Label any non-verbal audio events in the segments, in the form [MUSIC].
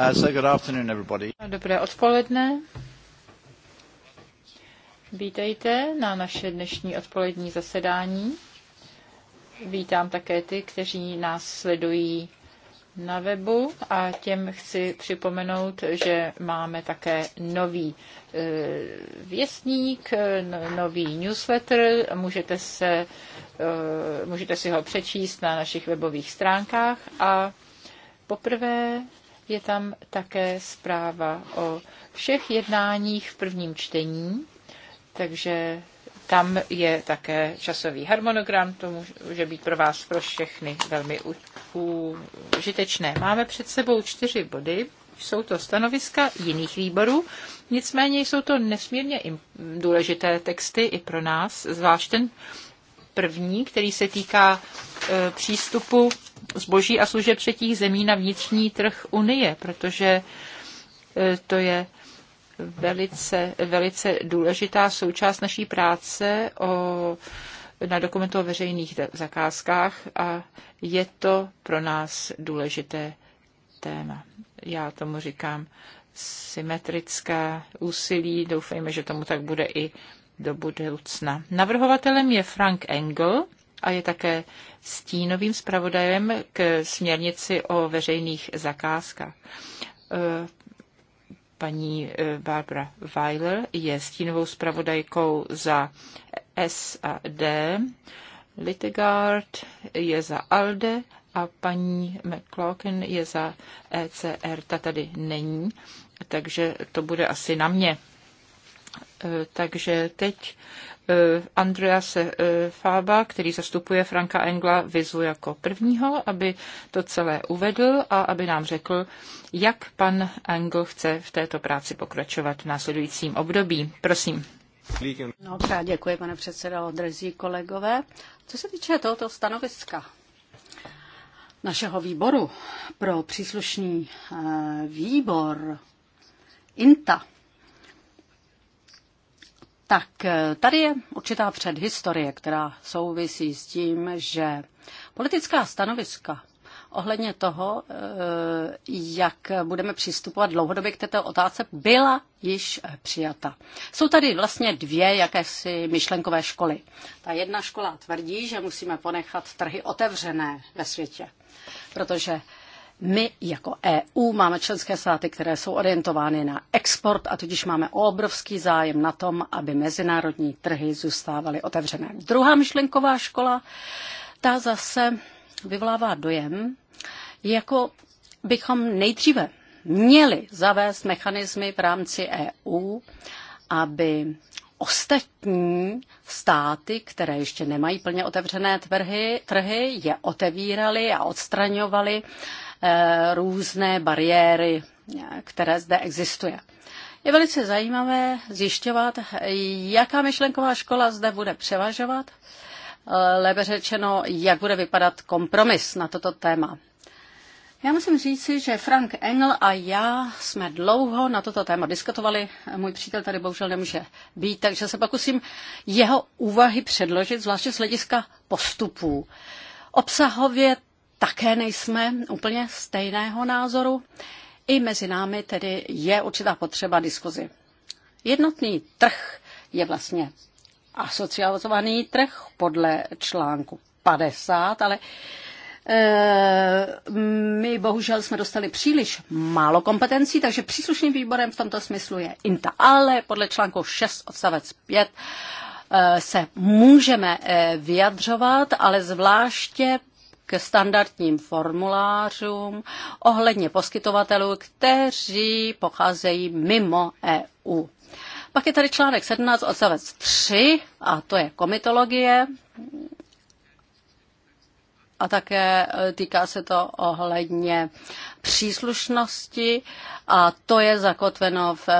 Uh, Dobré odpoledne. Vítejte na naše dnešní odpolední zasedání. Vítám také ty, kteří nás sledují na webu a těm chci připomenout, že máme také nový eh, věstník, no, nový newsletter. Můžete, se, eh, můžete si ho přečíst na našich webových stránkách a poprvé je tam také zpráva o všech jednáních v prvním čtení, takže tam je také časový harmonogram, to může být pro vás pro všechny velmi užitečné. Máme před sebou čtyři body, jsou to stanoviska jiných výborů, nicméně jsou to nesmírně důležité texty i pro nás, zvlášť ten První, který se týká e, přístupu zboží a služeb třetích zemí na vnitřní trh Unie, protože e, to je velice, velice důležitá součást naší práce o, na dokumentu o veřejných zakázkách a je to pro nás důležité téma. Já tomu říkám symetrická úsilí. Doufejme, že tomu tak bude i do budoucna. Navrhovatelem je Frank Engel a je také stínovým zpravodajem k směrnici o veřejných zakázkách. E, paní e, Barbara Weiler je stínovou zpravodajkou za SAD, a je za ALDE a paní McLaughlin je za ECR. Ta tady není, takže to bude asi na mě. Eh, takže teď eh, Se eh, Fába, který zastupuje Franka Engla, vyzvu jako prvního, aby to celé uvedl a aby nám řekl, jak pan Engel chce v této práci pokračovat v následujícím období. Prosím. No, děkuji, pane předsedo, drzí kolegové. Co se týče tohoto stanoviska našeho výboru pro příslušný výbor INTA, tak eh, tady je určitá předhistorie, která souvisí s tím, že politická stanoviska ohledně toho, eh, jak budeme přistupovat dlouhodobě k této otázce, byla již přijata. Jsou tady vlastně dvě jakési myšlenkové školy. Ta jedna škola tvrdí, že musíme ponechat trhy otevřené ve světě, protože my jako EU máme členské státy, které jsou orientovány na export a tudíž máme obrovský zájem na tom, aby mezinárodní trhy zůstávaly otevřené. Druhá myšlenková škola, ta zase vyvolává dojem, jako bychom nejdříve měli zavést mechanismy v rámci EU, aby ostatní státy, které ještě nemají plně otevřené trhy, trhy je otevíraly a odstraňovaly Eh, různé bariéry, které zde existuje. Je velice zajímavé zjišťovat, jaká myšlenková škola zde bude převažovat, eh, lépe řečeno, jak bude vypadat kompromis na toto téma. Já musím říci, že Frank Engel a já jsme dlouho na toto téma diskutovali. Můj přítel tady bohužel nemůže být, takže se pokusím jeho úvahy předložit, zvláště z hlediska postupů. Obsahově také nejsme úplně stejného názoru. I mezi námi tedy je určitá potřeba diskuzi. Jednotný trh je vlastně asocializovaný trh podle článku 50, ale e, my bohužel jsme dostali příliš málo kompetencí, takže příslušným výborem v tomto smyslu je INTA, ale podle článku 6 odstavec 5 e, se můžeme e, vyjadřovat, ale zvláště k standardním formulářům ohledně poskytovatelů, kteří pocházejí mimo EU. Pak je tady článek 17 odstavec 3 a to je komitologie a také e, týká se to ohledně příslušnosti a to je zakotveno v e,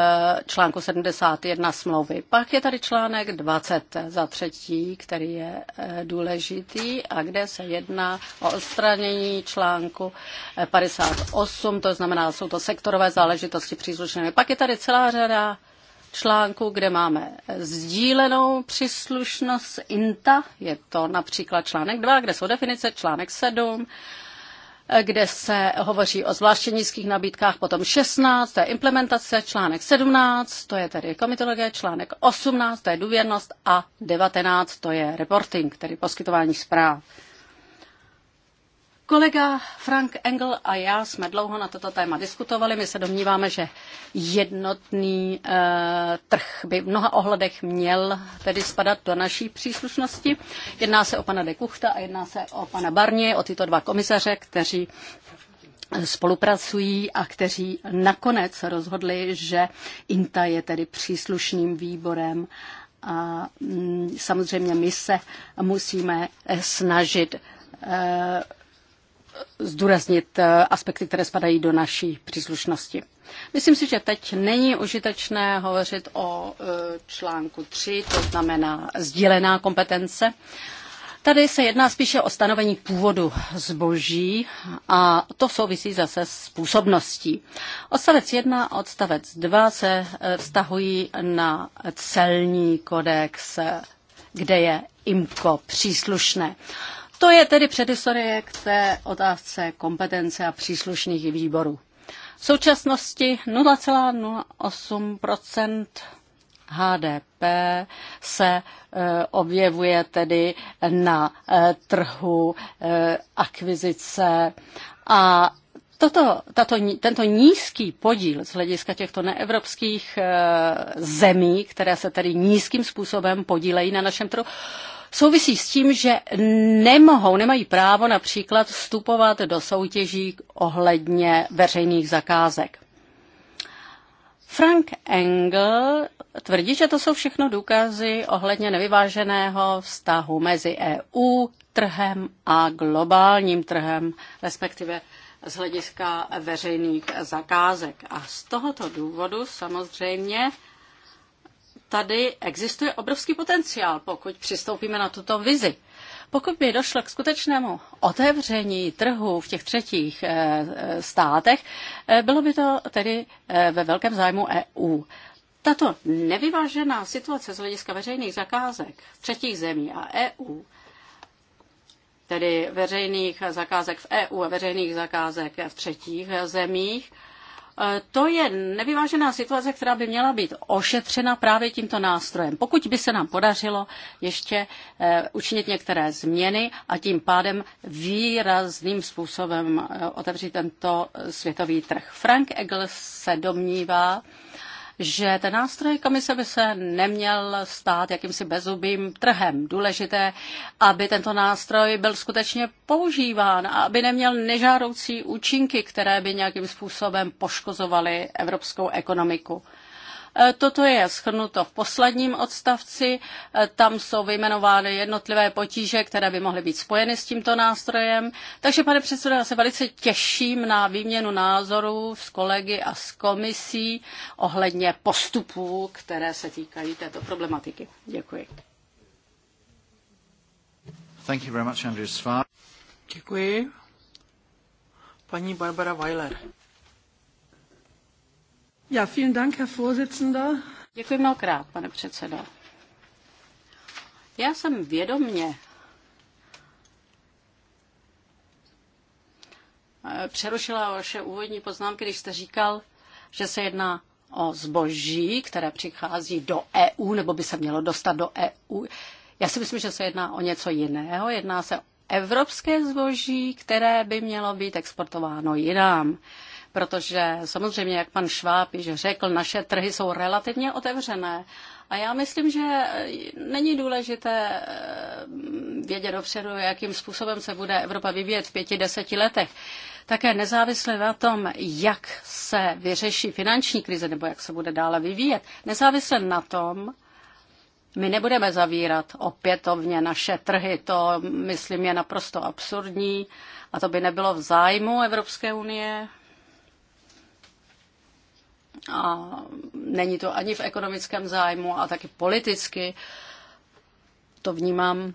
článku 71 smlouvy. Pak je tady článek 20 za třetí, který je e, důležitý a kde se jedná o odstranění článku 58, to znamená, jsou to sektorové záležitosti příslušné. Pak je tady celá řada článku, kde máme sdílenou příslušnost INTA, je to například článek 2, kde jsou definice, článek 7, kde se hovoří o zvláště nízkých nabídkách, potom 16, to je implementace, článek 17, to je tedy komitologie, článek 18, to je důvěrnost a 19, to je reporting, tedy poskytování zpráv. Kolega Frank Engel a já jsme dlouho na toto téma diskutovali. My se domníváme, že jednotný e, trh by v mnoha ohledech měl tedy spadat do naší příslušnosti. Jedná se o pana de Kuchta a jedná se o pana Barně, o tyto dva komisaře, kteří spolupracují a kteří nakonec rozhodli, že INTA je tedy příslušným výborem a mm, samozřejmě my se musíme eh, snažit e, zdůraznit eh, aspekty, které spadají do naší příslušnosti. Myslím si, že teď není užitečné hovořit o eh, článku 3, to znamená sdílená kompetence. Tady se jedná spíše o stanovení původu zboží a to souvisí zase s působností. Odstavec 1 a odstavec 2 se eh, vztahují na celní kodex, kde je IMCO příslušné. To je tedy předhistorie k té otázce kompetence a příslušných výborů. V současnosti 0,08 HDP se e, objevuje tedy na e, trhu e, akvizice a toto, tato, tento nízký podíl z hlediska těchto neevropských zemí, které se tedy nízkým způsobem podílejí na našem trhu, souvisí s tím, že nemohou, nemají právo například vstupovat do soutěží ohledně veřejných zakázek. Frank Engel tvrdí, že to jsou všechno důkazy ohledně nevyváženého vztahu mezi EU, trhem a globálním trhem, respektive z hlediska veřejných zakázek. A z tohoto důvodu samozřejmě tady existuje obrovský potenciál, pokud přistoupíme na tuto vizi. Pokud by došlo k skutečnému otevření trhu v těch třetích eh, eh, státech, eh, bylo by to tedy ve velkém zájmu EU. Tato nevyvážená situace z hlediska veřejných zakázek třetích zemí a EU, tedy veřejných zakázek v EU a veřejných zakázek v třetích zemích, E, to je nevyvážená situace, která by měla být ošetřena právě tímto nástrojem. Pokud by se nám podařilo ještě e, učinit některé změny a tím pádem výrazným způsobem e, otevřít tento světový trh. Frank Egl se domnívá, že ten nástroj komise by se neměl stát jakýmsi bezubým trhem. Důležité, aby tento nástroj byl skutečně používán a aby neměl nežádoucí účinky, které by nějakým způsobem poškozovaly evropskou ekonomiku. Eh, toto je schrnuto v posledním odstavci. Eh, tam jsou vyjmenovány jednotlivé potíže, které by mohly být spojeny s tímto nástrojem. Takže, pane předsedo, já se velice těším na výměnu názorů s kolegy a s komisí ohledně postupů, které se týkají této problematiky. Děkuji. Thank you very much, Děkuji. Paní Barbara Weiler. Ja, vielen Dank, Herr Vorsitzender. Děkuji mnohokrát, pane předsedo. Já jsem vědomně eh, přerušila vaše úvodní poznámky, když jste říkal, že se jedná o zboží, které přichází do EU, nebo by se mělo dostat do EU. Já si myslím, že se jedná o něco jiného. Jedná se o evropské zboží, které by mělo být exportováno jinam protože samozřejmě, jak pan Šváb již řekl, naše trhy jsou relativně otevřené. A já myslím, že není důležité eh, vědět dopředu, jakým způsobem se bude Evropa vyvíjet v pěti, deseti letech. Také nezávisle na tom, jak se vyřeší finanční krize nebo jak se bude dále vyvíjet, nezávisle na tom, my nebudeme zavírat opětovně naše trhy, to myslím je naprosto absurdní a to by nebylo v zájmu Evropské unie, a není to ani v ekonomickém zájmu a taky politicky. To vnímám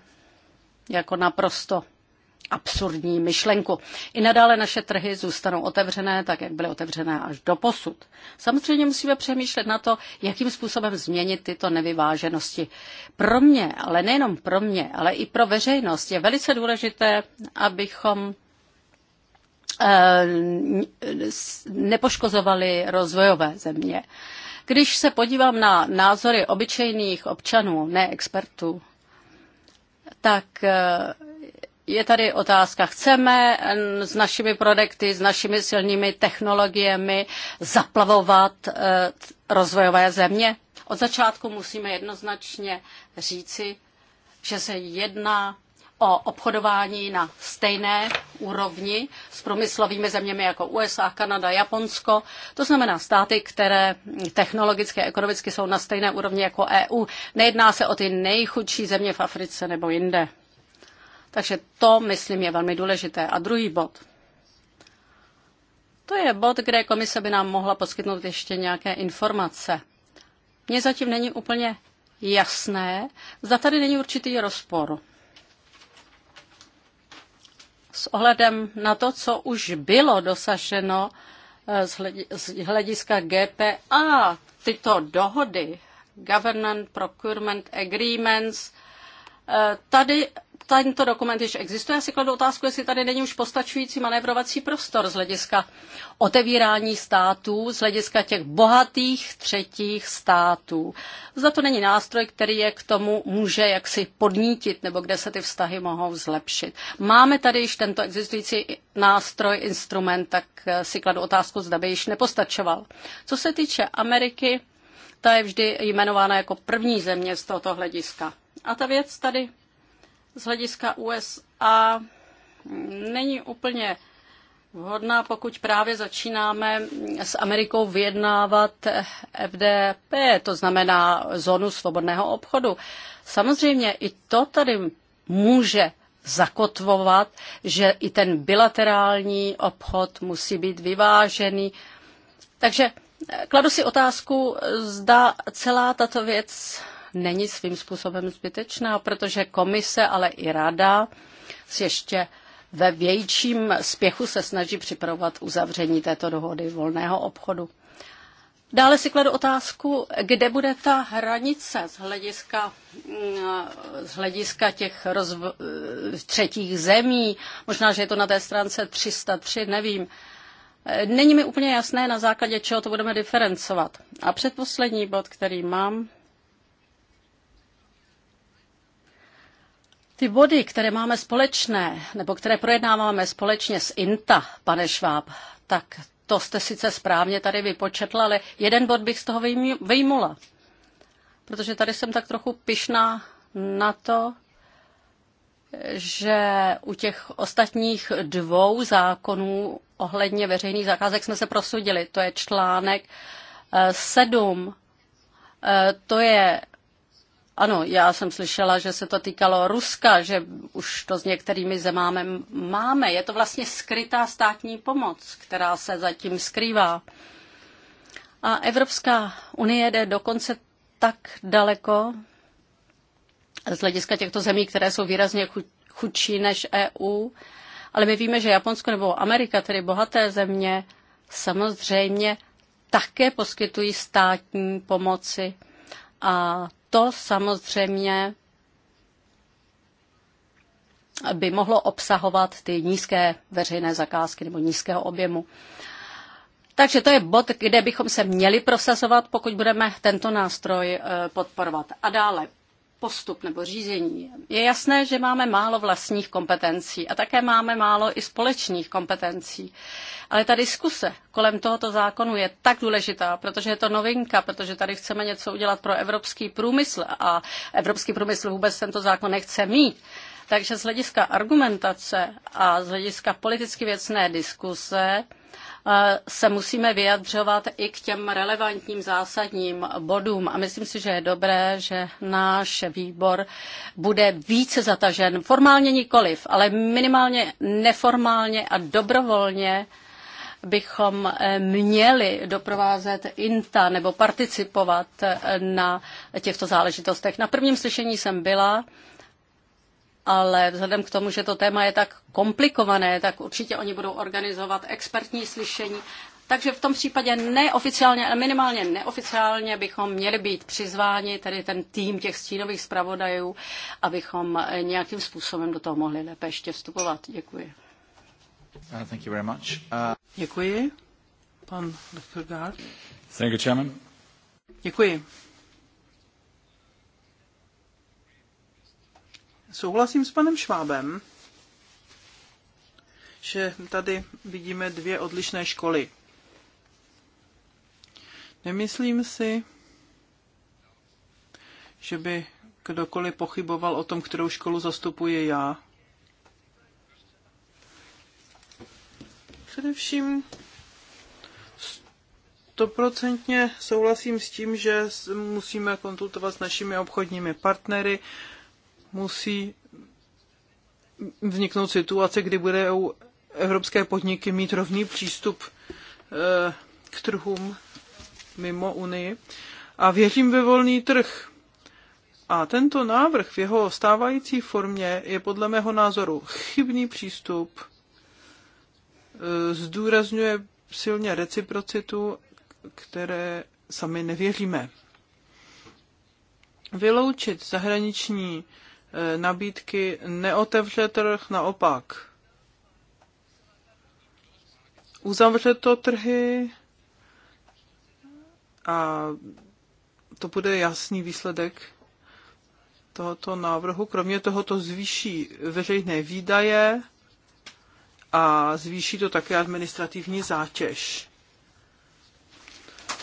jako naprosto absurdní myšlenku. I nadále naše trhy zůstanou otevřené, tak jak byly otevřené až do posud. Samozřejmě musíme přemýšlet na to, jakým způsobem změnit tyto nevyváženosti. Pro mě, ale nejenom pro mě, ale i pro veřejnost je velice důležité, abychom Eh, nepoškozovaly rozvojové země. Když se podívám na názory obyčejných občanů, ne expertů, tak eh, je tady otázka, chceme eh, s našimi projekty, s našimi silnými technologiemi zaplavovat rozvojové země? Od začátku musíme jednoznačně říci, že se jedná o obchodování na stejné úrovni s průmyslovými zeměmi jako USA, Kanada, Japonsko. To znamená státy, které technologicky a ekonomicky jsou na stejné úrovni jako EU. Nejedná se o ty nejchudší země v Africe nebo jinde. Takže to, myslím, je velmi důležité. A druhý bod. To je bod, kde komise by nám mohla poskytnout ještě nějaké informace. Mně zatím není úplně jasné, zda tady není určitý rozpor s ohledem na to, co už bylo dosaženo eh, z hlediska GPA, tyto dohody, Government Procurement Agreements, eh, tady tento dokument již existuje. Já si kladu otázku, jestli tady není už postačující manévrovací prostor z hlediska otevírání států, z hlediska těch bohatých třetích států. Zda to není nástroj, který je k tomu může jaksi podnítit, nebo kde se ty vztahy mohou zlepšit. Máme tady již tento existující nástroj, instrument, tak eh, si kladu otázku, zda by již nepostačoval. Co se týče Ameriky, ta je vždy jmenována jako první země z tohoto hlediska. A ta věc tady z hlediska USA není úplně vhodná, pokud právě začínáme s Amerikou vyjednávat FDP, to znamená zónu svobodného obchodu. Samozřejmě i to tady může zakotvovat, že i ten bilaterální obchod musí být vyvážený. Takže kladu si otázku, zda celá tato věc není svým způsobem zbytečná, protože komise, ale i rada si ještě ve větším spěchu se snaží připravovat uzavření této dohody volného obchodu. Dále si kladu otázku, kde bude ta hranice z hlediska, mm, z hlediska těch rozv- třetích zemí. Možná, že je to na té stránce 303, nevím. Není mi úplně jasné, na základě čeho to budeme diferencovat. A předposlední bod, který mám, Ty body, které máme společné, nebo které projednáváme společně s INTA, pane Šváb, tak to jste sice správně tady vypočetla, ale jeden bod bych z toho vyjmula. Protože tady jsem tak trochu pišná na to, že u těch ostatních dvou zákonů ohledně veřejných zakázek jsme se prosudili. To je článek 7. Eh, eh, to je ano, já jsem slyšela, že se to týkalo Ruska, že už to s některými zemámi máme. Je to vlastně skrytá státní pomoc, která se zatím skrývá. A Evropská unie jde dokonce tak daleko z hlediska těchto zemí, které jsou výrazně chudší než EU, ale my víme, že Japonsko nebo Amerika, tedy bohaté země, samozřejmě také poskytují státní pomoci. A to samozřejmě by mohlo obsahovat ty nízké veřejné zakázky nebo nízkého objemu. Takže to je bod, kde bychom se měli prosazovat, pokud budeme tento nástroj eh, podporovat. A dále postup nebo řízení. Je jasné, že máme málo vlastních kompetencí a také máme málo i společných kompetencí. Ale ta diskuse kolem tohoto zákonu je tak důležitá, protože je to novinka, protože tady chceme něco udělat pro evropský průmysl a evropský průmysl vůbec tento zákon nechce mít. Takže z hlediska argumentace a z hlediska politicky věcné diskuse Eh, se musíme vyjadřovat i k těm relevantním zásadním bodům. A myslím si, že je dobré, že náš výbor bude více zatažen, formálně nikoliv, ale minimálně neformálně a dobrovolně bychom eh, měli doprovázet INTA nebo participovat eh, na těchto záležitostech. Na prvním slyšení jsem byla ale vzhledem k tomu, že to téma je tak komplikované, tak určitě oni budou organizovat expertní slyšení. Takže v tom případě neoficiálně, ale minimálně neoficiálně bychom měli být přizváni, tedy ten tým těch stínových zpravodajů, abychom nějakým způsobem do toho mohli lépe ještě vstupovat. Děkuji. Uh, thank you very much. Uh... Děkuji. Pan Dr. Thank you, Chairman. Děkuji. Souhlasím s panem Švábem, že tady vidíme dvě odlišné školy. Nemyslím si, že by kdokoliv pochyboval o tom, kterou školu zastupuji já. Především stoprocentně souhlasím s tím, že musíme konzultovat s našimi obchodními partnery musí vzniknout situace, kdy bude evropské podniky mít rovný přístup eh, k trhům mimo Unii. A věřím ve volný trh. A tento návrh v jeho stávající formě je podle mého názoru chybný přístup, eh, zdůrazňuje silně reciprocitu, které sami nevěříme. Vyloučit zahraniční Eh, nabídky neotevře trh, naopak. Uzavře to trhy a to bude jasný výsledek tohoto návrhu. Kromě toho to zvýší veřejné výdaje a zvýší to také administrativní zátěž.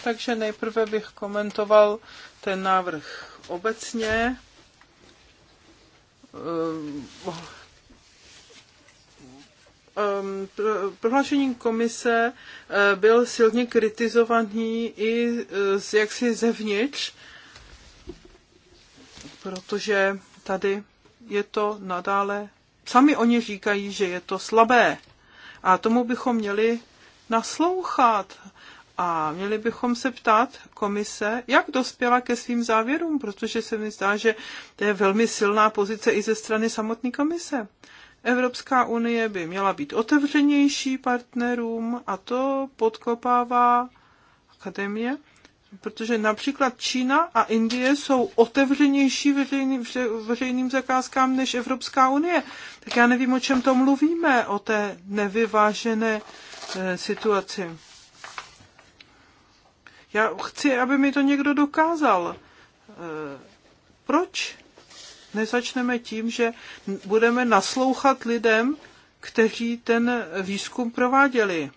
Takže nejprve bych komentoval ten návrh obecně Um, um, prohlášení komise uh, byl silně kritizovaný i uh, z jaksi zevnitř, protože tady je to nadále, sami oni říkají, že je to slabé a tomu bychom měli naslouchat a měli bychom se ptát komise, jak dospěla ke svým závěrům, protože se mi zdá, že to je velmi silná pozice i ze strany samotné komise. Evropská unie by měla být otevřenější partnerům a to podkopává akademie, protože například Čína a Indie jsou otevřenější veřejný, veřejným zakázkám než Evropská unie. Tak já nevím, o čem to mluvíme, o té nevyvážené eh, situaci. Já chci, aby mi to někdo dokázal. E, proč nezačneme tím, že budeme naslouchat lidem, kteří ten výzkum prováděli?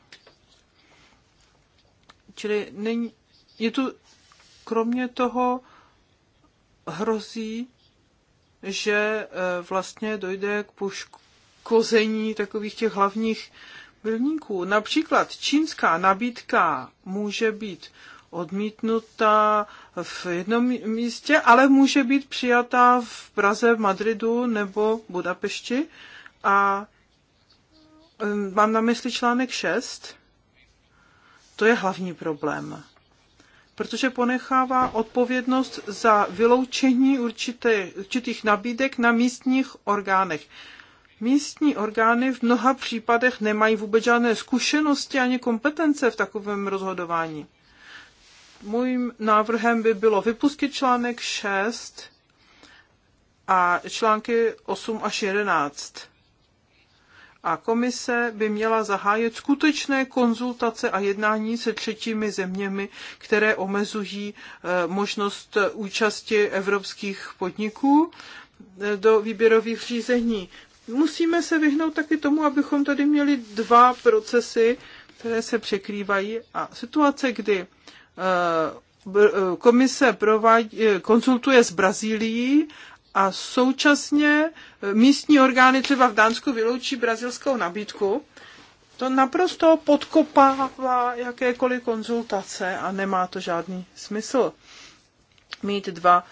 Čili není, je tu kromě toho hrozí, že e, vlastně dojde k poškození takových těch hlavních bylníků. Například čínská nabídka může být odmítnuta v jednom místě, ale může být přijata v Praze, v Madridu nebo Budapešti. A mám na mysli článek 6. To je hlavní problém, protože ponechává odpovědnost za vyloučení určité, určitých nabídek na místních orgánech. Místní orgány v mnoha případech nemají vůbec žádné zkušenosti ani kompetence v takovém rozhodování. Mým návrhem by bylo vypustit článek 6 a články 8 až 11. A komise by měla zahájit skutečné konzultace a jednání se třetími zeměmi, které omezují eh, možnost účasti evropských podniků eh, do výběrových řízení. Musíme se vyhnout taky tomu, abychom tady měli dva procesy, které se překrývají a situace, kdy Eh, eh, komise provádí, eh, konsultuje s Brazílií a současně místní orgány třeba v Dánsku vyloučí brazilskou nabídku. To naprosto podkopává jakékoliv konzultace a nemá to žádný smysl mít dva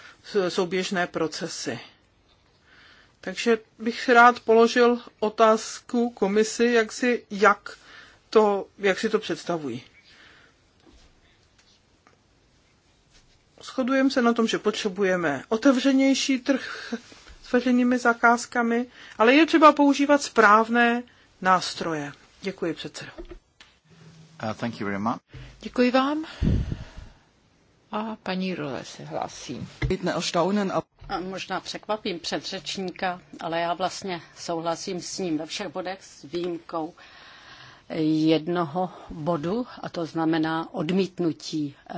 souběžné procesy. Takže bych rád položil otázku komisi, jak si, jak, to, jak si to představují. shodujeme se na tom, že potřebujeme otevřenější trh s veřejnými zakázkami, ale je třeba používat správné nástroje. Děkuji předsedo. Uh, thank you very much. Děkuji vám. A paní Role se hlásí. A možná překvapím předřečníka, ale já vlastně souhlasím s ním ve všech bodech s výjimkou jednoho bodu, a to znamená odmítnutí eh,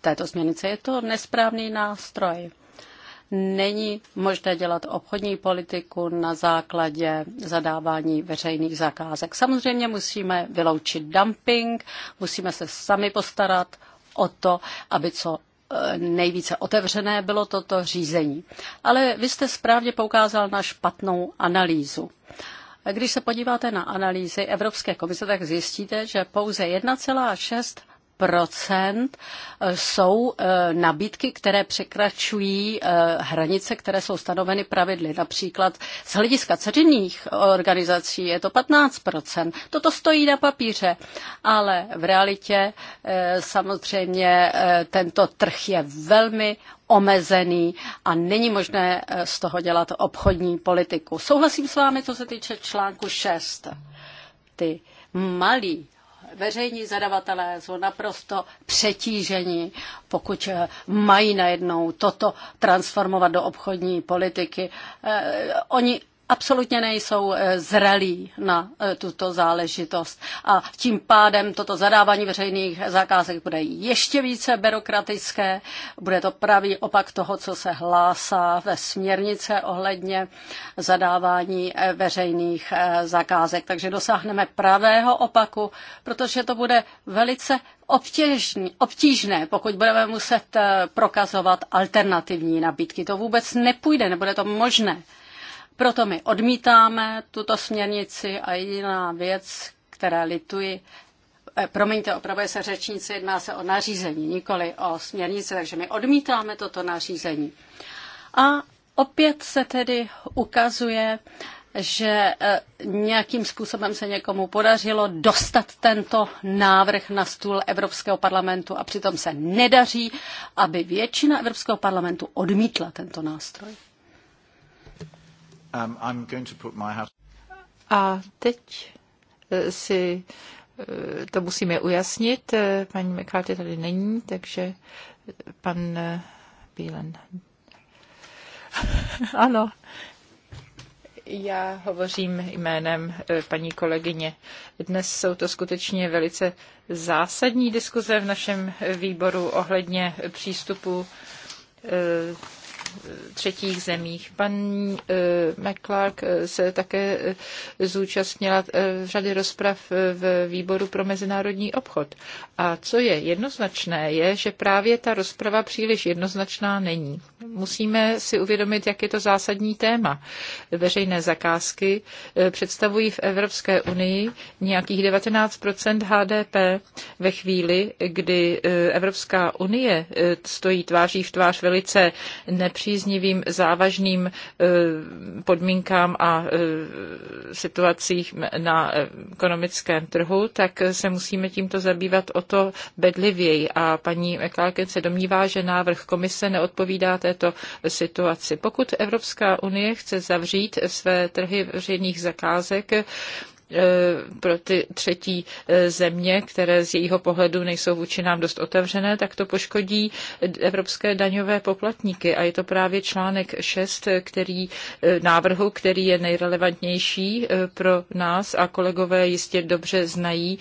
této směrnice. Je to nesprávný nástroj. Není možné dělat obchodní politiku na základě zadávání veřejných zakázek. Samozřejmě musíme vyloučit dumping, musíme se sami postarat o to, aby co eh, nejvíce otevřené bylo toto řízení. Ale vy jste správně poukázal na špatnou analýzu. Uh, když se podíváte na analýzy Evropské komise, tak zjistíte, že pouze 1,6 procent eh, jsou eh, nabídky, které překračují eh, hranice, které jsou stanoveny pravidly. Například z hlediska ceřinných organizací je to 15 Toto stojí na papíře, ale v realitě samozřejmě tento trh je velmi omezený a není možné eh, z toho dělat obchodní politiku. Souhlasím s vámi, co se týče článku 6. Ty malí veřejní zadavatelé jsou naprosto přetížení, pokud eh, mají najednou toto transformovat do obchodní politiky. Eh, oni absolutně nejsou eh, zrelí na eh, tuto záležitost. A tím pádem toto zadávání veřejných zakázek bude ještě více byrokratické, bude to pravý opak toho, co se hlásá ve směrnice ohledně zadávání eh, veřejných zakázek. Takže dosáhneme pravého opaku, protože to bude velice obtěžný, obtížné, pokud budeme muset prokazovat alternativní nabídky. To vůbec nepůjde, nebude to možné. Proto my odmítáme tuto směrnici a jediná věc, která lituji, eh, promiňte, opravuje se řečníci, jedná se o nařízení, nikoli o směrnice, takže my odmítáme toto nařízení. A opět se tedy ukazuje, že eh, nějakým způsobem se někomu podařilo dostat tento návrh na stůl Evropského parlamentu a přitom se nedaří, aby většina Evropského parlamentu odmítla tento nástroj. Um, I'm going to put my house... A teď eh, si eh, to musíme ujasnit. Eh, paní McCarthy tady není, takže pan Bílen. [LAUGHS] ano. Já hovořím jménem paní kolegyně. Dnes jsou to skutečně velice zásadní diskuze v našem výboru ohledně přístupu třetích zemích. Pan eh, McClark eh, se také eh, zúčastnila řady rozprav v výboru pro mezinárodní obchod. A co je jednoznačné, je, že právě ta rozprava příliš jednoznačná není. Musíme si uvědomit, jak je to zásadní téma. Veřejné zakázky představují v Evropské unii nějakých 19 HDP ve chvíli, kdy Evropská unie stojí tváří v tvář velice nepřijatelné nepříznivým závažným eh, podmínkám a eh, situacích na eh, ekonomickém trhu, tak se musíme tímto zabývat o to bedlivěji. A paní McClarkin se domnívá, že návrh komise neodpovídá této situaci. Pokud Evropská unie chce zavřít své trhy veřejných zakázek, Eh, pro ty třetí eh, země, které z jejího pohledu nejsou vůči nám dost otevřené, tak to poškodí evropské daňové poplatníky. A je to právě článek 6 který, eh, návrhu, který je nejrelevantnější pro nás a kolegové jistě dobře znají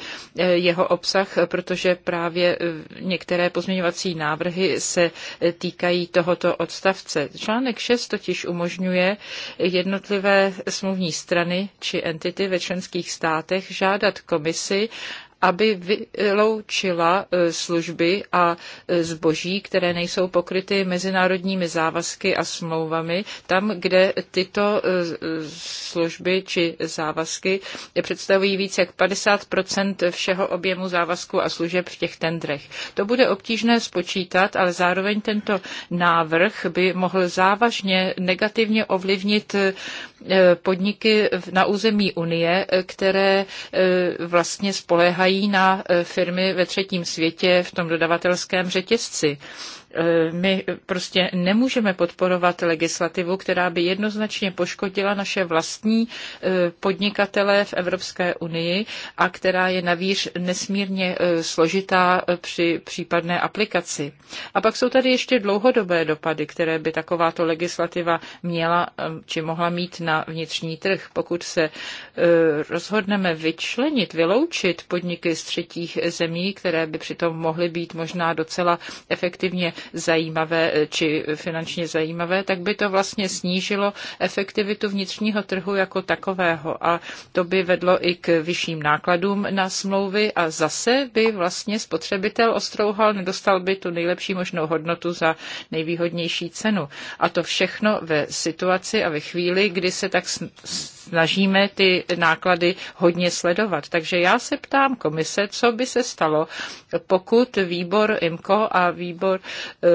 jeho obsah, protože právě některé pozměňovací návrhy se týkají tohoto odstavce. Článek 6 totiž umožňuje jednotlivé smluvní strany či entity ve členských členských státech žádat komisi, aby vyloučila e, služby a e, zboží, které nejsou pokryty mezinárodními závazky a smlouvami, tam, kde tyto e, služby či závazky představují více jak 50 všeho objemu závazků a služeb v těch tendrech. To bude obtížné spočítat, ale zároveň tento návrh by mohl závažně negativně ovlivnit podniky na území Unie, které vlastně spoléhají dopadají na e, firmy ve třetím světě v tom dodavatelském řetězci. E, my prostě nemůžeme podporovat legislativu, která by jednoznačně poškodila naše vlastní e, podnikatele v Evropské unii a která je navíc nesmírně e, složitá při případné aplikaci. A pak jsou tady ještě dlouhodobé dopady, které by takováto legislativa měla či mohla mít na vnitřní trh. Pokud se rozhodneme vyčlenit, vyloučit podniky z třetích zemí, které by přitom mohly být možná docela efektivně zajímavé eh, či finančně zajímavé, tak by to vlastně snížilo efektivitu vnitřního trhu jako takového a to by vedlo i k vyšším nákladům na smlouvy a zase by vlastně spotřebitel ostrouhal, nedostal by tu nejlepší možnou hodnotu za nejvýhodnější cenu. A to všechno ve situaci a ve chvíli, kdy se tak snažíme ty náklady hodně sledovat. Takže já se ptám komise, co by se stalo, pokud výbor IMCO a výbor eh,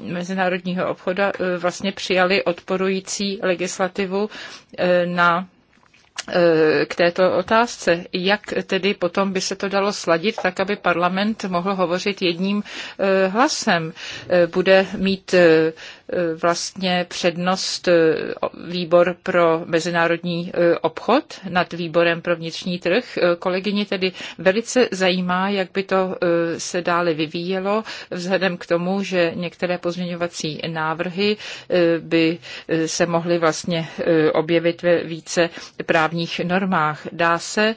mezinárodního obchodu eh, vlastně přijali odporující legislativu eh, na k této otázce. Jak tedy potom by se to dalo sladit, tak aby parlament mohl hovořit jedním hlasem? Bude mít vlastně přednost e, výbor pro mezinárodní e, obchod nad výborem pro vnitřní trh. E, Kolegyně tedy velice zajímá, jak by to se dále vyvíjelo, vzhledem k tomu, že některé pozměňovací návrhy by se mohly vlastně objevit ve více právních normách. Dá se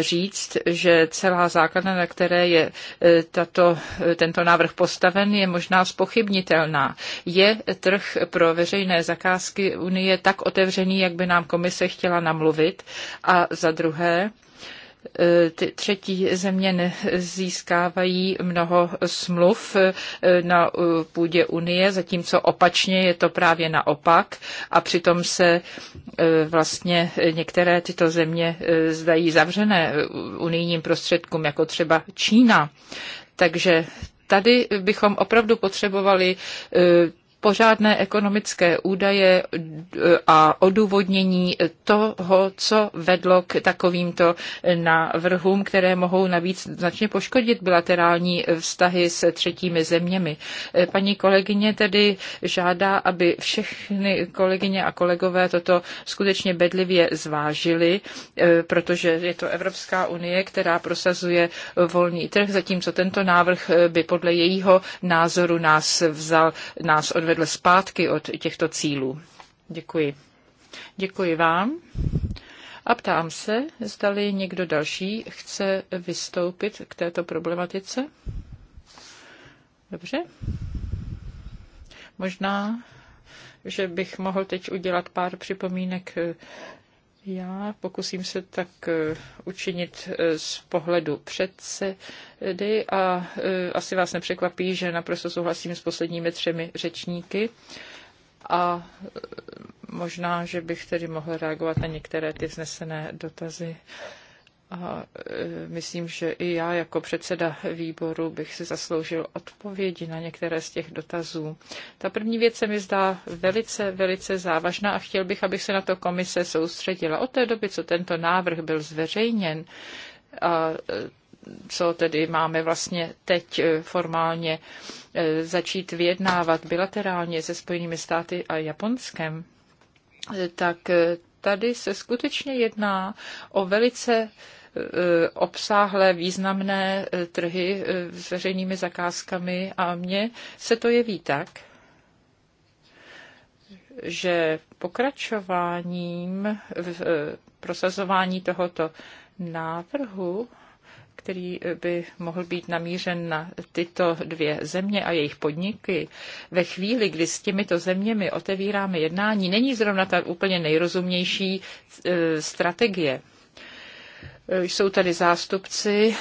říct, že celá základna, na které je e, tato, e, tento návrh postaven, je možná spochybnitelná. Je trh pro veřejné zakázky Unie tak otevřený, jak by nám komise chtěla namluvit? A za druhé, ty třetí země nezískávají mnoho smluv e, na e, půdě Unie, zatímco opačně je to právě naopak a přitom se e, vlastně některé tyto země zdají zavřené unijním prostředkům, jako třeba Čína. Takže tady bychom opravdu potřebovali pořádné ekonomické údaje eh, a odůvodnění toho, co vedlo k takovýmto návrhům, které mohou navíc značně poškodit bilaterální vztahy s třetími zeměmi. Eh, paní kolegyně tedy žádá, aby všechny kolegyně a kolegové toto skutečně bedlivě zvážili, eh, protože je to Evropská unie, která prosazuje volný trh, zatímco tento návrh by podle jejího názoru nás vzal, nás odvedl odvedl zpátky od těchto cílů. Děkuji. Děkuji vám. A ptám se, zdali někdo další chce vystoupit k této problematice. Dobře. Možná, že bych mohl teď udělat pár připomínek já pokusím se tak eh, učinit eh, z pohledu předsedy a eh, asi vás nepřekvapí, že naprosto souhlasím s posledními třemi řečníky a možná, že bych tedy mohl reagovat na některé ty vznesené dotazy a e, myslím, že i já jako předseda výboru bych si zasloužil odpovědi na některé z těch dotazů. Ta první věc se mi zdá velice, velice závažná a chtěl bych, abych se na to komise soustředila. Od té doby, co tento návrh byl zveřejněn, a e, co tedy máme vlastně teď e, formálně začít vyjednávat bilaterálně se Spojenými státy a Japonskem, tak tady se skutečně jedná o velice Eh, obsáhlé, významné eh, trhy eh, s veřejnými zakázkami a mně se to jeví tak, že pokračováním v prosazování tohoto návrhu který by mohl být namířen na tyto dvě země a jejich podniky, ve chvíli, kdy s těmito zeměmi otevíráme jednání, není zrovna ta úplně nejrozumnější strategie. Jsou tady zástupci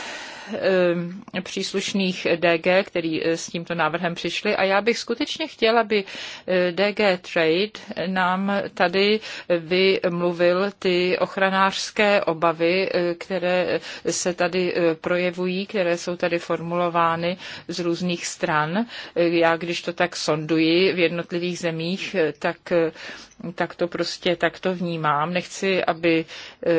eh, příslušných DG, který eh, s tímto návrhem přišli. A já bych skutečně chtěla, aby eh, DG Trade nám tady vymluvil ty ochranářské obavy, které se tady projevují, které jsou tady formulovány z různých stran. Já, když to tak sonduji v jednotlivých zemích, tak tak to prostě tak to vnímám. Nechci, aby eh,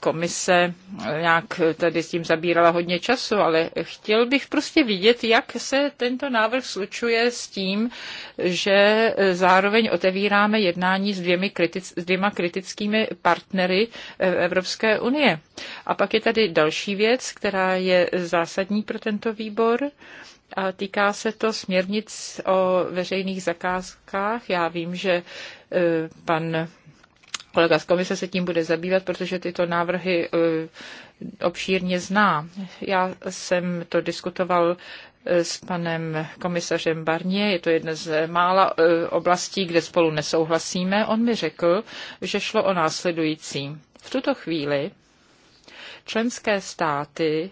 komise nějak tady s tím zabírala hodně času, ale chtěl bych prostě vidět, jak se tento návrh slučuje s tím, že eh, zároveň otevíráme jednání s, dvěmi kritic, s dvěma kritickými partnery eh, Evropské unie. A pak je tady další věc, která je zásadní pro tento výbor, a týká se to směrnic o veřejných zakázkách. Já vím, že e, pan kolega z komise se tím bude zabývat, protože tyto návrhy e, obšírně zná. Já jsem to diskutoval e, s panem komisařem Barně, Je to jedna z mála oblastí, kde spolu nesouhlasíme. On mi řekl, že šlo o následující. V tuto chvíli členské státy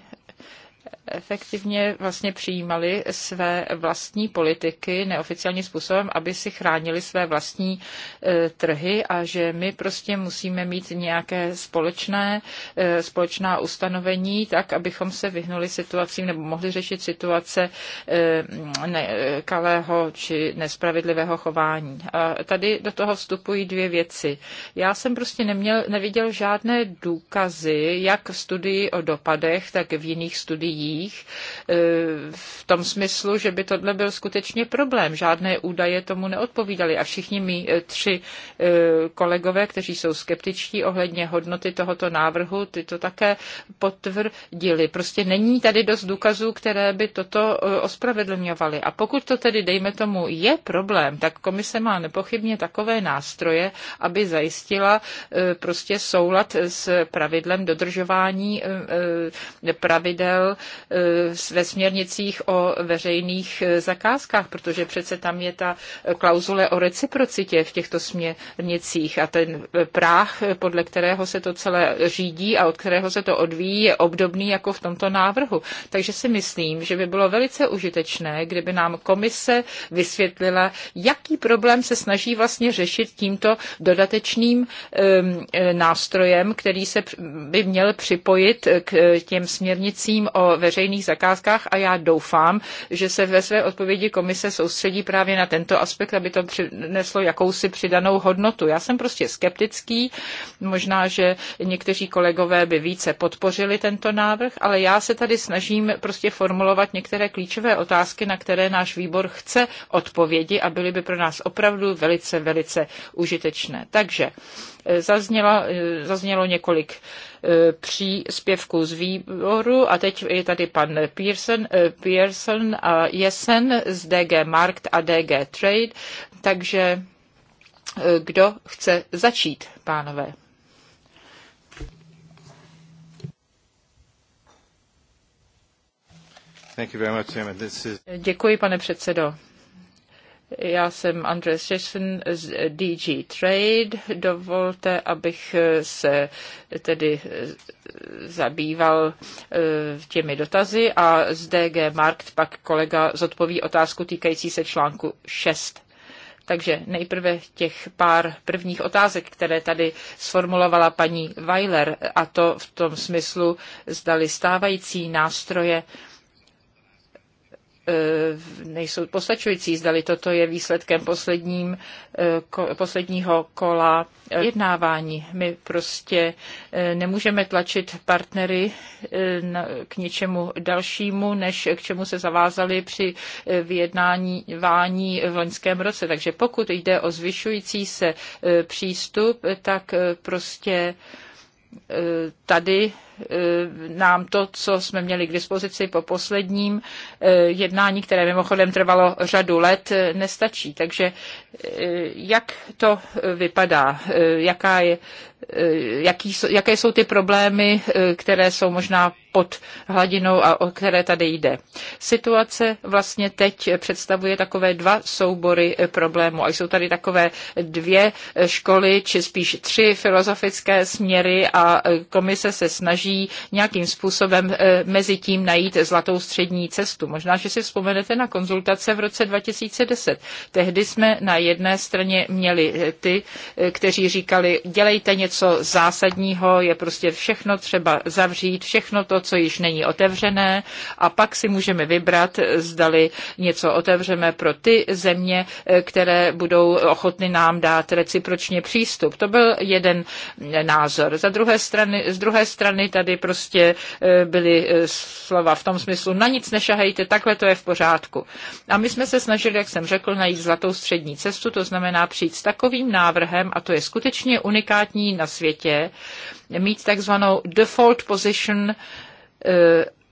efektivně vlastně přijímali své vlastní politiky neoficiálním způsobem, aby si chránili své vlastní e, trhy a že my prostě musíme mít nějaké společné, e, společná ustanovení, tak abychom se vyhnuli situacím nebo mohli řešit situace e, nekalého či nespravedlivého chování. A tady do toho vstupují dvě věci. Já jsem prostě neměl, neviděl žádné důkazy, jak v studii o dopadech, tak v jiných studiích médiích e, v tom smyslu, že by tohle byl skutečně problém. Žádné údaje tomu neodpovídaly a všichni mi e, tři e, kolegové, kteří jsou skeptičtí ohledně hodnoty tohoto návrhu, ty to také potvrdili. Prostě není tady dost důkazů, které by toto ospravedlňovaly. A pokud to tedy, dejme tomu, je problém, tak komise má nepochybně takové nástroje, aby zajistila prostě soulad s pravidlem dodržování pravidel Eh, ve směrnicích o veřejných eh, zakázkách, protože přece tam je ta klauzule o reciprocitě v těchto směrnicích a ten práh, eh, podle kterého se to celé řídí a od kterého se to odvíjí, je obdobný jako v tomto návrhu. Takže si myslím, že by bylo velice užitečné, kdyby nám komise vysvětlila, jaký problém se snaží vlastně řešit tímto dodatečným nástrojem, který se by měl připojit k těm směrnicím o veřejných veřejných zakázkách a já doufám, že se ve své odpovědi komise soustředí právě na tento aspekt, aby to přineslo jakousi přidanou hodnotu. Já jsem prostě skeptický, možná, že někteří kolegové by více podpořili tento návrh, ale já se tady snažím prostě formulovat některé klíčové otázky, na které náš výbor chce odpovědi a byly by pro nás opravdu velice, velice užitečné. Takže Zazněla, zaznělo několik e, příspěvků z výboru a teď je tady pan Pearson, e, Pearson a Jesen z DG Markt a DG Trade, takže e, kdo chce začít, pánové? Děkuji, pane předsedo. Já jsem Andres Šešen z DG Trade. Dovolte, abych se tedy zabýval eh, těmi dotazy a z DG Markt pak kolega zodpoví otázku týkající se článku 6. Takže nejprve těch pár prvních otázek, které tady sformulovala paní Weiler, a to v tom smyslu, zdali stávající nástroje Eh, nejsou postačující, zdali toto je výsledkem posledním, eh, posledního kola jednávání. My prostě eh, nemůžeme tlačit partnery k něčemu dalšímu, než k čemu se zavázali při vyjednávání v loňském roce. Takže pokud jde o zvyšující se přístup, tak prostě tady Eh, nám to, co jsme měli k dispozici po posledním eh, jednání, které mimochodem trvalo řadu let, eh, nestačí. Takže jak to vypadá? Jaká je, jaký, jaké jsou ty problémy, které jsou možná pod hladinou a o které tady jde. Situace vlastně teď představuje takové dva soubory problémů a jsou tady takové dvě školy, či spíš tři filozofické směry a komise se snaží snaží nějakým způsobem eh, mezi tím najít zlatou střední cestu. Možná, že si vzpomenete na konzultace v roce 2010. Tehdy jsme na jedné straně měli eh, ty, eh, kteří říkali, dělejte něco zásadního, je prostě všechno třeba zavřít, všechno to, co již není otevřené a pak si můžeme vybrat, zdali něco otevřeme pro ty země, které budou ochotny nám dát recipročně přístup. To byl jeden názor. Za druhé strany, z druhé strany tady prostě e, byly e, slova v tom smyslu, na nic nešahejte, takhle to je v pořádku. A my jsme se snažili, jak jsem řekl, najít zlatou střední cestu, to znamená přijít s takovým návrhem, a to je skutečně unikátní na světě, mít takzvanou default position e,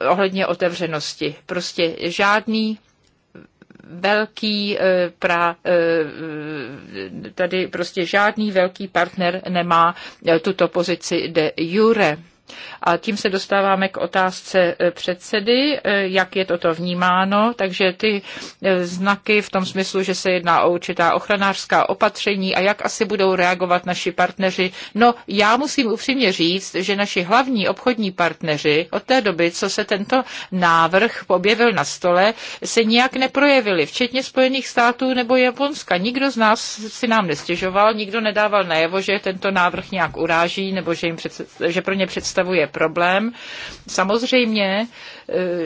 ohledně otevřenosti. Prostě žádný velký pra, tady prostě žádný velký partner nemá tuto pozici de jure. A tím se dostáváme k otázce eh, předsedy, eh, jak je toto vnímáno. Takže ty eh, znaky v tom smyslu, že se jedná o určitá ochranářská opatření a jak asi budou reagovat naši partneři. No, já musím upřímně říct, že naši hlavní obchodní partneři od té doby, co se tento návrh objevil na stole, se nijak neprojevili, včetně Spojených států nebo Japonska. Nikdo z nás si nám nestěžoval, nikdo nedával najevo, že tento návrh nějak uráží nebo že, jim před, že pro ně představí představuje problém. Samozřejmě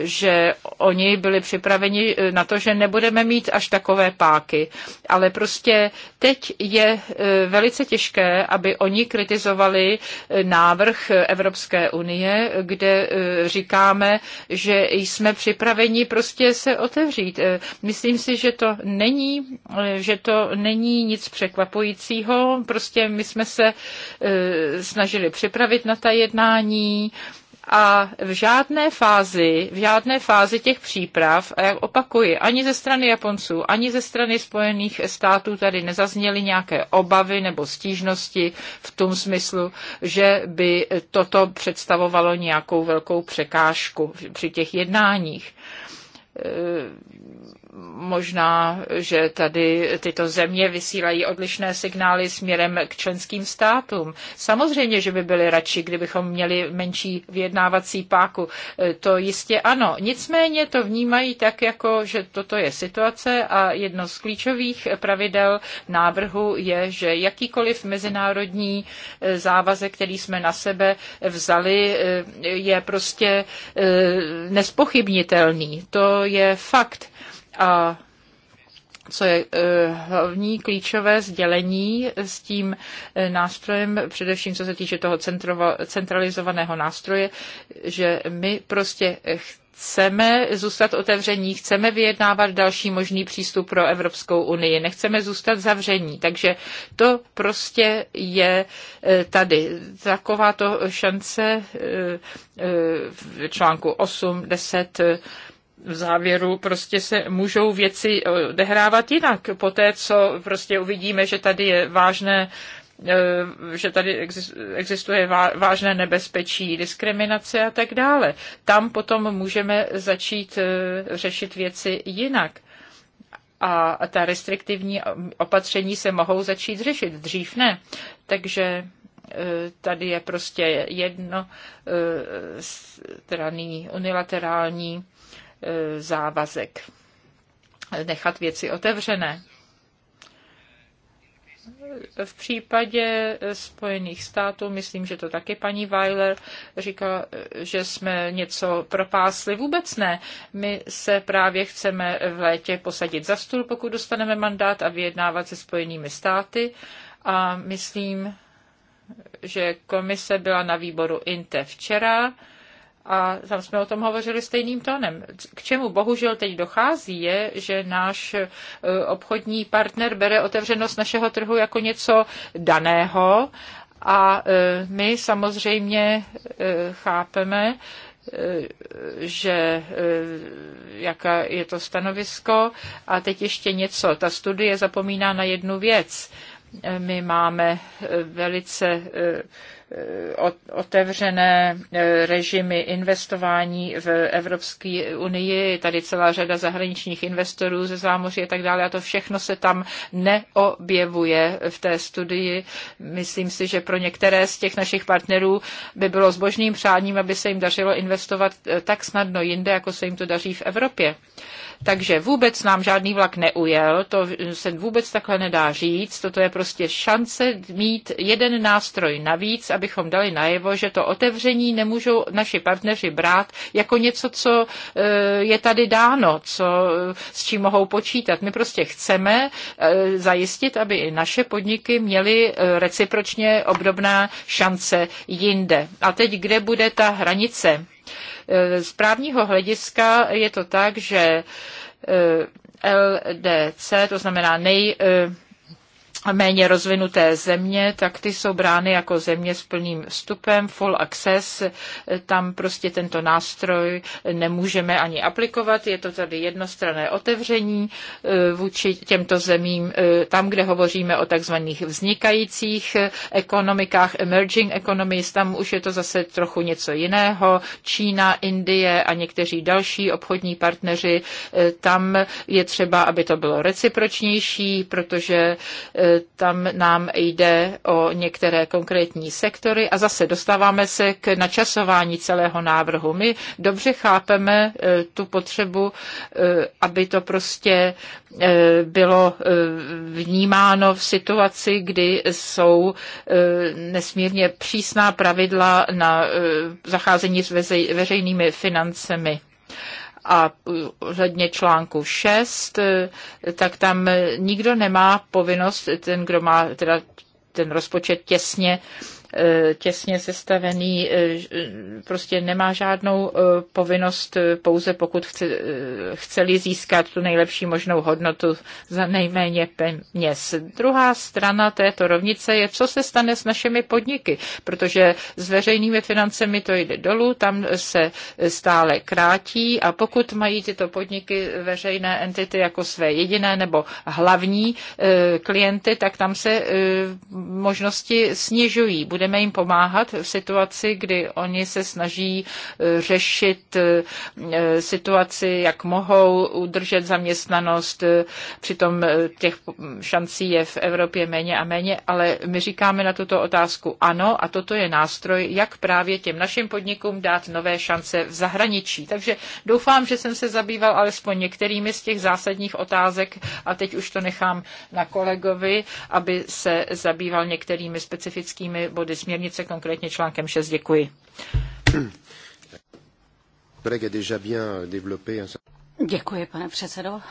že oni byli připraveni na to, že nebudeme mít až takové páky. Ale prostě teď je eh, velice těžké, aby oni kritizovali eh, návrh Evropské unie, kde eh, říkáme, že jsme připraveni prostě se otevřít. Myslím si, že to není, že to není nic překvapujícího. Prostě my jsme se snažili připravit na ta jednání, a v žádné fázi, v žádné fázi těch příprav, a jak opakuji, ani ze strany Japonců, ani ze strany Spojených států tady nezazněly nějaké obavy nebo stížnosti v tom smyslu, že by toto představovalo nějakou velkou překážku při těch jednáních možná, že tady tyto země vysílají odlišné signály směrem k členským státům. Samozřejmě, že by byli radši, kdybychom měli menší vyjednávací páku. E, to jistě ano. Nicméně to vnímají tak, jako že toto je situace a jedno z klíčových pravidel návrhu je, že jakýkoliv mezinárodní e, závazek, který jsme na sebe vzali, e, je prostě nespochybnitelný. To je fakt. A co je eh, hlavní klíčové sdělení s tím eh, nástrojem, především co se týče toho centralizovaného nástroje, že my prostě chceme zůstat otevření, chceme vyjednávat další možný přístup pro Evropskou unii, nechceme zůstat zavření. Takže to prostě je eh, tady. Taková to šance v článku 8, 10, v závěru prostě se můžou věci odehrávat jinak. Po té, co prostě uvidíme, že tady je vážné eh, že tady existuje vážné nebezpečí diskriminace a tak dále. Tam potom můžeme začít eh, řešit věci jinak. A ta restriktivní opatření se mohou začít řešit, dřív ne. Takže eh, tady je prostě jedno straný unilaterální E, závazek nechat věci otevřené. V případě Spojených států, myslím, že to taky paní Weiler říká, že jsme něco propásli. Vůbec ne. My se právě chceme v létě posadit za stůl, pokud dostaneme mandát a vyjednávat se Spojenými státy. A myslím, že komise byla na výboru INTE včera a tam jsme o tom hovořili stejným tónem. K čemu bohužel teď dochází je, že náš e, obchodní partner bere otevřenost našeho trhu jako něco daného a e, my samozřejmě e, chápeme, že jaká je to stanovisko. A teď ještě něco. Ta studie zapomíná na jednu věc. My máme velice Eh, otevřené eh, režimy investování v Evropské unii, tady celá řada zahraničních investorů ze zámoří a tak dále a to všechno se tam neobjevuje v té studii. Myslím si, že pro některé z těch našich partnerů by bylo zbožným přáním, aby se jim dařilo investovat eh, tak snadno jinde, jako se jim to daří v Evropě. Takže vůbec nám žádný vlak neujel, to se vůbec takhle nedá říct. Toto je prostě šance mít jeden nástroj navíc, abychom dali najevo, že to otevření nemůžou naši partneři brát jako něco, co eh, je tady dáno, co, eh, s čím mohou počítat. My prostě chceme eh, zajistit, aby i naše podniky měly recipročně obdobná šance jinde. A teď, kde bude ta hranice? Eh, z právního hlediska je to tak, že eh, LDC, to znamená nej eh, méně rozvinuté země, tak ty jsou brány jako země s plným vstupem, full access, tam prostě tento nástroj nemůžeme ani aplikovat, je to tady jednostranné otevření eh, vůči těmto zemím, eh, tam, kde hovoříme o takzvaných vznikajících eh, ekonomikách, emerging economies, tam už je to zase trochu něco jiného, Čína, Indie a někteří další obchodní partneři, tam je třeba, aby to bylo recipročnější, protože tam nám jde o některé konkrétní sektory a zase dostáváme se k načasování celého návrhu. My dobře chápeme e, tu potřebu, e, aby to prostě e, bylo vnímáno v situaci, kdy jsou nesmírně přísná pravidla na zacházení s veřejnými financemi. A hledně článku 6, tak tam nikdo nemá povinnost, ten, kdo má teda ten rozpočet těsně Eh, těsně sestavený, eh, eh, prostě nemá žádnou povinnost pouze pokud chce, chceli získat tu nejlepší možnou hodnotu za nejméně peněz. Druhá strana této rovnice je, co se stane s našimi podniky, protože s veřejnými financemi to jde dolů, tam se stále krátí a pokud mají tyto podniky veřejné entity jako své jediné nebo hlavní klienty, tak tam se možnosti snižují budeme jim pomáhat v situaci, kdy oni se snaží eh, řešit eh, situaci, jak mohou udržet zaměstnanost, přitom eh, těch šancí je v Evropě méně a méně, ale my říkáme na tuto otázku ano a toto je nástroj, jak právě těm našim podnikům dát nové šance v zahraničí. Takže doufám, že jsem se zabýval alespoň některými z těch zásadních otázek a teď už to nechám na kolegovi, aby se zabýval některými specifickými body dohody směrnice, konkrétně článkem 6. Děkuji. Děkuji, pane předsedo.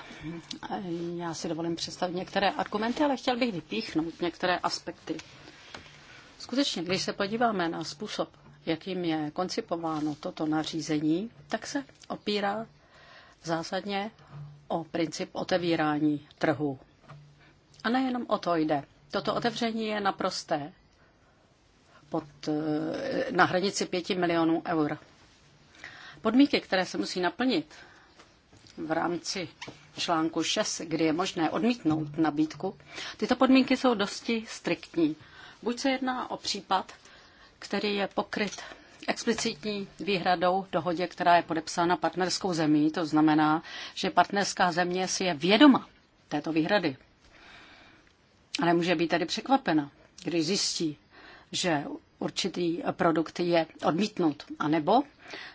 Já si dovolím představit některé argumenty, ale chtěl bych vypíchnout některé aspekty. Skutečně, když se podíváme na způsob, jakým je koncipováno toto nařízení, tak se opírá zásadně o princip otevírání trhu. A nejenom o to jde. Toto otevření je naprosté pod, eh, na hranici 5 milionů eur. Podmínky, které se musí naplnit v rámci článku 6, kdy je možné odmítnout nabídku, tyto podmínky jsou dosti striktní. Buď se jedná o případ, který je pokryt explicitní výhradou dohodě, která je podepsána partnerskou zemí. To znamená, že partnerská země si je vědoma této výhrady. A nemůže být tedy překvapena, když zjistí, že určitý produkt je odmítnut, anebo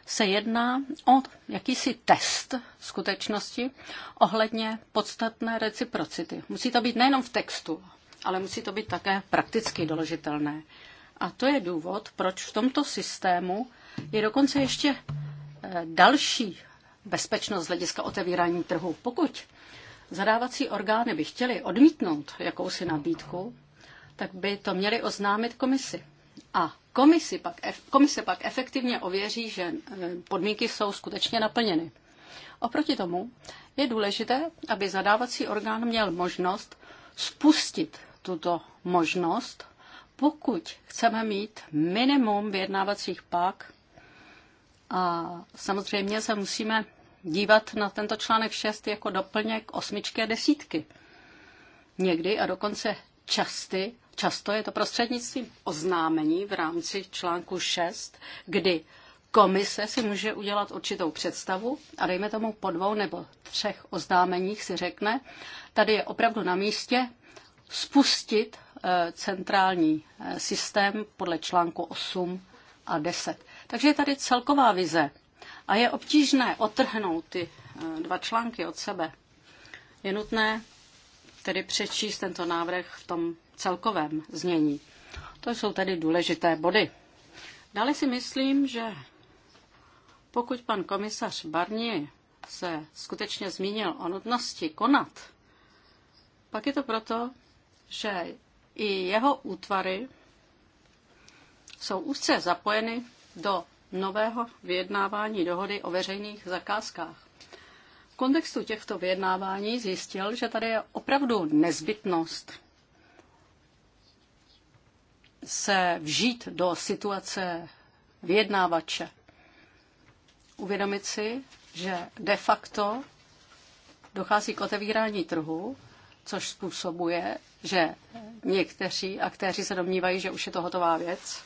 se jedná o jakýsi test skutečnosti ohledně podstatné reciprocity. Musí to být nejenom v textu, ale musí to být také prakticky doložitelné. A to je důvod, proč v tomto systému je dokonce ještě eh, další bezpečnost z hlediska otevírání trhu. Pokud zadávací orgány by chtěly odmítnout jakousi nabídku, tak by to měli oznámit komisi. A komisi pak, komise pak efektivně ověří, že e, podmínky jsou skutečně naplněny. Oproti tomu je důležité, aby zadávací orgán měl možnost spustit tuto možnost, pokud chceme mít minimum vyjednávacích pak. A samozřejmě se musíme dívat na tento článek 6 jako doplněk osmičky a desítky. Někdy a dokonce časty Často je to prostřednictvím oznámení v rámci článku 6, kdy komise si může udělat určitou představu a dejme tomu po dvou nebo třech oznámeních si řekne, tady je opravdu na místě spustit eh, centrální eh, systém podle článku 8 a 10. Takže je tady celková vize a je obtížné otrhnout ty eh, dva články od sebe. Je nutné tedy přečíst tento návrh v tom celkovém znění. To jsou tedy důležité body. Dále si myslím, že pokud pan komisař Barni se skutečně zmínil o nutnosti konat, pak je to proto, že i jeho útvary jsou úzce zapojeny do nového vyjednávání dohody o veřejných zakázkách. V kontextu těchto vyjednávání zjistil, že tady je opravdu nezbytnost se vžít do situace vyjednávače. Uvědomit si, že de facto dochází k otevírání trhu, což způsobuje, že někteří aktéři se domnívají, že už je to hotová věc.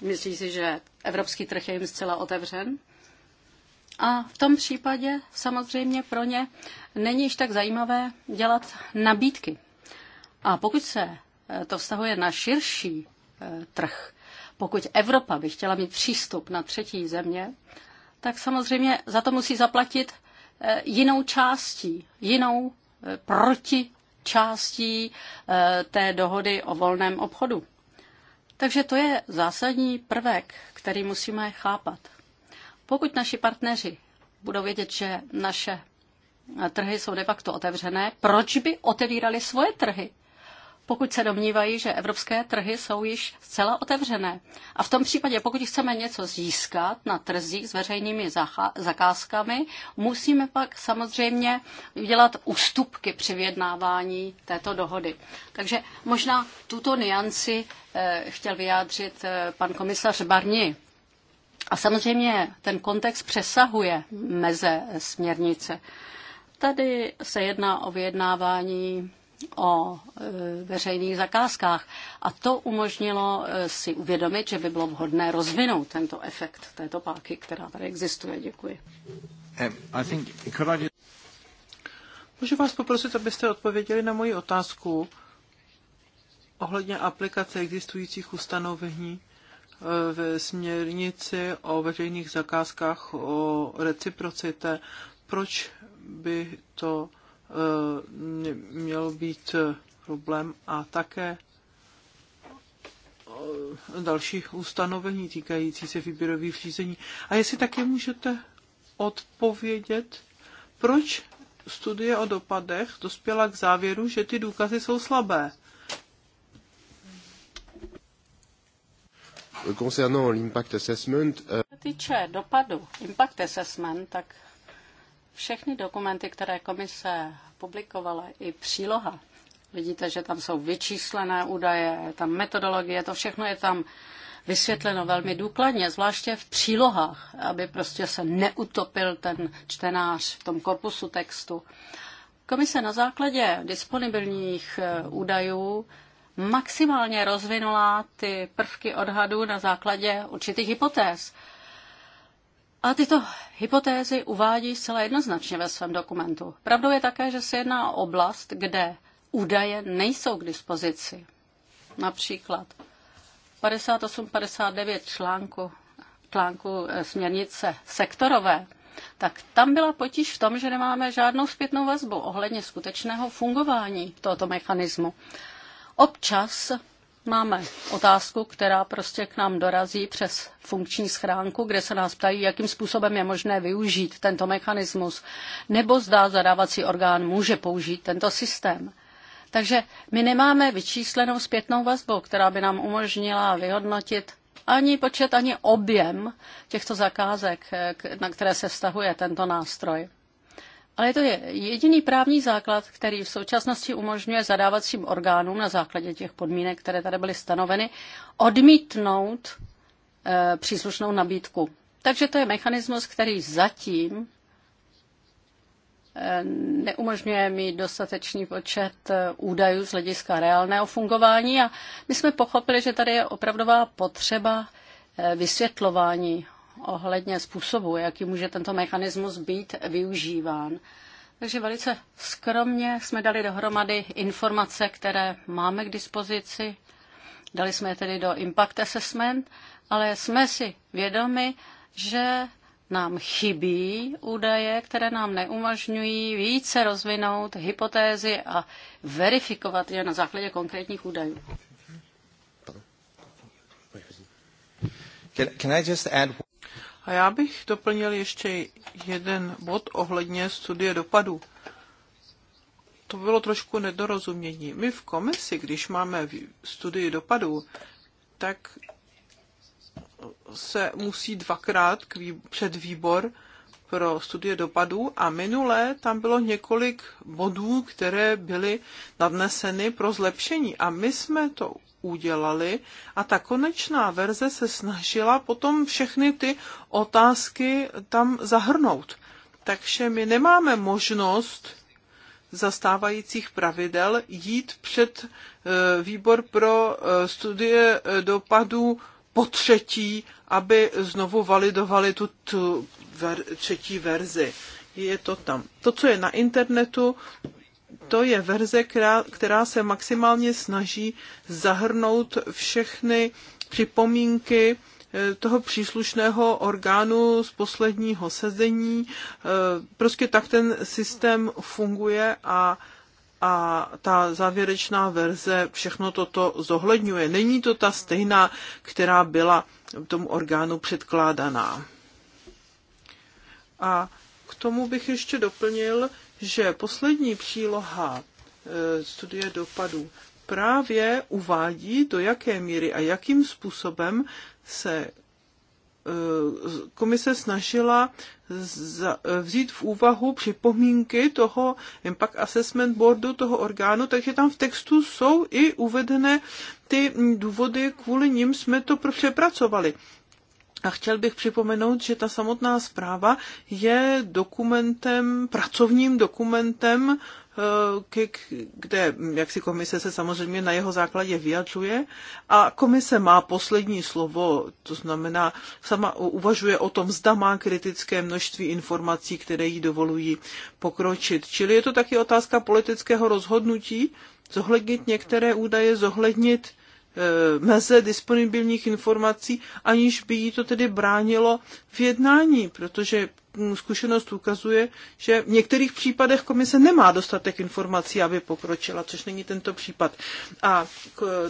Myslí si, že evropský trh je jim zcela otevřen a v tom případě samozřejmě pro ně není již tak zajímavé dělat nabídky. A pokud se e, to vztahuje na širší e, trh, pokud Evropa by chtěla mít přístup na třetí země, tak samozřejmě za to musí zaplatit e, jinou částí, jinou proti částí té dohody o volném obchodu. Takže to je zásadní prvek, který musíme chápat. Pokud naši partneři budou vědět, že naše trhy jsou de facto otevřené, proč by otevírali svoje trhy? pokud se domnívají, že evropské trhy jsou již zcela otevřené. A v tom případě, pokud chceme něco získat na trzích s veřejnými zakázkami, musíme pak samozřejmě dělat ústupky při vyjednávání této dohody. Takže možná tuto nianci eh, chtěl vyjádřit eh, pan komisař Barni. A samozřejmě ten kontext přesahuje meze směrnice. Tady se jedná o vyjednávání o e, veřejných zakázkách a to umožnilo e, si uvědomit, že by bylo vhodné rozvinout tento efekt této páky, která tady existuje. Děkuji. Um, Můžu vás poprosit, abyste odpověděli na moji otázku ohledně aplikace existujících ustanovení ve směrnici o veřejných zakázkách o reciprocitě, proč by to eh, mělo být eh, problém a také eh, další ustanovení týkající se výběrových řízení. A jestli také můžete odpovědět, proč studie o dopadech dospěla k závěru, že ty důkazy jsou slabé. concernant l'impact assessment. Euh, týče dopadu impact assessment, tak všechny dokumenty, které komise publikovala, i příloha, vidíte, že tam jsou vyčíslené údaje, je tam metodologie, to všechno je tam vysvětleno velmi důkladně, zvláště v přílohách, aby prostě se neutopil ten čtenář v tom korpusu textu. Komise na základě disponibilních eh, údajů maximálně rozvinula ty prvky odhadu na základě určitých hypotéz. A tyto hypotézy uvádí zcela jednoznačně ve svém dokumentu. Pravdou je také, že se jedná o oblast, kde údaje nejsou k dispozici. Například 58-59 článku, článku eh, směrnice sektorové, tak tam byla potíž v tom, že nemáme žádnou zpětnou vazbu ohledně skutečného fungování tohoto mechanismu. Občas máme otázku, která prostě k nám dorazí přes funkční schránku, kde se nás ptají, jakým způsobem je možné využít tento mechanismus, nebo zdá zadávací orgán může použít tento systém. Takže my nemáme vyčíslenou zpětnou vazbu, která by nám umožnila vyhodnotit ani počet, ani objem těchto zakázek, na které se vztahuje tento nástroj. Ale to je jediný právní základ, který v současnosti umožňuje zadávacím orgánům na základě těch podmínek, které tady byly stanoveny, odmítnout e, příslušnou nabídku. Takže to je mechanismus, který zatím eh, neumožňuje mít dostatečný počet eh, údajů z hlediska reálného fungování a my jsme pochopili, že tady je opravdová potřeba vysvětlování ohledně způsobu, jaký může tento mechanismus být využíván. Takže velice skromně jsme dali dohromady informace, které máme k dispozici. Dali jsme je tedy do Impact Assessment, ale jsme si vědomi, že nám chybí údaje, které nám neumožňují více rozvinout hypotézy a verifikovat je na základě konkrétních údajů. Can, can I just add... A já bych doplnil ještě jeden bod ohledně studie dopadů. To bylo trošku nedorozumění. My v komisi, když máme studii dopadů, tak se musí dvakrát k vý, před výbor pro studie dopadů a minule tam bylo několik bodů, které byly nadneseny pro zlepšení a my jsme to udělali a ta konečná verze se snažila potom všechny ty otázky tam zahrnout. Takže my nemáme možnost zastávajících pravidel jít před e, výbor pro e, studie e, dopadů po třetí, aby znovu validovali tu, ver, třetí verzi. Je to tam. To, co je na internetu, to je verze, která, která se maximálně snaží zahrnout všechny připomínky eh, toho příslušného orgánu z posledního sezení. Eh, prostě tak ten systém funguje a a ta závěrečná verze všechno toto zohledňuje. Není to ta stejná, která byla tomu orgánu předkládaná. A k tomu bych ještě doplnil, že poslední příloha e, studie dopadů právě uvádí, do jaké míry a jakým způsobem se e, komise snažila e, vzít v úvahu připomínky toho Impact Assessment Boardu, toho orgánu, takže tam v textu jsou i uvedené ty důvody, kvůli nim jsme to přepracovali. A chtěl bych připomenout, že ta samotná zpráva je dokumentem, pracovním dokumentem, eh, kde jak si komise se samozřejmě na jeho základě vyjadřuje a komise má poslední slovo, to znamená sama uvažuje o tom, zda má kritické množství informací, které jí dovolují pokročit. Čili je to taky otázka politického rozhodnutí, zohlednit některé údaje, zohlednit Eh, meze disponibilních informací, aniž by jí to tedy bránilo v jednání, protože hm, zkušenost ukazuje, že v některých případech komise nemá dostatek informací, aby pokročila, což není tento případ. A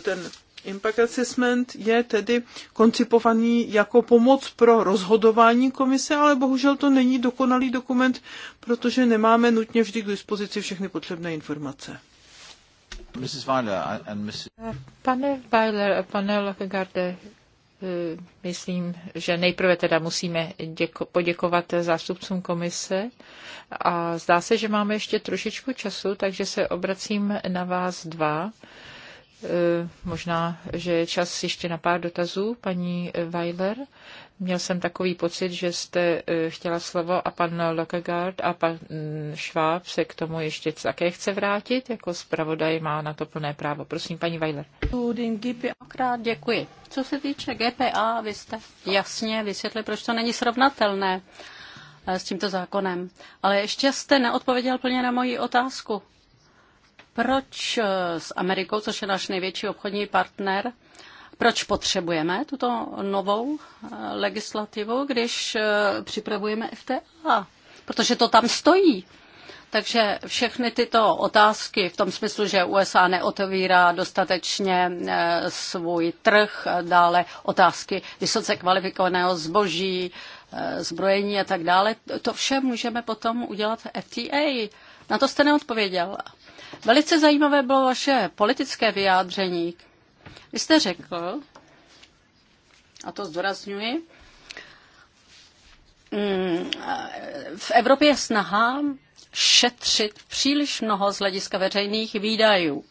ten Impact assessment je tedy koncipovaný jako pomoc pro rozhodování komise, ale bohužel to není dokonalý dokument, protože nemáme nutně vždy k dispozici všechny potřebné informace. Mrs. Weiler and Mrs. Pane Weiler, pane Lockegarde, eh, myslím, že nejprve teda musíme děko- poděkovat zástupcům komise a zdá se, že máme ještě trošičku času, takže se obracím na vás dva. Eh, možná, že je čas ještě na pár dotazů, paní Weiler. Měl jsem takový pocit, že jste eh, chtěla slovo a pan Lockegaard a pan mm, Schwab se k tomu ještě také chce vrátit. Jako zpravodaj má na to plné právo. Prosím, paní Weiler. děkuji. Co se týče GPA, vy jste jasně vysvětli, proč to není srovnatelné eh, s tímto zákonem. Ale ještě jste neodpověděl plně na moji otázku. Proč eh, s Amerikou, což je náš největší obchodní partner, proč potřebujeme tuto novou eh, legislativu, když eh, připravujeme FTA? Protože to tam stojí. Takže všechny tyto otázky v tom smyslu, že USA neotevírá dostatečně eh, svůj trh, dále otázky vysoce kvalifikovaného zboží, zbrojení a tak dále, to vše můžeme potom udělat v FTA. Na to jste neodpověděl. Velice zajímavé bylo vaše politické vyjádření, vy jste řekl, a to zdorazňuji, mm, v Evropě je snaha šetřit příliš mnoho z hlediska veřejných výdajů.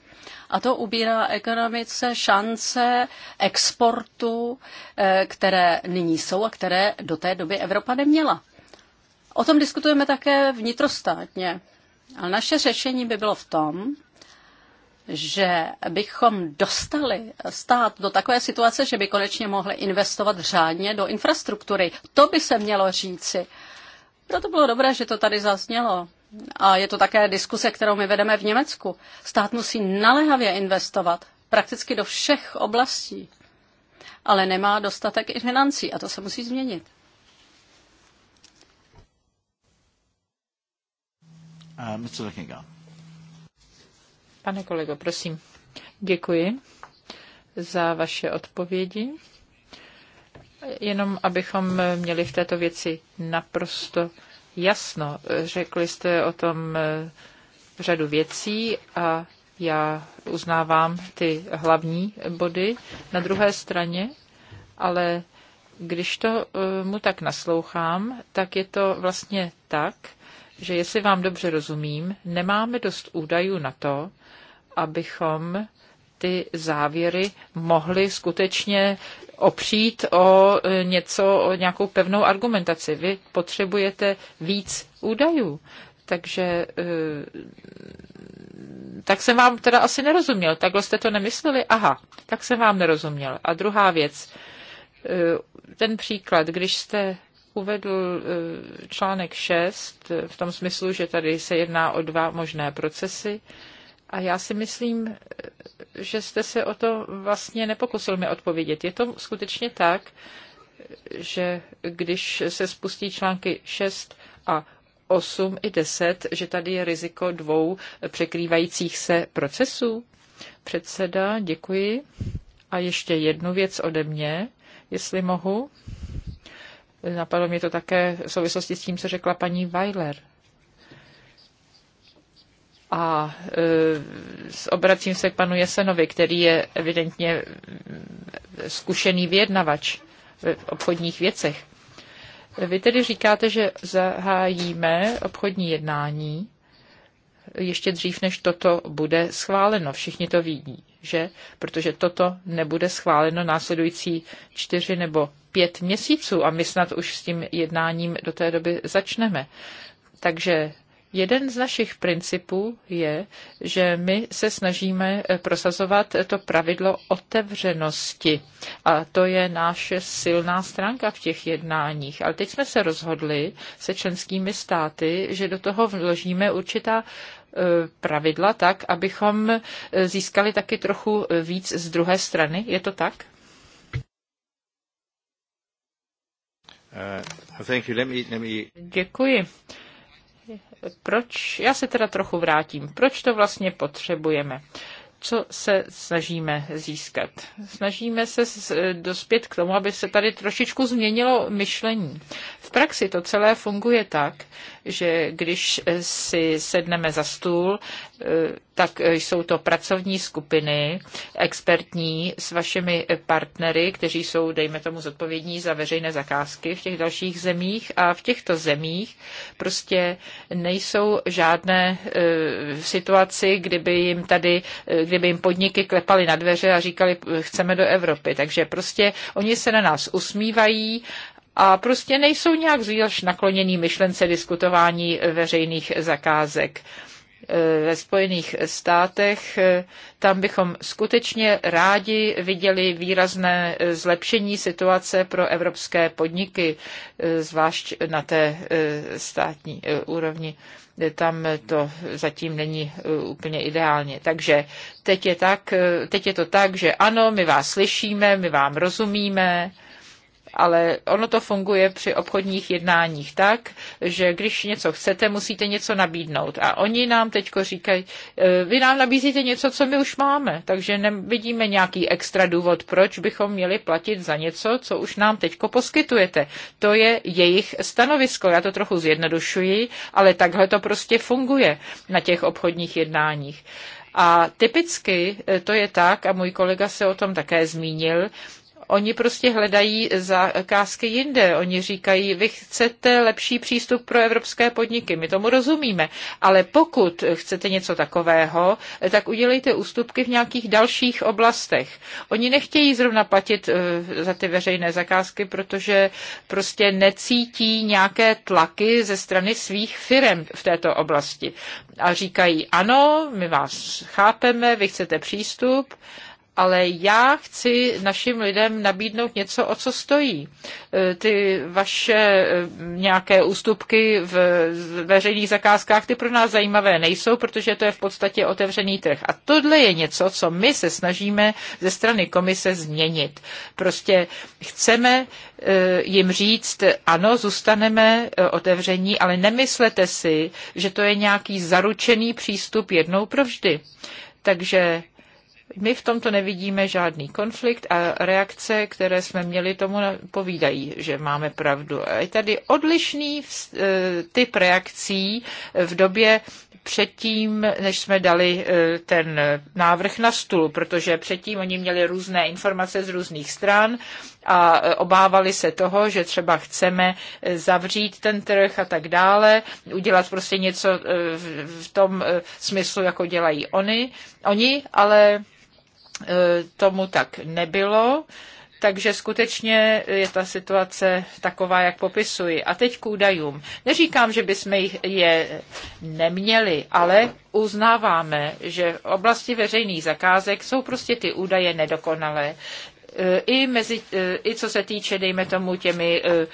A to ubírá ekonomice šance exportu, eh, které nyní jsou a které do té doby Evropa neměla. O tom diskutujeme také vnitrostátně. Ale naše řešení by bylo v tom, že bychom dostali stát do takové situace, že by konečně mohli investovat řádně do infrastruktury. To by se mělo říci. Proto bylo dobré, že to tady zaznělo. A je to také diskuse, kterou my vedeme v Německu. Stát musí naléhavě investovat prakticky do všech oblastí, ale nemá dostatek i financí a to se musí změnit. Uh, Mr. Lockingham. Pane kolego, prosím. Děkuji za vaše odpovědi. Jenom abychom měli v této věci naprosto jasno. Řekli jste o tom eh, řadu věcí a já uznávám ty hlavní body. Na druhé straně, ale když to eh, mu tak naslouchám, tak je to vlastně tak, že jestli vám dobře rozumím, nemáme dost údajů na to, abychom ty závěry mohli skutečně opřít o e, něco, o nějakou pevnou argumentaci. Vy potřebujete víc údajů. Takže e, tak jsem vám teda asi nerozuměl. Takhle jste to nemysleli? Aha, tak jsem vám nerozuměl. A druhá věc, e, ten příklad, když jste uvedl článek 6 v tom smyslu, že tady se jedná o dva možné procesy, a já si myslím, že jste se o to vlastně nepokusil mi odpovědět. Je to skutečně tak, že když se spustí články 6 a 8 i 10, že tady je riziko dvou překrývajících se procesů? Předseda, děkuji. A ještě jednu věc ode mě, jestli mohu. Napadlo mě to také v souvislosti s tím, co řekla paní Weiler a e, obracím se k panu Jesenovi, který je evidentně zkušený vyjednavač v obchodních věcech. Vy tedy říkáte, že zahájíme obchodní jednání ještě dřív, než toto bude schváleno. Všichni to vidí, že? Protože toto nebude schváleno následující čtyři nebo pět měsíců a my snad už s tím jednáním do té doby začneme. Takže Jeden z našich principů je, že my se snažíme eh, prosazovat to pravidlo otevřenosti. A to je naše silná stránka v těch jednáních. Ale teď jsme se rozhodli se členskými státy, že do toho vložíme určitá eh, pravidla tak, abychom eh, získali taky trochu víc z druhé strany. Je to tak? Uh, Děkuji proč, já se teda trochu vrátím, proč to vlastně potřebujeme? Co se snažíme získat? Snažíme se dospět k tomu, aby se tady trošičku změnilo myšlení. V praxi to celé funguje tak, že když si sedneme za stůl, eh, tak jsou to pracovní skupiny, expertní s vašimi partnery, kteří jsou, dejme tomu, zodpovědní za veřejné zakázky v těch dalších zemích a v těchto zemích prostě nejsou žádné e, situaci, kdyby jim tady, eh, kdyby jim podniky klepaly na dveře a říkali, chceme do Evropy. Takže prostě oni se na nás usmívají a prostě nejsou nějak zvlášť naklonění myšlence diskutování veřejných zakázek e, ve Spojených státech. E, tam bychom skutečně rádi viděli výrazné e, zlepšení situace pro evropské podniky, zvlášť na té státní úrovni. Tam to zatím není úplně ideálně. Takže teď je, tak, teď je to tak, že ano, my vás slyšíme, my vám rozumíme, ale ono to funguje při obchodních jednáních tak, že když něco chcete, musíte něco nabídnout. A oni nám teď říkají, e, vy nám nabízíte něco, co my už máme, takže nevidíme nějaký extra důvod, proč bychom měli platit za něco, co už nám teď poskytujete. To je jejich stanovisko. Já to trochu zjednodušuji, ale takhle to prostě funguje na těch obchodních jednáních. A typicky e, to je tak, a můj kolega se o tom také zmínil, Oni prostě hledají zakázky jinde. Oni říkají, vy chcete lepší přístup pro evropské podniky. My tomu rozumíme. Ale pokud chcete něco takového, tak udělejte ústupky v nějakých dalších oblastech. Oni nechtějí zrovna platit eh, za ty veřejné zakázky, protože prostě necítí nějaké tlaky ze strany svých firm v této oblasti. A říkají, ano, my vás chápeme, vy chcete přístup, ale já chci našim lidem nabídnout něco, o co stojí. E, ty vaše e, nějaké ústupky v veřejných zakázkách, ty pro nás zajímavé nejsou, protože to je v podstatě otevřený trh. A tohle je něco, co my se snažíme ze strany komise změnit. Prostě chceme e, jim říct, ano, zůstaneme otevření, ale nemyslete si, že to je nějaký zaručený přístup jednou provždy. Takže my v tomto nevidíme žádný konflikt a reakce, které jsme měli, tomu povídají, že máme pravdu. A je tady odlišný e, typ reakcí v době předtím, než jsme dali e, ten návrh na stůl, protože předtím oni měli různé informace z různých stran a e, obávali se toho, že třeba chceme zavřít ten trh a tak dále, udělat prostě něco v tom smyslu, jako dělají oni, oni ale Eh, tomu tak nebylo. Takže skutečně je ta situace taková, jak popisuji. A teď k údajům. Neříkám, že bychom je neměli, ale uznáváme, že v oblasti veřejných zakázek jsou prostě ty údaje nedokonalé. Eh, i, mezi, eh, i co se týče, dejme tomu, těmi eh,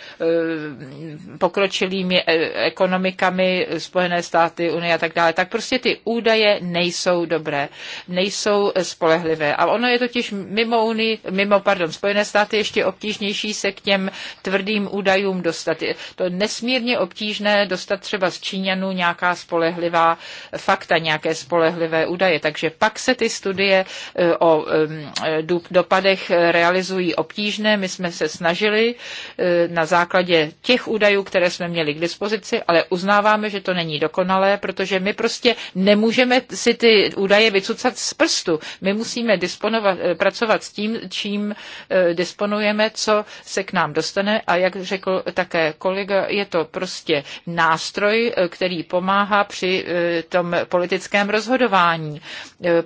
pokročilými ekonomikami, Spojené státy, Unie a tak dále, tak prostě ty údaje nejsou dobré, nejsou spolehlivé. A ono je totiž mimo, Unii, mimo pardon, Spojené státy ještě obtížnější se k těm tvrdým údajům dostat. Je to nesmírně obtížné dostat třeba z Číňanů nějaká spolehlivá fakta, nějaké spolehlivé údaje. Takže pak se ty studie o dopadech realizují obtížné. My jsme se snažili e, na základě těch údajů, které jsme měli k dispozici, ale uznáváme, že to není dokonalé, protože my prostě nemůžeme si ty údaje vycucat z prstu. My musíme disponovat, e, pracovat s tím, čím e, disponujeme, co se k nám dostane a jak řekl také kolega, je to prostě nástroj, který pomáhá při tom politickém rozhodování.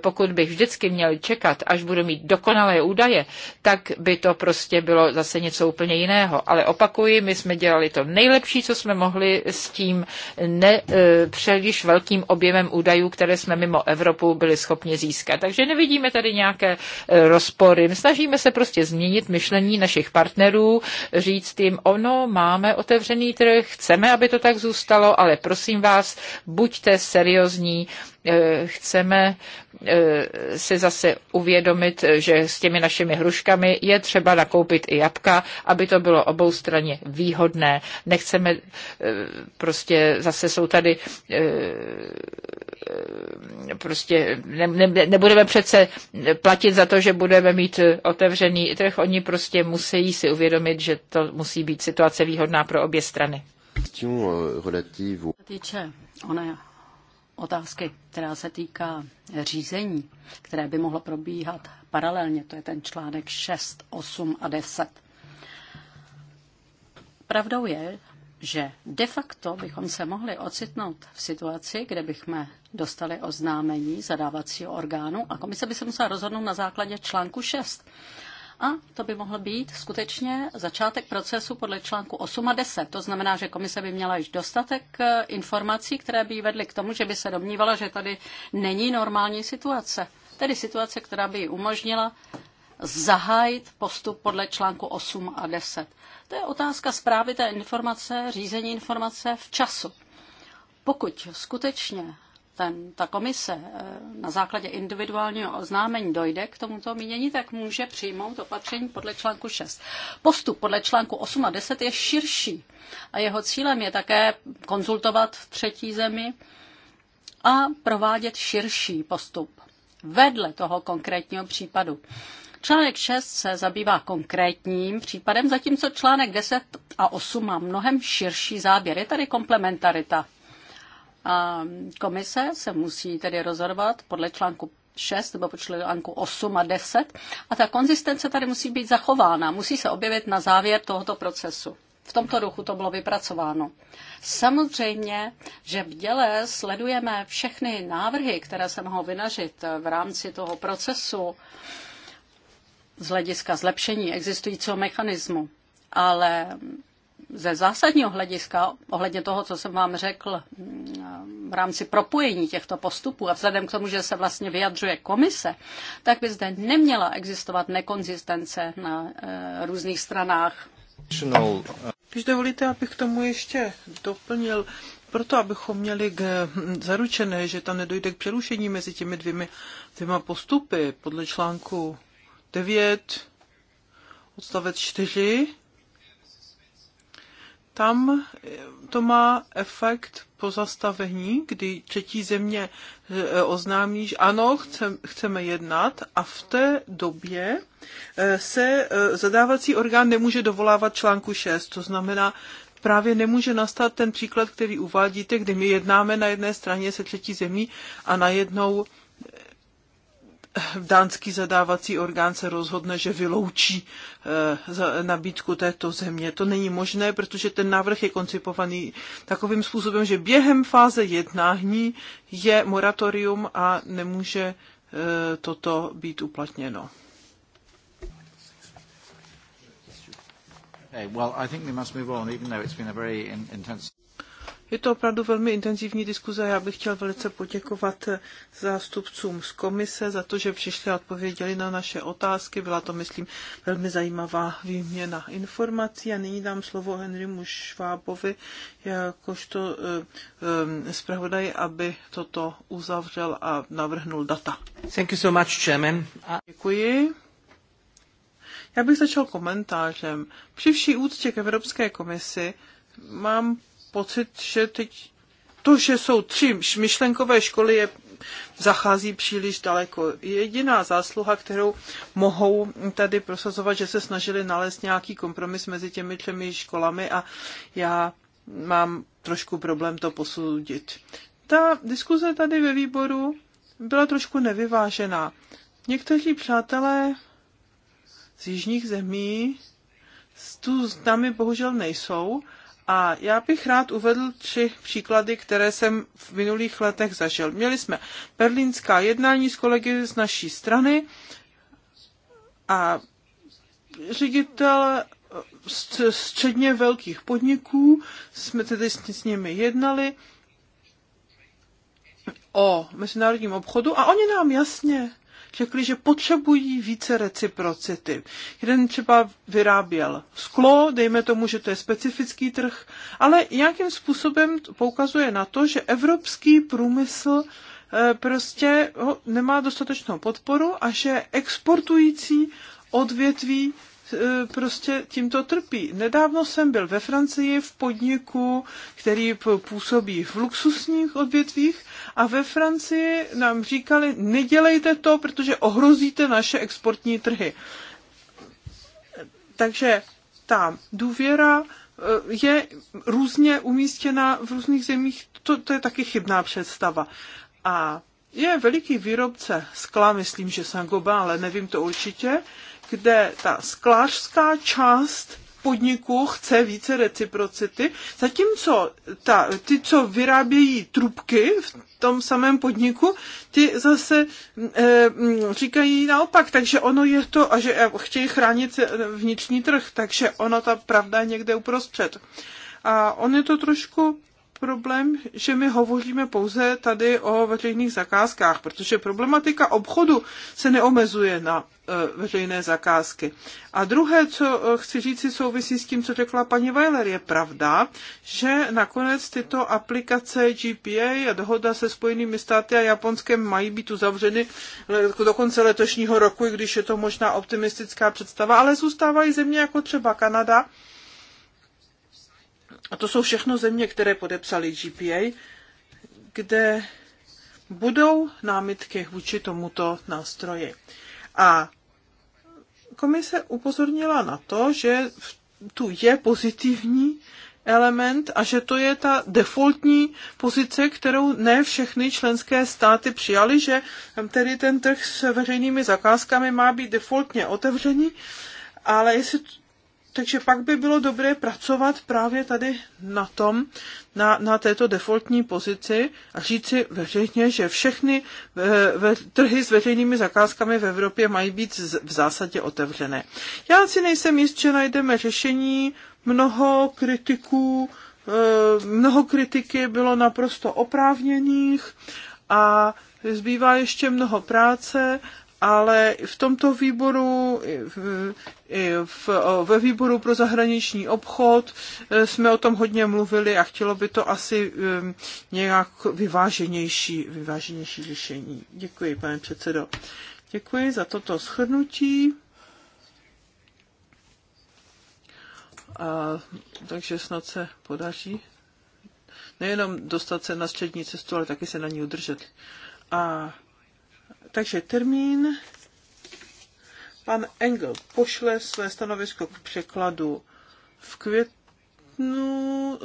Pokud bych vždycky měl čekat, až budu mít dokonalé údaje, tak by to prostě bylo zase něco úplně jiného. Ale opakuji, my jsme dělali to nejlepší, co jsme mohli s tím ne, e, příliš velkým objemem údajů, které jsme mimo Evropu byli schopni získat. Takže nevidíme tady nějaké e, rozpory. My snažíme se prostě změnit myšlení našich partnerů, říct jim, ono, máme otevřený trh, chceme, aby to tak zůstalo, ale prosím vás, buďte seriózní, Eh, chceme eh, si zase uvědomit, že s těmi našimi hruškami je třeba nakoupit i jabka, aby to bylo straně výhodné. Nechceme eh, prostě, zase jsou tady prostě ne, ne, nebudeme přece platit za to, že budeme mít otevřený trh. Oni prostě musí si uvědomit, že to musí být situace výhodná pro obě strany. Euh, Týče otázky, která se týká řízení, které by mohlo probíhat paralelně, to je ten článek 6, 8 a 10. Pravdou je, že de facto bychom se mohli ocitnout v situaci, kde bychom dostali oznámení zadávacího orgánu a komise by se musela rozhodnout na základě článku 6 a to by mohl být skutečně začátek procesu podle článku 8 a 10. To znamená, že komise by měla již dostatek eh, informací, které by vedly k tomu, že by se domnívala, že tady není normální situace. Tedy situace, která by ji umožnila zahájit postup podle článku 8 a 10. To je otázka zprávy té informace, řízení informace v času. Pokud skutečně ten, ta komise eh, na základě individuálního oznámení dojde k tomuto mínění, tak může přijmout opatření podle článku 6. Postup podle článku 8 a 10 je širší a jeho cílem je také konzultovat v třetí zemi a provádět širší postup vedle toho konkrétního případu. Článek 6 se zabývá konkrétním případem, zatímco článek 10 a 8 má mnohem širší záběr. Je tady komplementarita. A mm, komise se musí tedy rozhodovat podle článku 6 nebo po článku 8 a 10. A ta konzistence tady musí být zachována, musí se objevit na závěr tohoto procesu. V tomto duchu to bylo vypracováno. Samozřejmě, že v děle sledujeme všechny návrhy, které se mohou vynažit v rámci toho procesu z hlediska zlepšení existujícího mechanismu. Ale mm, ze zásadního hlediska, ohledně toho, co jsem vám řekl mm, v rámci propojení těchto postupů a vzhledem k tomu, že se vlastně vyjadřuje komise, tak by zde neměla existovat nekonzistence na e, různých stranách. Když dovolíte, abych k tomu ještě doplnil, proto, abychom měli k, hm, zaručené, že tam nedojde k přerušení mezi těmi dvěmi, dvěma postupy podle článku 9 odstavec 4, tam eh, to má efekt pozastavení, kdy třetí země eh, oznámí, že ano, chceme jednat a v té době eh, se zadávací orgán nemůže dovolávat článku 6, to znamená, právě nemůže nastat ten příklad, který uvádíte, kdy my jednáme na jedné straně se třetí zemí a najednou dánský zadávací orgán se rozhodne, že vyloučí eh, nabídku této země. To není možné, protože ten návrh je koncipovaný takovým způsobem, že během fáze jednání je moratorium a nemůže eh, toto být uplatněno. Well, I think we must move on, even though it's been a very intense... Je to opravdu velmi intenzivní diskuze. Já bych chtěl velice poděkovat zástupcům z komise za to, že přišli a odpověděli na naše otázky. Byla to, myslím, velmi zajímavá výměna informací. A nyní dám slovo Henrymu Švábovi, jakožto eh, eh, zpravodaj, aby toto uzavřel a navrhnul data. Thank you so much, Chairman. Děkuji. Já bych začal komentářem. Při vší úctě k Evropské komisi mám pocit, že teď to, že jsou tři myšlenkové školy, je, zachází příliš daleko. Jediná zásluha, kterou mohou tady prosazovat, že se snažili nalézt nějaký kompromis mezi těmi třemi školami a já mám trošku problém to posoudit. Ta diskuze tady ve výboru byla trošku nevyvážená. Někteří přátelé z jižních zemí tu s námi bohužel nejsou a já bych rád uvedl tři příklady, které jsem v minulých letech zažil. Měli jsme berlínská jednání s kolegy z naší strany a ředitel středně velkých podniků, jsme tedy s, s nimi jednali o mezinárodním obchodu a oni nám jasně řekli, že potřebují více reciprocity. Jeden třeba vyráběl sklo, dejme tomu, že to je specifický trh, ale nějakým způsobem poukazuje na to, že evropský průmysl eh, prostě nemá dostatečnou podporu a že exportující odvětví E, prostě tímto trpí. Nedávno jsem byl ve Francii v podniku, který působí v luxusních odvětvích a ve Francii nám říkali, nedělejte to, protože ohrozíte naše exportní trhy. Takže ta důvěra e, je různě umístěna v různých zemích, to, to je taky chybná představa. A je veliký výrobce skla, myslím, že Sangoba, ale nevím to určitě, kde ta sklářská část podniků chce více reciprocity, zatímco ta, ty, co vyrábějí trubky v tom samém podniku, ty zase e, říkají naopak, takže ono je to, a že eh, chtějí chránit vnitřní trh, takže ono ta pravda je někde uprostřed. A on je to trošku problém, že my hovoříme pouze tady o veřejných zakázkách, protože problematika obchodu se neomezuje na e, veřejné zakázky. A druhé, co e, chci říci, souvisí s tím, co řekla paní Weiler. Je pravda, že nakonec tyto aplikace GPA a dohoda se Spojenými státy a Japonskem mají být uzavřeny do konce letošního roku, i když je to možná optimistická představa, ale zůstávají země jako třeba Kanada, a to jsou všechno země, které podepsaly GPA, kde budou námitky vůči tomuto nástroji. A komise upozornila na to, že tu je pozitivní element a že to je ta defaultní pozice, kterou ne všechny členské státy přijali, že tedy ten trh s veřejnými zakázkami má být defaultně otevřený, ale jestli takže pak by bylo dobré pracovat právě tady na tom, na, na této defaultní pozici a si veřejně, že všechny ve, eh, ve, trhy s veřejnými zakázkami v Evropě mají být z, v zásadě otevřené. Já si nejsem jist, že najdeme řešení mnoho kritiků, eh, mnoho kritiky bylo naprosto oprávněných a zbývá ještě mnoho práce ale v tomto výboru, v, ve výboru pro zahraniční obchod e, jsme o tom hodně mluvili a chtělo by to asi e, nějak vyváženější, vyváženější řešení. Děkuji, pane předsedo. Děkuji za toto shrnutí. A, takže snad se podaří nejenom dostat se na střední cestu, ale taky se na ní udržet. A takže termín. Pan Engel pošle své stanovisko k překladu v květnu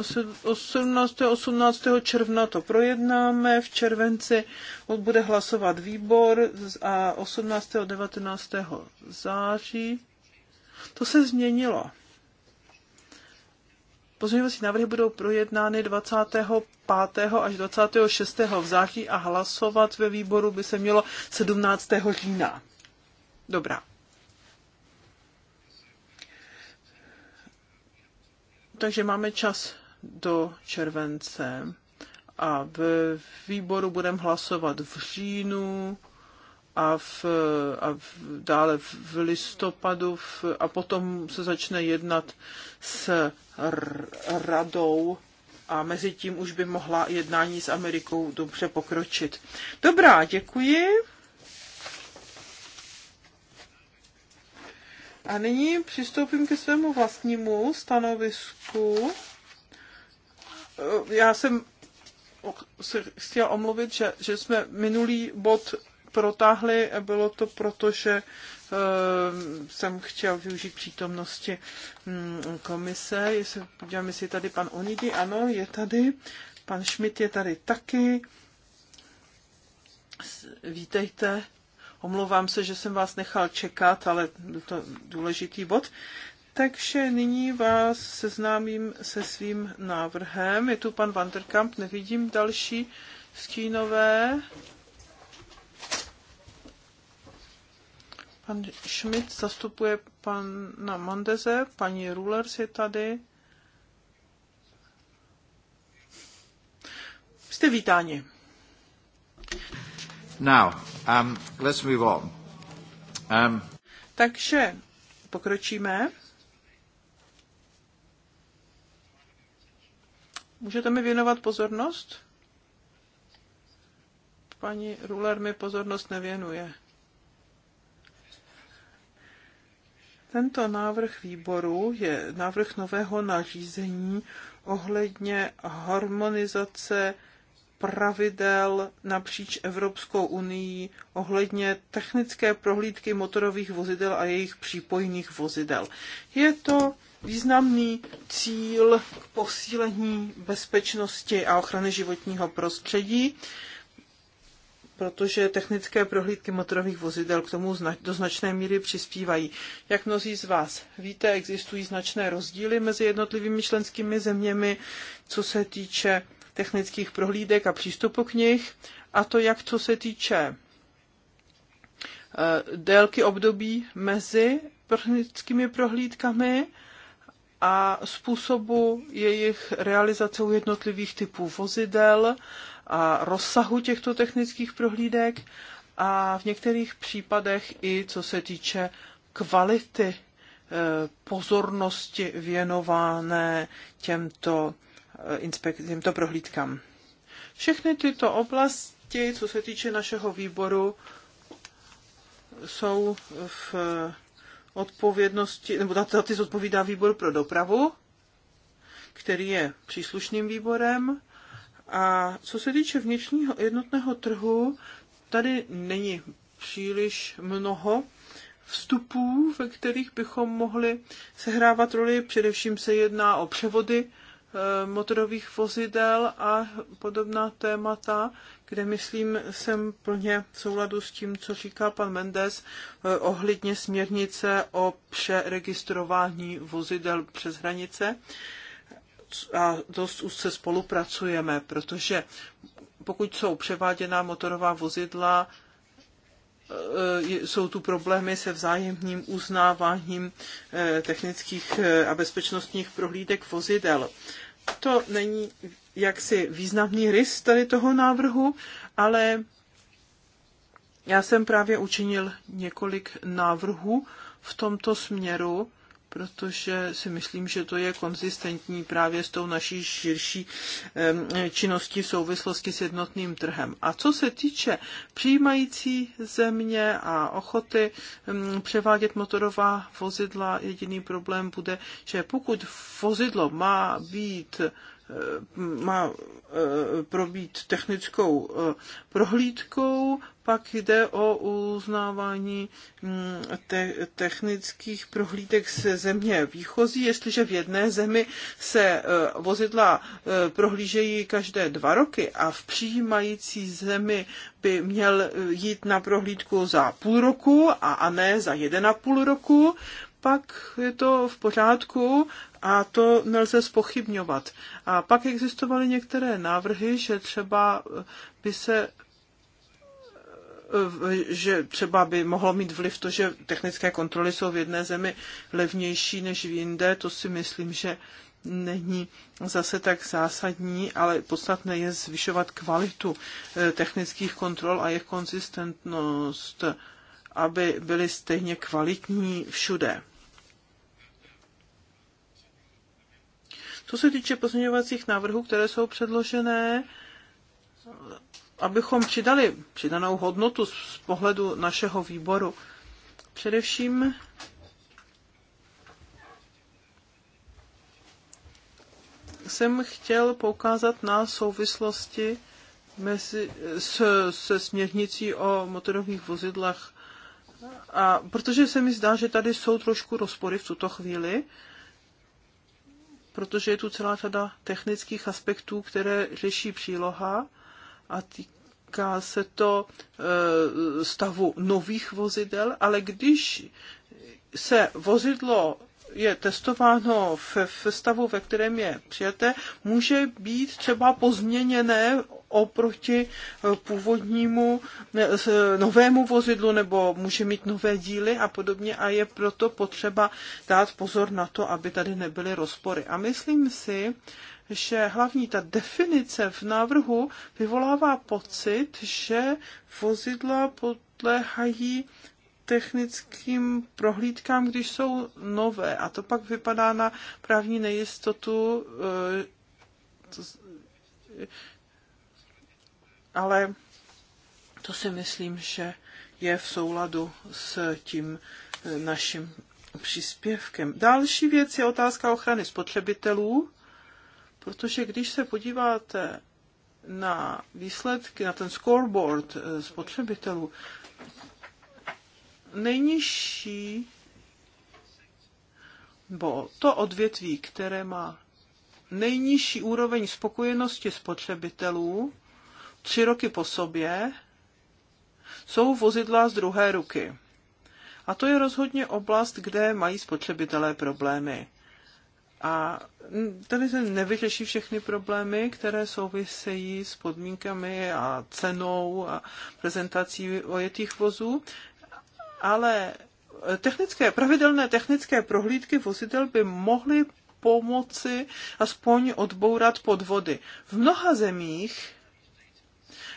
17. 18. června to projednáme, v červenci bude hlasovat výbor a 18. 19. září. To se změnilo. Pozměňovací návrhy budou projednány 25. až 26. v září a hlasovat ve výboru by se mělo 17. října. Dobrá. Takže máme čas do července a v výboru budeme hlasovat v říjnu a, v, a v, dále v listopadu v, a potom se začne jednat s r, radou a mezi tím už by mohla jednání s Amerikou dobře pokročit. Dobrá, děkuji. A nyní přistoupím ke svému vlastnímu stanovisku. Já jsem se chtěla omluvit, že, že jsme minulý bod protáhli. Bylo to proto, že eh, jsem chtěl využít přítomnosti mm, komise. Jestli podívám, jestli je tady pan Onidi, Ano, je tady. Pan Schmidt je tady taky. Vítejte. Omlouvám se, že jsem vás nechal čekat, ale byl to důležitý bod. Takže nyní vás seznámím se svým návrhem. Je tu pan Vanderkamp, nevidím další stínové. Pan Schmidt zastupuje pana Mandeze, paní Rulers je tady. Jste vítáni. Now, um, let's move on. Um... Takže pokročíme. Můžete mi věnovat pozornost? Paní Ruler mi pozornost nevěnuje. Tento návrh výboru je návrh nového nařízení ohledně harmonizace pravidel napříč Evropskou unii ohledně technické prohlídky motorových vozidel a jejich přípojných vozidel. Je to významný cíl k posílení bezpečnosti a ochrany životního prostředí protože technické prohlídky motorových vozidel k tomu do značné míry přispívají. Jak mnozí z vás víte, existují značné rozdíly mezi jednotlivými členskými zeměmi, co se týče technických prohlídek a přístupu k nich, a to jak co se týče eh, délky období mezi technickými prohlídkami a způsobu jejich realizace u jednotlivých typů vozidel, a rozsahu těchto technických prohlídek a v některých případech i co se týče kvality eh, pozornosti věnované těmto, eh, těmto prohlídkám. Všechny tyto oblasti, co se týče našeho výboru, jsou v odpovědnosti, nebo tato zodpovídá výbor pro dopravu, který je příslušným výborem a co se týče vnitřního jednotného trhu, tady není příliš mnoho vstupů, ve kterých bychom mohli sehrávat roli. Především se jedná o převody eh, motorových vozidel a podobná témata, kde myslím, jsem plně v souladu s tím, co říká pan Mendes eh, ohledně směrnice o přeregistrování vozidel přes hranice a dost úzce spolupracujeme, protože pokud jsou převáděná motorová vozidla, e, jsou tu problémy se vzájemným uznáváním e, technických e, a bezpečnostních prohlídek vozidel. To není jaksi významný rys tady toho návrhu, ale já jsem právě učinil několik návrhů v tomto směru protože si myslím, že to je konzistentní právě s tou naší širší činností v souvislosti s jednotným trhem. A co se týče přijímající země a ochoty převádět motorová vozidla, jediný problém bude, že pokud vozidlo má být e, má e, probít technickou e, prohlídkou, pak jde o uznávání mm, te- technických prohlídek se země výchozí. Jestliže v jedné zemi se eh, vozidla eh, prohlížejí každé dva roky a v přijímající zemi by měl eh, jít na prohlídku za půl roku a, a ne za jeden a půl roku, pak je to v pořádku a to nelze spochybňovat. A pak existovaly některé návrhy, že třeba by se Eh, že třeba by mohlo mít vliv to, že technické kontroly jsou v jedné zemi levnější než v jinde, to si myslím, že není zase tak zásadní, ale podstatné je zvyšovat kvalitu eh, technických kontrol a jejich konzistentnost, aby byly stejně kvalitní všude. Co se týče pozměňovacích návrhů, které jsou předložené, abychom přidali přidanou hodnotu z pohledu našeho výboru. Především jsem chtěl poukázat na souvislosti mezi, s, se směrnicí o motorových vozidlech. A protože se mi zdá, že tady jsou trošku rozpory v tuto chvíli, protože je tu celá řada technických aspektů, které řeší příloha, a týká se to eh, stavu nových vozidel, ale když se vozidlo je testováno v, v stavu, ve kterém je přijaté, může být třeba pozměněné oproti eh, původnímu eh, novému vozidlu nebo může mít nové díly a podobně a je proto potřeba dát pozor na to, aby tady nebyly rozpory. A myslím si, že hlavní ta definice v návrhu vyvolává pocit, že vozidla podléhají technickým prohlídkám, když jsou nové. A to pak vypadá na právní nejistotu. Eh, ale to si myslím, že je v souladu s tím eh, naším příspěvkem. Další věc je otázka ochrany spotřebitelů. Protože když se podíváte na výsledky, na ten scoreboard eh, spotřebitelů, nejnižší bo to odvětví, které má nejnižší úroveň spokojenosti spotřebitelů tři roky po sobě, jsou vozidla z druhé ruky. A to je rozhodně oblast, kde mají spotřebitelé problémy. A tady se nevyřeší všechny problémy, které souvisejí s podmínkami a cenou a prezentací ojetých vozů, ale technické, pravidelné technické prohlídky vozidel by mohly pomoci aspoň odbourat podvody. V mnoha zemích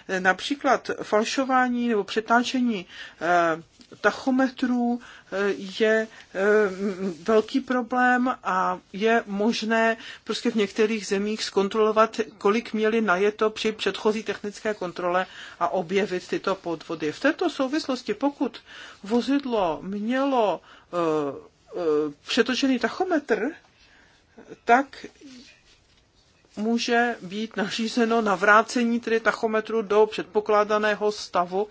eh, například falšování nebo přetáčení eh, tachometrů eh, je eh, velký problém a je možné prostě v některých zemích zkontrolovat, kolik měli najeto při předchozí technické kontrole a objevit tyto podvody. V této souvislosti, pokud vozidlo mělo eh, přetočený tachometr, tak může být nařízeno navrácení tedy tachometru do předpokládaného stavu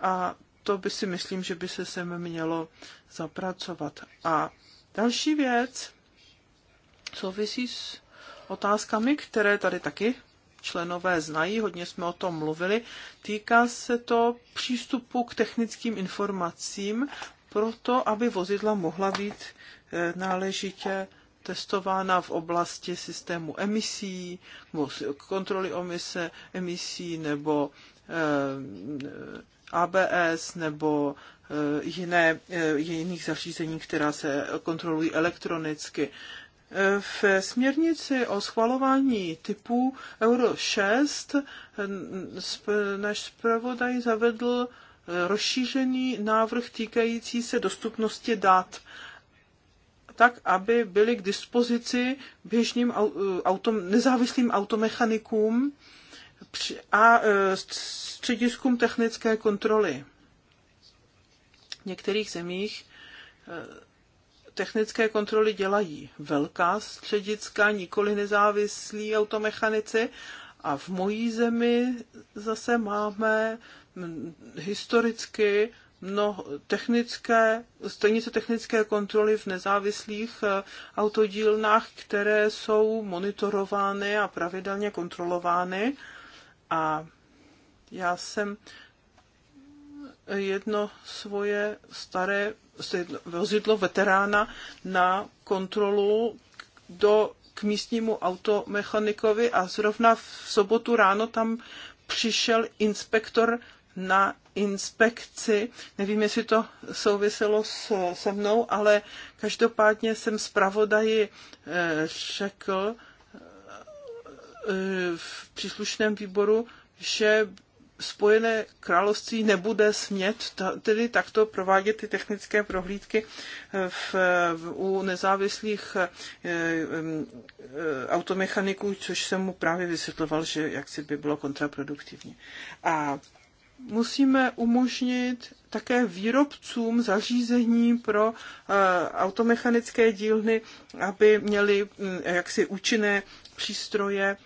a to by si myslím, že by se sem mělo zapracovat. A další věc souvisí s otázkami, které tady taky členové znají, hodně jsme o tom mluvili. Týká se to přístupu k technickým informacím, pro to, aby vozidla mohla být eh, náležitě testována v oblasti systému emisí, kontroly emise, emisí nebo eh, ABS nebo eh, jiné, eh, jiných zařízení, která se kontrolují elektronicky. Eh, v směrnici o schvalování typů Euro 6 náš zpravodaj zavedl rozšířený návrh týkající se dostupnosti dat tak, aby byly k dispozici běžným autom, nezávislým automechanikům, a e, střediskům technické kontroly. V některých zemích e, technické kontroly dělají velká střediska, nikoli nezávislí automechanici. A v mojí zemi zase máme historicky no, technické, stanice technické kontroly v nezávislých e, autodílnách, které jsou monitorovány a pravidelně kontrolovány. A já jsem jedno svoje staré vozidlo veterána na kontrolu do k místnímu automechanikovi a zrovna v sobotu ráno tam přišel inspektor na inspekci. Nevím, jestli to souviselo s, se mnou, ale každopádně jsem zpravodaji eh, řekl, Eh, v příslušném výboru, že Spojené království nebude smět tedy takto provádět ty technické prohlídky eh, v, v, u nezávislých e, e, automechaniků, což jsem mu právě vysvětloval, že jaksi by bylo kontraproduktivní. A musíme umožnit také výrobcům zařízení pro automechanické dílny, aby měli mm, jaksi účinné přístroje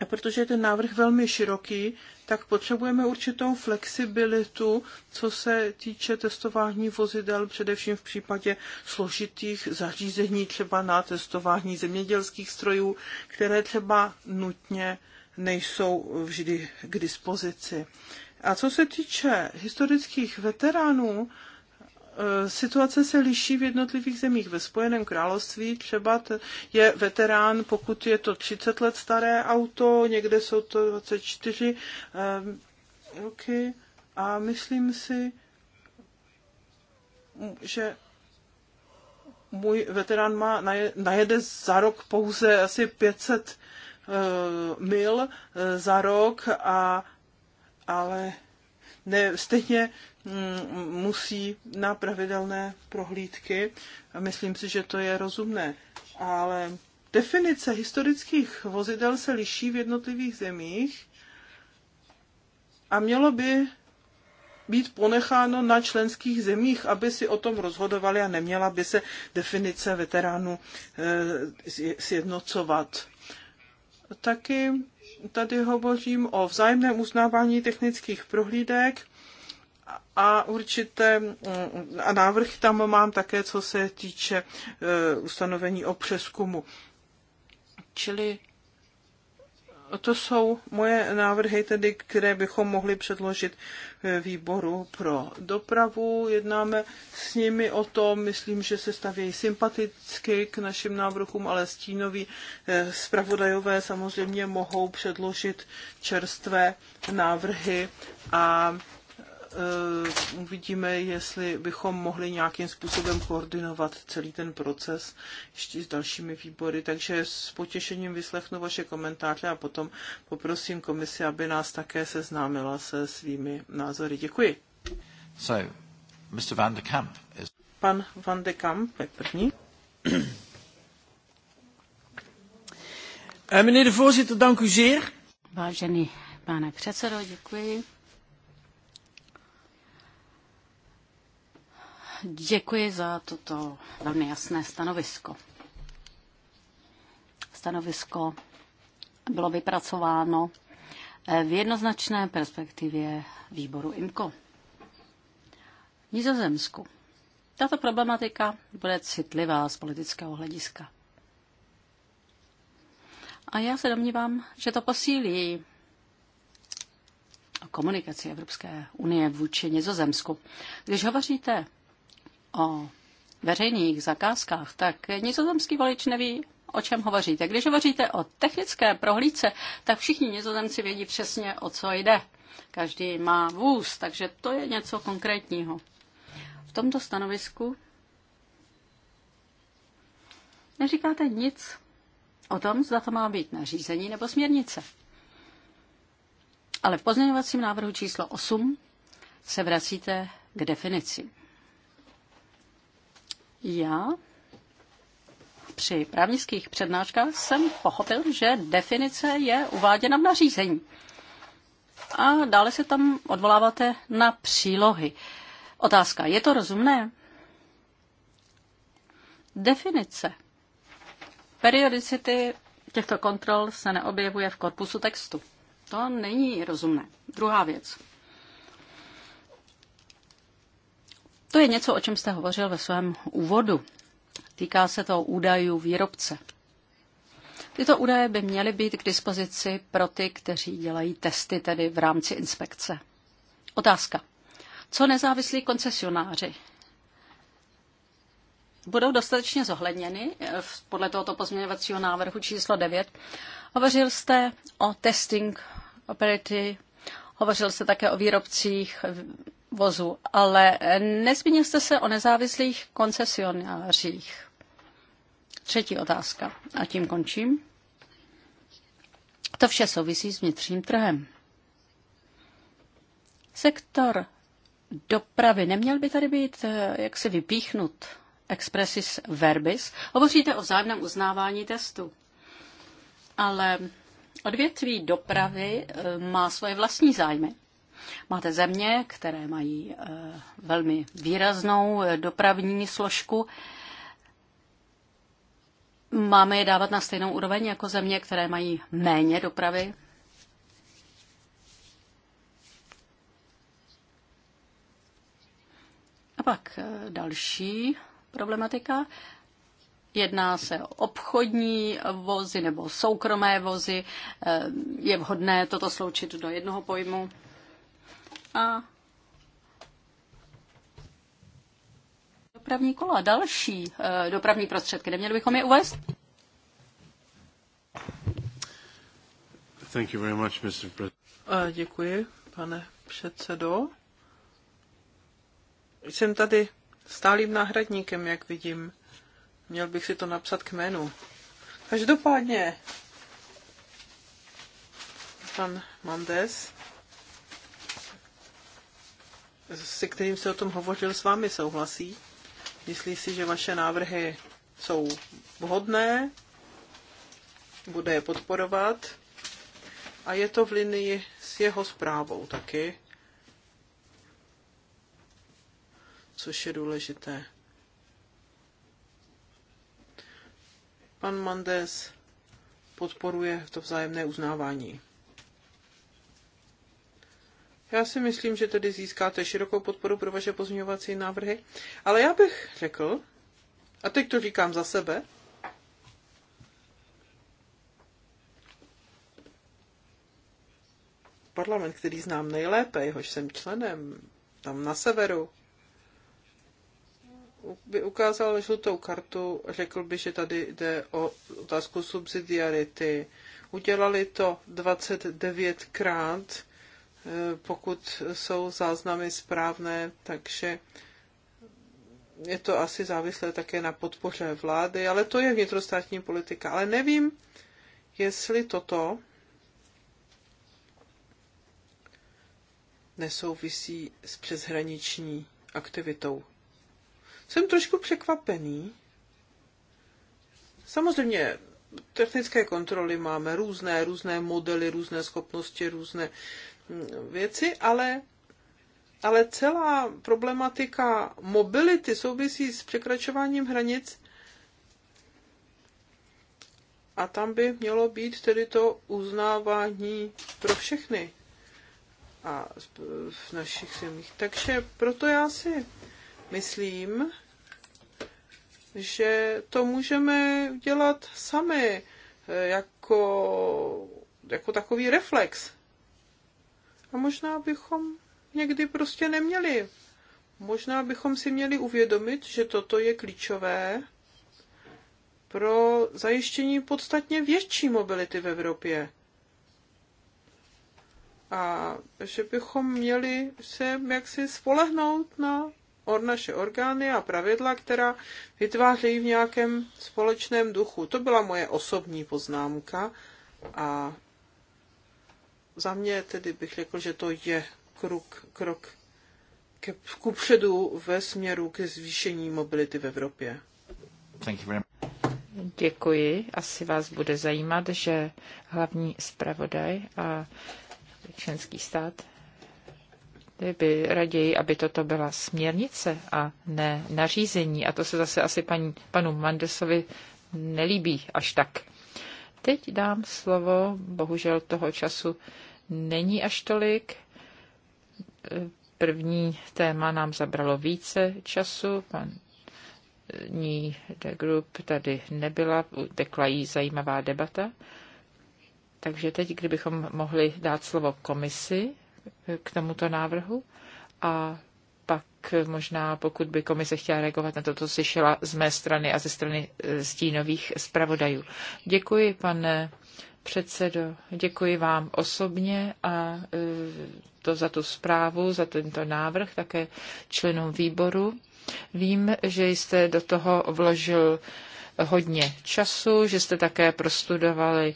a protože je ten návrh velmi široký, tak potřebujeme určitou flexibilitu, co se týče testování vozidel, především v případě složitých zařízení, třeba na testování zemědělských strojů, které třeba nutně nejsou vždy k dispozici. A co se týče historických veteránů, E, situace se liší v jednotlivých zemích. Ve Spojeném království třeba je veterán, pokud je to 30 let staré auto, někde jsou to 24 e, roky a myslím si, že můj veterán má, najede za rok pouze asi 500 e, mil za rok, a, ale ne, stejně Mm, musí na pravidelné prohlídky. Myslím si, že to je rozumné. Ale definice historických vozidel se liší v jednotlivých zemích a mělo by být ponecháno na členských zemích, aby si o tom rozhodovali a neměla by se definice veteránů eh, sjednocovat. Taky tady hovořím o vzájemném uznávání technických prohlídek a určité mm, a návrh tam mám také, co se týče e, ustanovení o přeskumu. Čili to jsou moje návrhy, tedy, které bychom mohli předložit e, výboru pro dopravu. Jednáme s nimi o tom, myslím, že se stavějí sympaticky k našim návrhům, ale stínoví e, zpravodajové samozřejmě mohou předložit čerstvé návrhy a Eh, uvidíme, jestli bychom mohli nějakým způsobem koordinovat celý ten proces ještě s dalšími výbory. Takže s potěšením vyslechnu vaše komentáře a potom poprosím komisi, aby nás také seznámila se svými názory. Děkuji. So, Mr. Van de Kamp is... Pan Van de Kamp je první. Eh, meneer de voorzitter, dank u zeer. Vážený pane předsedo, děkuji. Děkuji za toto velmi jasné stanovisko. Stanovisko bylo vypracováno eh, v jednoznačné perspektivě výboru IMCO. Nizozemsku. Tato problematika bude citlivá z politického hlediska. A já se domnívám, že to posílí komunikaci Evropské unie vůči Nizozemsku. Když hovoříte o veřejných zakázkách, tak nizozemský volič neví, o čem hovoříte. Když hovoříte o technické prohlídce, tak všichni nizozemci vědí přesně, o co jde. Každý má vůz, takže to je něco konkrétního. V tomto stanovisku neříkáte nic o tom, zda to má být nařízení nebo směrnice. Ale v pozměňovacím návrhu číslo 8 se vracíte k definici. Já při právnických přednáškách jsem pochopil, že definice je uváděna v nařízení. A dále se tam odvoláváte na přílohy. Otázka, je to rozumné? Definice periodicity těchto kontrol se neobjevuje v korpusu textu. To není rozumné. Druhá věc. To je něco, o čem jste hovořil ve svém úvodu. Týká se to údajů výrobce. Tyto údaje by měly být k dispozici pro ty, kteří dělají testy, tedy v rámci inspekce. Otázka. Co nezávislí koncesionáři? Budou dostatečně zohledněny eh, podle tohoto pozměňovacího návrhu číslo 9. Hovořil jste o testing operity, hovořil jste také o výrobcích vozů, ale eh, nezmínil jste se o nezávislých koncesionářích. Třetí otázka a tím končím. To vše souvisí s vnitřním trhem. Sektor dopravy neměl by tady být eh, jaksi vypíchnut expressis verbis. Hovoříte o vzájemném uznávání testu, ale odvětví dopravy eh, má svoje vlastní zájmy Máte země, které mají eh, velmi výraznou eh, dopravní složku. Máme je dávat na stejnou úroveň jako země, které mají méně dopravy? A pak eh, další problematika. Jedná se o obchodní vozy nebo soukromé vozy. Je vhodné toto sloučit do jednoho pojmu? a dopravní kola, další eh, dopravní prostředky. Neměli bychom je uvést? Thank you very much, Mr. Děkuji, pane předsedo. Jsem tady stálým náhradníkem, jak vidím. Měl bych si to napsat k jménu. Každopádně, pan Mandes se kterým se o tom hovořil, s vámi souhlasí. Myslí si, že vaše návrhy jsou vhodné, bude je podporovat a je to v linii s jeho zprávou taky, což je důležité. Pan Mandes podporuje to vzájemné uznávání. Já si myslím, že tedy získáte širokou podporu pro vaše pozměňovací návrhy, ale já bych řekl, a teď to říkám za sebe, parlament, který znám nejlépe, jehož jsem členem, tam na severu, by ukázal žlutou kartu, řekl by, že tady jde o otázku subsidiarity. Udělali to 29krát pokud jsou záznamy správné, takže je to asi závislé také na podpoře vlády, ale to je vnitrostátní politika. Ale nevím, jestli toto nesouvisí s přeshraniční aktivitou. Jsem trošku překvapený. Samozřejmě technické kontroly máme různé, různé modely, různé schopnosti, různé věci, ale ale celá problematika mobility souvisí s překračováním hranic a tam by mělo být tedy to uznávání pro všechny a v našich zemích. Takže proto já si myslím, že to můžeme dělat sami eh, jako, jako takový reflex. A možná bychom někdy prostě neměli. Možná bychom si měli uvědomit, že toto je klíčové pro zajištění podstatně větší mobility v Evropě. A že bychom měli se jaksi spolehnout na or naše orgány a pravidla, která vytvářejí v nějakém společném duchu. To byla moje osobní poznámka a za mě tedy bych řekl, že to je krok, krok ke, předu ve směru ke zvýšení mobility v Evropě. Thank you very much. Děkuji. Asi vás bude zajímat, že hlavní zpravodaj a členský stát by raději, aby toto byla směrnice a ne nařízení. A to se zase asi paní, panu Mandesovi nelíbí až tak. Teď dám slovo, bohužel toho času není až tolik. První téma nám zabralo více času. Pan The eh, Group tady nebyla, tekla jí zajímavá debata. Takže teď, kdybychom mohli dát slovo komisi eh, k tomuto návrhu a pak možná, pokud by komise chtěla reagovat na to, co slyšela z mé strany a ze strany eh, stínových zpravodajů. Děkuji, pane předsedo. Děkuji vám osobně a e, to za tu zprávu, za tento návrh, také členům výboru. Vím, že jste do toho vložil hodně času, že jste také prostudovali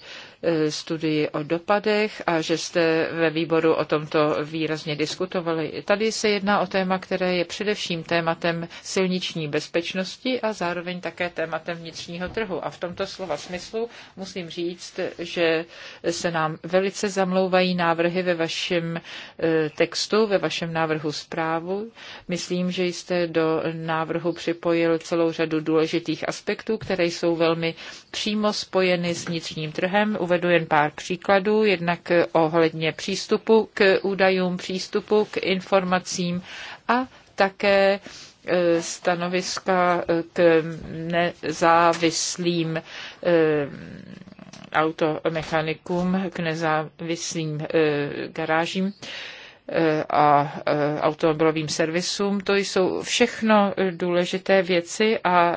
studii o dopadech a že jste ve výboru o tomto výrazně diskutovali. Tady se jedná o téma, které je především tématem silniční bezpečnosti a zároveň také tématem vnitřního trhu. A v tomto slova smyslu musím říct, že se nám velice zamlouvají návrhy ve vašem eh, textu, ve vašem návrhu zprávu. Myslím, že jste do návrhu připojil celou řadu důležitých aspektů, které jsou velmi přímo spojeny s vnitřním trhem. Uvedl uvedu jen pár příkladů, jednak ohledně přístupu k údajům, přístupu k informacím a také e, stanoviska k nezávislým e, automechanikům, k nezávislým e, garážím a automobilovým servisům. To jsou všechno důležité věci a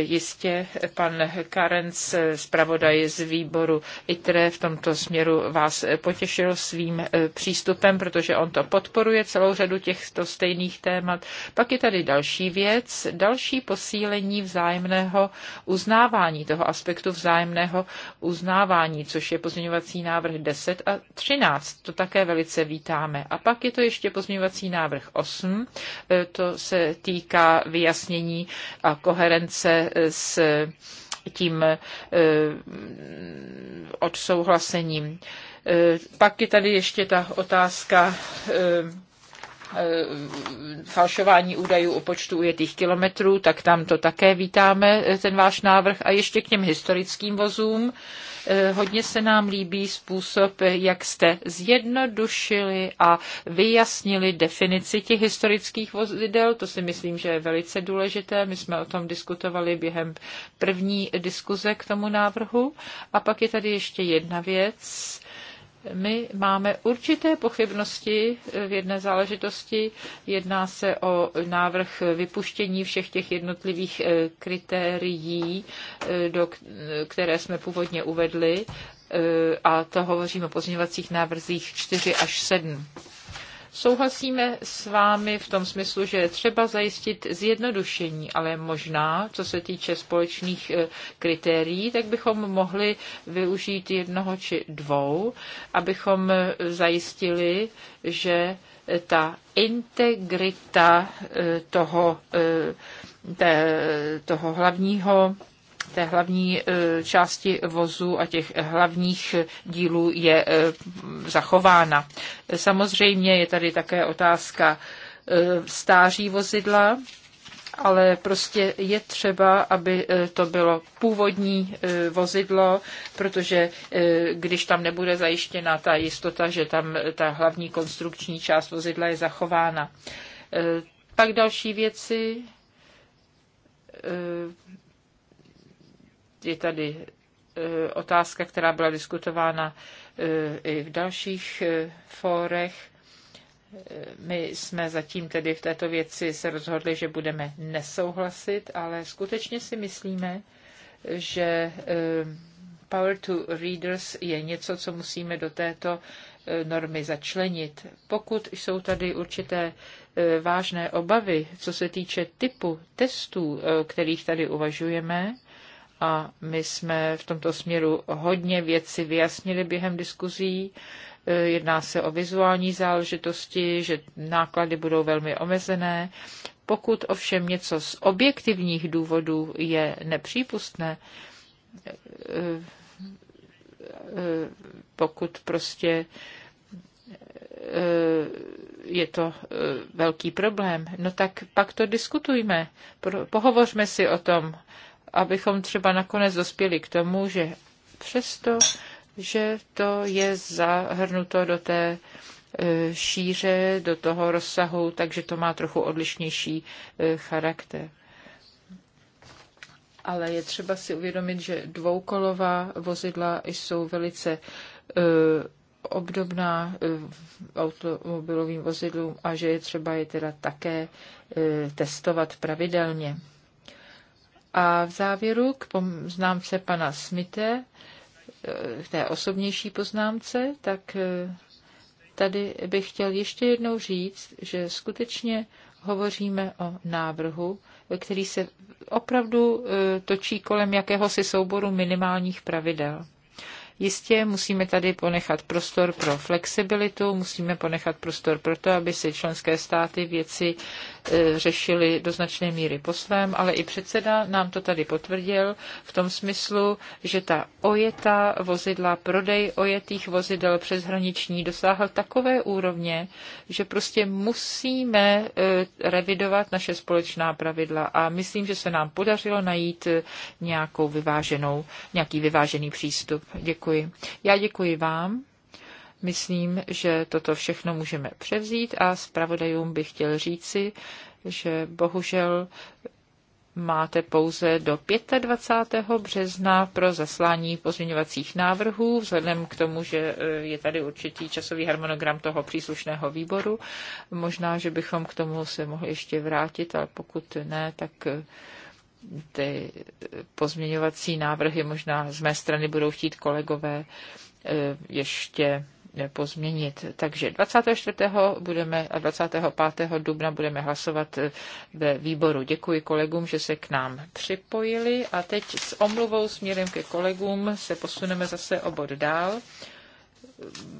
Jistě pan Karenc, zpravodaj z výboru ITRE, v tomto směru vás potěšil svým eh, přístupem, protože on to podporuje celou řadu těchto stejných témat. Pak je tady další věc, další posílení vzájemného uznávání, toho aspektu vzájemného uznávání, což je pozměňovací návrh 10 a 13. To také velice vítáme. A pak je to ještě pozměňovací návrh 8. Eh, to se týká vyjasnění a koherence koherence eh, s eh, tím eh, odsouhlasením. Pak je tady ještě ta otázka Eh, falšování údajů o počtu ujetých kilometrů, tak tam to také vítáme, eh, ten váš návrh. A ještě k těm historickým vozům. Eh, hodně se nám líbí způsob, jak jste zjednodušili a vyjasnili definici těch historických vozidel. To si myslím, že je velice důležité. My jsme o tom diskutovali během první diskuze k tomu návrhu. A pak je tady ještě jedna věc my máme určité pochybnosti eh, v jedné záležitosti. Jedná se o návrh vypuštění všech těch jednotlivých eh, kritérií, eh, do, které jsme původně uvedli, a to hovoříme o pozměňovacích návrzích 4 až 7. Souhlasíme s vámi v tom smyslu, že je třeba zajistit zjednodušení, ale možná, co se týče společných e, kritérií, tak bychom mohli využít jednoho či dvou, abychom e, zajistili, že e, ta integrita toho, toho hlavního té hlavní e, části vozu a těch hlavních dílů je e, zachována. Samozřejmě je tady také otázka e, stáří vozidla, ale prostě je třeba, aby to bylo původní vozidlo, protože když tam nebude zajištěna ta jistota, že tam ta hlavní konstrukční část vozidla je zachována. Pak další věci je tady eh, otázka, která byla diskutována eh, i v dalších eh, fórech. My jsme zatím tedy v této věci se rozhodli, že budeme nesouhlasit, ale skutečně si myslíme, že Power to Readers je něco, co musíme do této normy začlenit. Pokud jsou tady určité vážné obavy, co se týče typu testů, kterých tady uvažujeme, a my jsme v tomto směru hodně věci vyjasnili během diskuzí. E, jedná se o vizuální záležitosti, že náklady budou velmi omezené. Pokud ovšem něco z objektivních důvodů je nepřípustné, e, e, pokud prostě je to velký problém, no tak pak to diskutujme, pohovořme si o tom, abychom třeba nakonec dospěli k tomu, že přesto, že to je zahrnuto do té e, šíře, do toho rozsahu, takže to má trochu odlišnější e, charakter. Ale je třeba si uvědomit, že dvoukolová vozidla jsou velice e, obdobná automobilovým vozidlům a že je třeba je teda také testovat pravidelně. A v závěru k poznámce pana Smite, eh, k té osobnější poznámce, tak eh, tady bych chtěl ještě jednou říct, že skutečně hovoříme o návrhu, který se opravdu eh, točí kolem jakéhosi souboru minimálních pravidel. Jistě musíme tady ponechat prostor pro flexibilitu, musíme ponechat prostor pro to, aby si členské státy věci e, řešily do značné míry po svém, ale i předseda nám to tady potvrdil v tom smyslu, že ta ojetá vozidla, prodej ojetých vozidel přes hraniční dosáhl takové úrovně, že prostě musíme e, revidovat naše společná pravidla a myslím, že se nám podařilo najít nějakou vyváženou, nějaký vyvážený přístup. Děkuji. Děkuji. Já děkuji vám. Myslím, že toto všechno můžeme převzít a zpravodajům bych chtěl říci, že bohužel máte pouze do 25. března pro zaslání pozměňovacích návrhů, vzhledem k tomu, že eh, je tady určitý časový harmonogram toho příslušného výboru. Možná, že bychom k tomu se mohli ještě vrátit, ale pokud ne, tak eh, ty pozměňovací návrhy možná z mé strany budou chtít kolegové eh, ještě pozměnit. Takže 24. budeme a 25. dubna budeme hlasovat eh, ve výboru. Děkuji kolegům, že se k nám připojili a teď s omluvou směrem ke kolegům se posuneme zase o bod dál.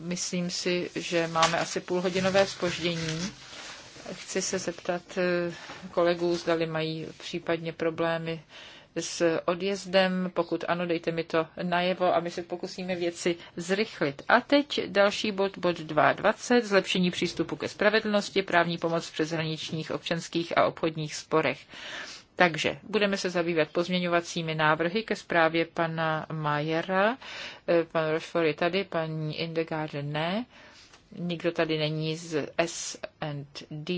Myslím si, že máme asi půlhodinové spoždění. Chci se zeptat eh, kolegů, zdali mají případně problémy s odjezdem. Pokud ano, dejte mi to najevo a my se pokusíme věci zrychlit. A teď další bod, bod 2.20, zlepšení přístupu ke spravedlnosti, právní pomoc v přeshraničních občanských a obchodních sporech. Takže budeme se zabývat pozměňovacími návrhy ke zprávě pana Majera. Eh, pan Rochefort je tady, paní Indegarde ne. Nikdo tady není z S&D,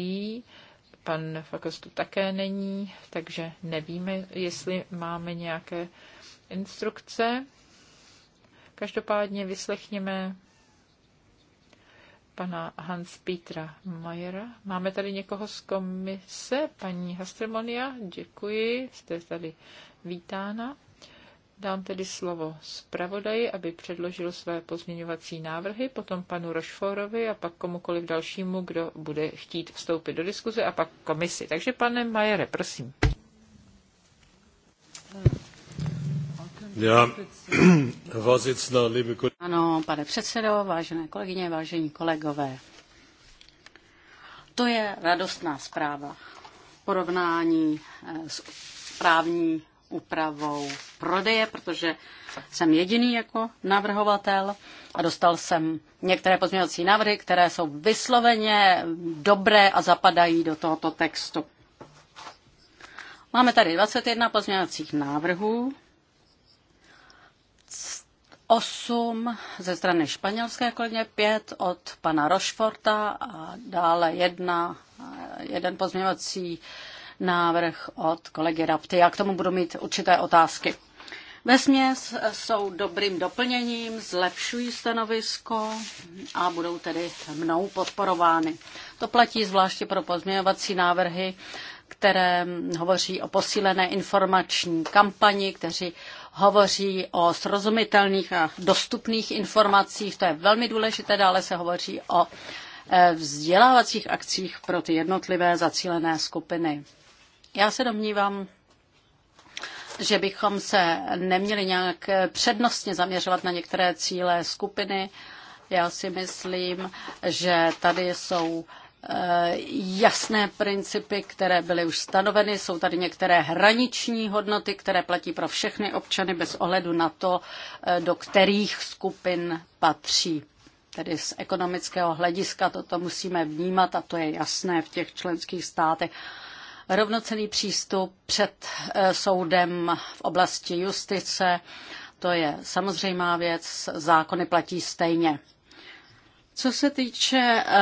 pan Fakostu také není, takže nevíme, jestli máme nějaké instrukce. Každopádně vyslechněme pana Hans Petra Majera. Máme tady někoho z komise, paní Hastermonia, děkuji, jste tady vítána. Dám tedy slovo zpravodaji, aby předložil své pozměňovací návrhy, potom panu Rošforovi a pak komukoliv dalšímu, kdo bude chtít vstoupit do diskuze a pak komisi. Takže pane Majere, prosím. Já. [CLEARS THROAT] Ano, pane předsedo, vážené kolegyně, vážení kolegové. To je radostná zpráva. Porovnání eh, s právní úpravou prodeje, protože jsem jediný jako navrhovatel a dostal jsem některé pozměňovací návrhy, které jsou vysloveně dobré a zapadají do tohoto textu. Máme tady 21 pozměňovacích návrhů, 8 ze strany španělské kolegyně, 5 od pana Rošforta a dále jedna, jeden pozměňovací návrh od kolegy Rapty. Já k tomu budu mít určité otázky. Vesměs jsou dobrým doplněním, zlepšují stanovisko a budou tedy mnou podporovány. To platí zvláště pro pozměňovací návrhy, které hovoří o posílené informační kampani, kteří hovoří o srozumitelných a dostupných informacích, to je velmi důležité, dále se hovoří o eh, vzdělávacích akcích pro ty jednotlivé zacílené skupiny. Já se domnívám, že bychom se neměli nějak přednostně zaměřovat na některé cíle skupiny. Já si myslím, že tady jsou eh, jasné principy, které byly už stanoveny. Jsou tady některé hraniční hodnoty, které platí pro všechny občany bez ohledu na to, eh, do kterých skupin patří. Tedy z ekonomického hlediska toto musíme vnímat a to je jasné v těch členských státech rovnocený přístup před eh, soudem v oblasti justice. To je samozřejmá věc, zákony platí stejně. Co se týče eh,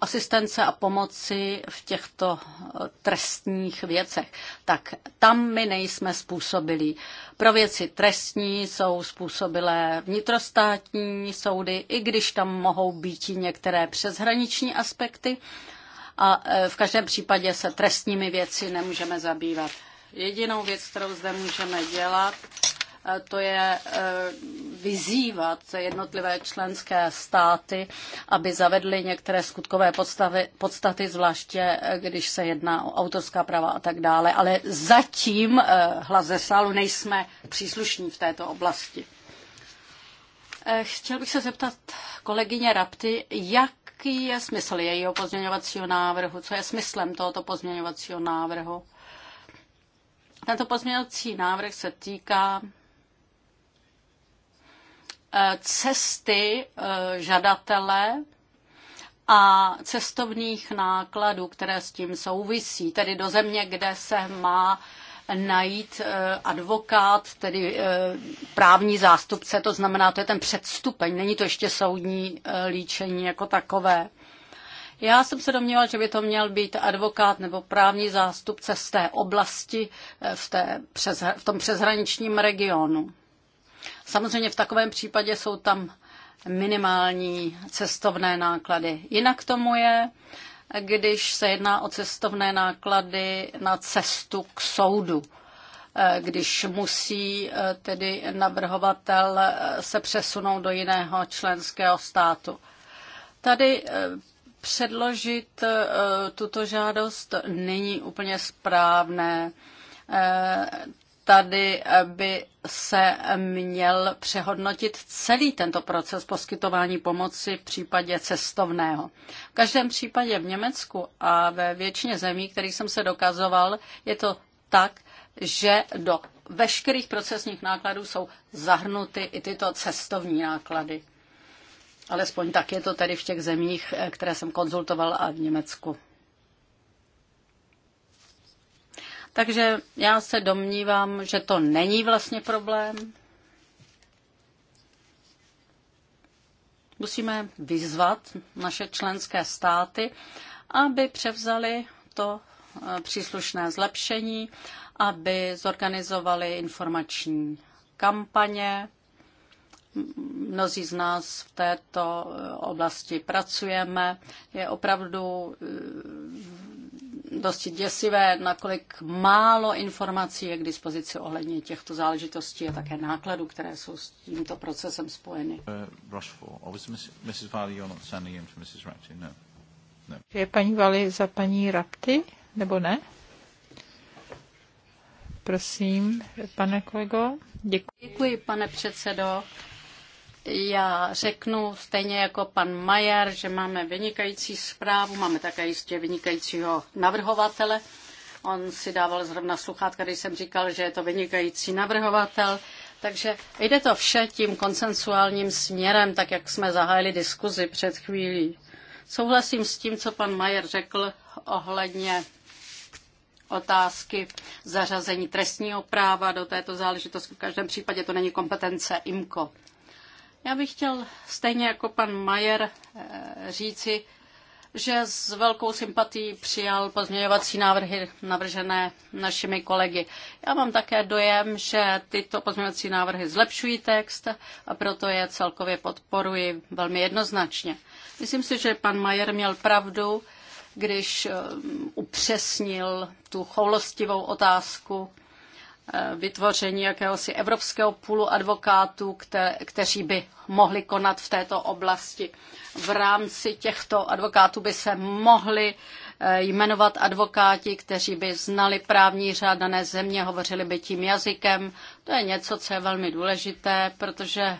asistence a pomoci v těchto eh, trestních věcech, tak tam my nejsme způsobili. Pro věci trestní jsou způsobilé vnitrostátní soudy, i když tam mohou být některé přeshraniční aspekty, a e, v každém případě se trestními věci nemůžeme zabývat. Jedinou věc, kterou zde můžeme dělat, e, to je e, vyzývat jednotlivé členské státy, aby zavedly některé skutkové podstavy, podstaty, zvláště když se jedná o autorská práva a tak dále. Ale zatím hlas ze sálu nejsme příslušní v této oblasti. Chtěl bych se zeptat kolegyně Rapty, jak jaký je smysl jejího pozměňovacího návrhu, co je smyslem tohoto pozměňovacího návrhu. Tento pozměňovací návrh se týká eh, cesty eh, žadatele a cestovních nákladů, které s tím souvisí, tedy do země, kde se má najít eh, advokát, tedy eh, právní zástupce, to znamená, to je ten předstupeň, není to ještě soudní eh, líčení jako takové. Já jsem se domněval, že by to měl být advokát nebo právní zástupce z té oblasti v, té, přes, v tom přeshraničním regionu. Samozřejmě v takovém případě jsou tam minimální cestovné náklady. Jinak tomu je, když se jedná o cestovné náklady na cestu k soudu eh, když musí eh, tedy navrhovatel eh, se přesunout do jiného členského státu. Tady předložit tuto žádost není úplně správné tady by se měl přehodnotit celý tento proces poskytování pomoci v případě cestovného. V každém případě v Německu a ve většině zemí, kterých jsem se dokazoval, je to tak, že do veškerých procesních nákladů jsou zahrnuty i tyto cestovní náklady. Alespoň tak je to tedy v těch zemích, které jsem konzultoval a v Německu. Takže já se domnívám, že to není vlastně problém. Musíme vyzvat naše členské státy, aby převzali to eh, příslušné zlepšení, aby zorganizovali informační kampaně. Mnozí z nás v této eh, oblasti pracujeme. Je opravdu eh, dosti děsivé, nakolik málo informací je k dispozici ohledně těchto záležitostí a také nákladů, které jsou s tímto procesem spojeny. Uh, oh, no. No. Je paní Vali za paní Rapty, nebo ne? Prosím, pane kolego. Děkuji. Děkuji, pane předsedo. Já řeknu stejně jako pan Majer, že máme vynikající zprávu, máme také jistě vynikajícího navrhovatele. On si dával zrovna sluchátka, když jsem říkal, že je to vynikající navrhovatel. Takže jde to vše tím konsensuálním směrem, tak jak jsme zahájili diskuzi před chvílí. Souhlasím s tím, co pan Majer řekl ohledně otázky zařazení trestního práva do této záležitosti. V každém případě to není kompetence IMCO. Já bych chtěl stejně jako pan Majer eh, říci, že s velkou sympatií přijal pozměňovací návrhy navržené našimi kolegy. Já mám také dojem, že tyto pozměňovací návrhy zlepšují text a proto je celkově podporuji velmi jednoznačně. Myslím si, že pan Majer měl pravdu, když eh, upřesnil tu choulostivou otázku Eh, vytvoření jakéhosi evropského půlu advokátů, kte, kteří by mohli konat v této oblasti. V rámci těchto advokátů by se mohli eh, jmenovat advokáti, kteří by znali právní řád dané země, hovořili by tím jazykem. To je něco, co je velmi důležité, protože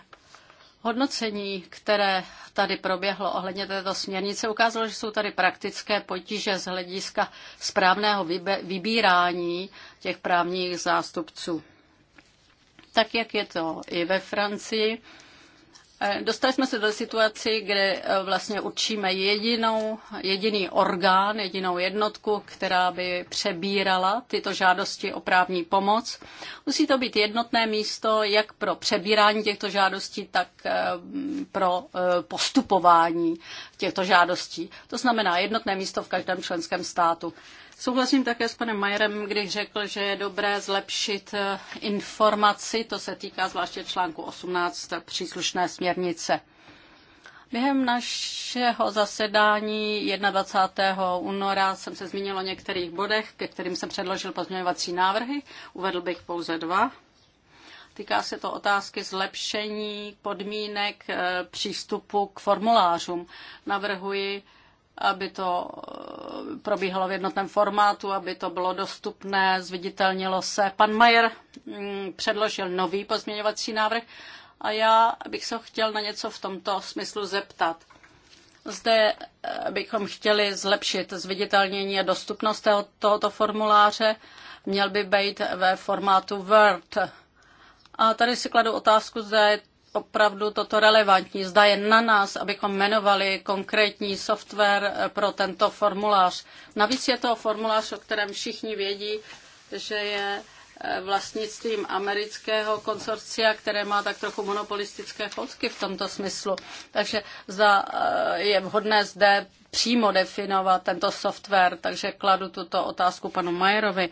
Hodnocení, které tady proběhlo ohledně této směrnice, ukázalo, že jsou tady praktické potíže z hlediska správného vybírání těch právních zástupců. Tak, jak je to i ve Francii, Eh, dostali jsme se do situaci, kde eh, vlastně určíme jedinou, jediný orgán, jedinou jednotku, která by přebírala tyto žádosti o právní pomoc. Musí to být jednotné místo jak pro přebírání těchto žádostí, tak eh, pro postupování těchto žádostí. To znamená jednotné místo v každém členském státu. Souhlasím také s panem Majerem, když řekl, že je dobré zlepšit eh, informaci, to se týká zvláště článku 18 eh, příslušné směrnice. Během našeho zasedání 21. února jsem se zmínil o některých bodech, ke kterým jsem předložil pozměňovací návrhy. Uvedl bych pouze dva. Týká se to otázky zlepšení podmínek eh, přístupu k formulářům. Navrhuji aby to eh, probíhalo v jednotném formátu, aby to bylo dostupné, zviditelnilo se. Pan Majer mm, předložil nový pozměňovací návrh a já bych se chtěl na něco v tomto smyslu zeptat. Zde eh, bychom chtěli zlepšit zviditelnění a dostupnost tohoto formuláře. Měl by být ve formátu Word. A tady si kladu otázku, zda je opravdu toto relevantní. Zda je na nás, abychom jmenovali konkrétní software pro tento formulář. Navíc je to formulář, o kterém všichni vědí, že je eh, vlastnictvím amerického konsorcia, které má tak trochu monopolistické fotky v tomto smyslu. Takže za, eh, je vhodné zde přímo definovat tento software, takže kladu tuto otázku panu Majerovi.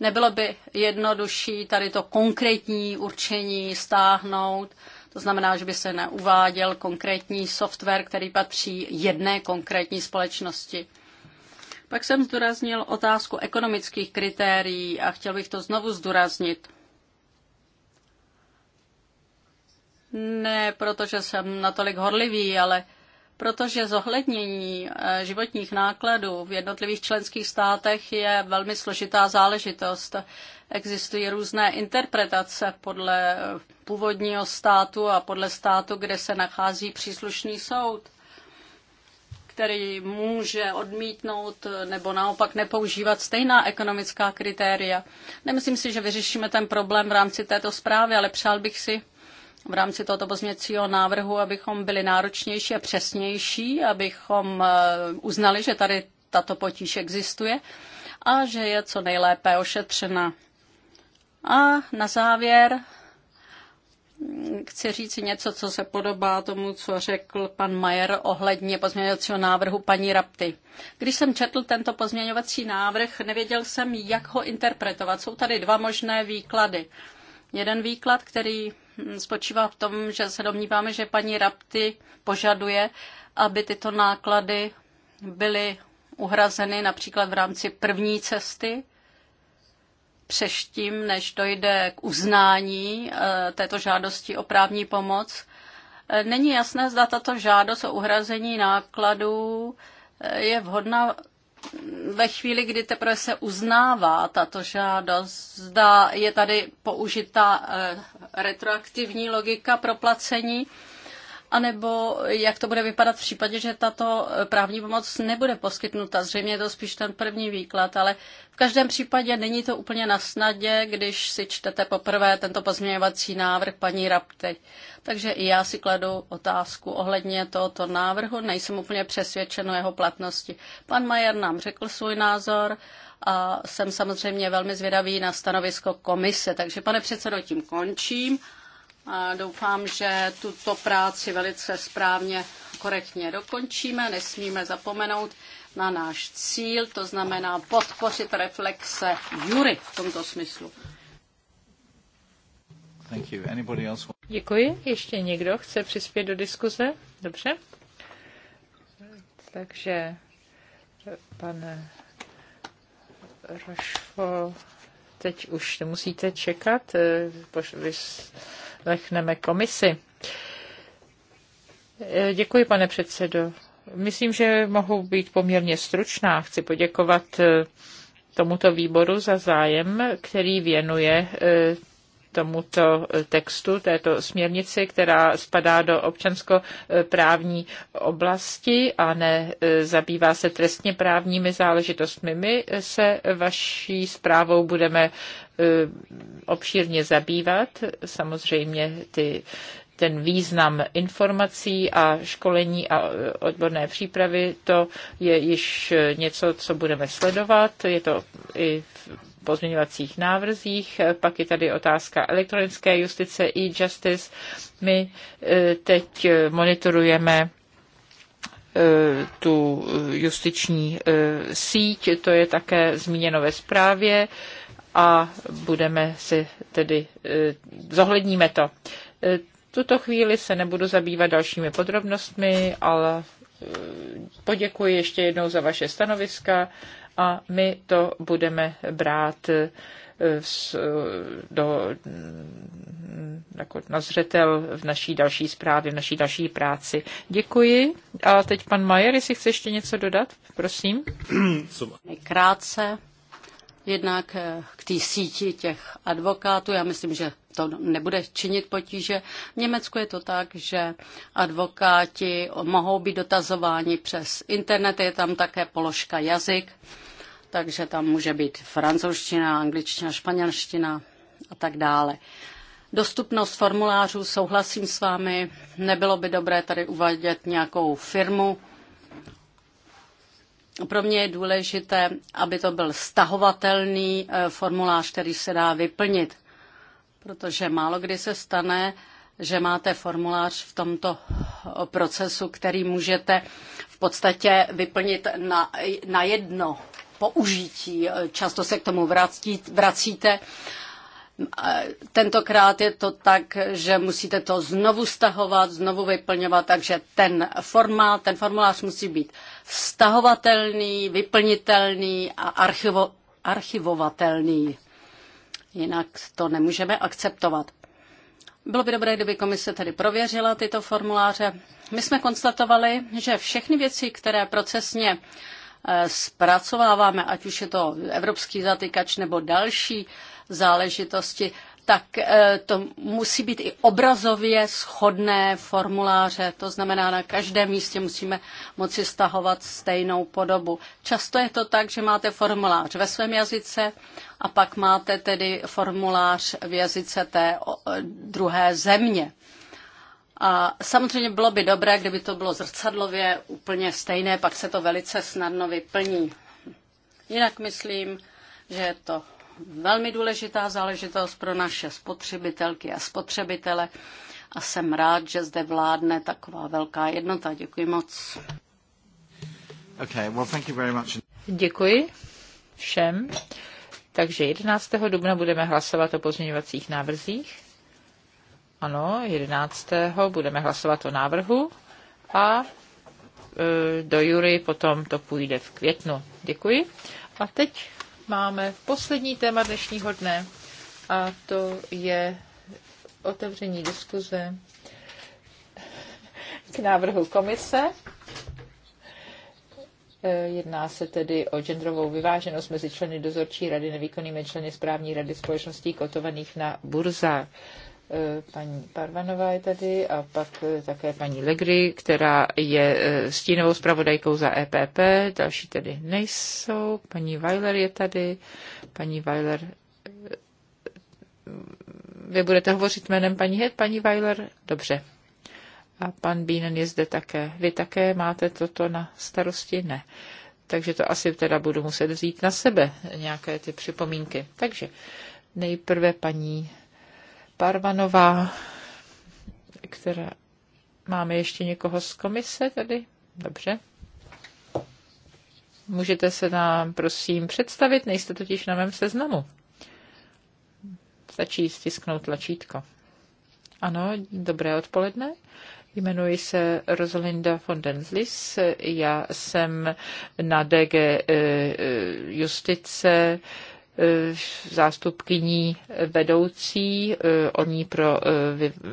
Nebylo by jednodušší tady to konkrétní určení stáhnout, to znamená, že by se neuváděl konkrétní software, který patří jedné konkrétní společnosti. Pak jsem zdůraznil otázku ekonomických kritérií a chtěl bych to znovu zdůraznit. Ne protože jsem natolik horlivý, ale protože zohlednění eh, životních nákladů v jednotlivých členských státech je velmi složitá záležitost. Existují různé interpretace podle původního státu a podle státu, kde se nachází příslušný soud, který může odmítnout nebo naopak nepoužívat stejná ekonomická kritéria. Nemyslím si, že vyřešíme ten problém v rámci této zprávy, ale přál bych si v rámci tohoto pozměcího návrhu, abychom byli náročnější a přesnější, abychom eh, uznali, že tady tato potíž existuje a že je co nejlépe ošetřena. A na závěr chci říct něco, co se podobá tomu, co řekl pan Majer ohledně pozměňovacího návrhu paní Rapty. Když jsem četl tento pozměňovací návrh, nevěděl jsem, jak ho interpretovat. Jsou tady dva možné výklady. Jeden výklad, který spočívá v tom, že se domníváme, že paní Rapty požaduje, aby tyto náklady byly uhrazeny například v rámci první cesty přeštím, než dojde k uznání eh, této žádosti o právní pomoc. Eh, není jasné, zda tato žádost o uhrazení nákladů eh, je vhodná ve chvíli, kdy teprve se uznává tato žádost, zda je tady použita retroaktivní logika proplacení, anebo jak to bude vypadat v případě, že tato právní pomoc nebude poskytnuta. Zřejmě je to spíš ten první výklad, ale v každém případě není to úplně na snadě, když si čtete poprvé tento pozměňovací návrh paní Rapty. Takže i já si kladu otázku ohledně tohoto návrhu, nejsem úplně přesvědčen o jeho platnosti. Pan Majer nám řekl svůj názor a jsem samozřejmě velmi zvědavý na stanovisko komise. Takže pane předsedo, tím končím a doufám, že tuto práci velice správně korektně dokončíme. Nesmíme zapomenout na náš cíl, to znamená podpořit reflexe jury v tomto smyslu. Děkuji. Ještě někdo chce přispět do diskuze? Dobře. Takže pane Rošvo, teď už nemusíte čekat. Vy vyslechneme komisi. E, děkuji, pane předsedo. Myslím, že mohu být poměrně stručná. Chci poděkovat e, tomuto výboru za zájem, který věnuje e, tomuto textu, této směrnici, která spadá do občanskoprávní oblasti a ne e, se trestně právními záležitostmi. My se vaší zprávou budeme e, obšírně zabývat. Samozřejmě ty ten význam informací a školení a e, odborné přípravy, to je již něco, co budeme sledovat. Je to i pozměňovacích návrzích. Pak je tady otázka elektronické justice, e-justice. My e, teď monitorujeme e, tu justiční e, síť, to je také zmíněno ve zprávě a budeme si tedy, zohledníme to. Tuto chvíli se nebudu zabývat dalšími podrobnostmi, ale poděkuji ještě jednou za vaše stanoviska a my to budeme brát eh, eh, do, mm, jako na zřetel v naší další zprávě, v naší další práci. Děkuji. A teď pan Majer, jestli chce ještě něco dodat, prosím. Krátce. Jednak eh, k té síti těch advokátů, já myslím, že to nebude činit potíže. V Německu je to tak, že advokáti mohou být dotazováni přes internet, je tam také položka jazyk takže tam může být francouzština, angličtina, španělština a tak dále. Dostupnost formulářů, souhlasím s vámi, nebylo by dobré tady uvádět nějakou firmu. Pro mě je důležité, aby to byl stahovatelný eh, formulář, který se dá vyplnit, protože málo kdy se stane, že máte formulář v tomto eh, procesu, který můžete v podstatě vyplnit na, na jedno použití. Eh, často se k tomu vrací, vracíte. Eh, tentokrát je to tak, že musíte to znovu stahovat, znovu vyplňovat, takže ten formát, ten formulář musí být stahovatelný, vyplnitelný a archivo, archivovatelný. Jinak to nemůžeme akceptovat. Bylo by dobré, kdyby komise tedy prověřila tyto formuláře. My jsme konstatovali, že všechny věci, které procesně zpracováváme, ať už je to evropský zatykač nebo další záležitosti, tak eh, to musí být i obrazově schodné formuláře. To znamená, na každém místě musíme moci stahovat stejnou podobu. Často je to tak, že máte formulář ve svém jazyce a pak máte tedy formulář v jazyce té eh, druhé země. A samozřejmě bylo by dobré, kdyby to bylo zrcadlově úplně stejné, pak se to velice snadno vyplní. Jinak myslím, že je to velmi důležitá záležitost pro naše spotřebitelky a spotřebitele a jsem rád, že zde vládne taková velká jednota. Děkuji moc. Okay, well, thank you very much. Děkuji všem. Takže 11. dubna budeme hlasovat o pozměňovacích návrzích. Ano, 11. budeme hlasovat o návrhu a e, do jury potom to půjde v květnu. Děkuji. A teď máme poslední téma dnešního dne a to je otevření diskuze k návrhu komise. E, jedná se tedy o genderovou vyváženost mezi členy dozorčí rady, nevýkonnými členy správní rady společností kotovaných na burzách. E, paní Parvanová je tady a pak e, také paní Legry, která je e, stínovou zpravodajkou za EPP. Další tedy nejsou. Paní Weiler je tady. Paní Weiler, vy budete hovořit jménem paní Het, paní Weiler? Dobře. A pan Bínen je zde také. Vy také máte toto na starosti? Ne. Takže to asi teda budu muset vzít na sebe nějaké ty připomínky. Takže nejprve paní Parvanová, která... Máme ještě někoho z komise tady? Dobře. Můžete se nám, prosím, představit, nejste totiž na mém seznamu. Stačí stisknout tlačítko. Ano, dobré odpoledne. Jmenuji se Rosalinda von Denzlis. Já jsem na DG eh, eh, Justice Eh, zástupkyní vedoucí, eh, oni pro eh,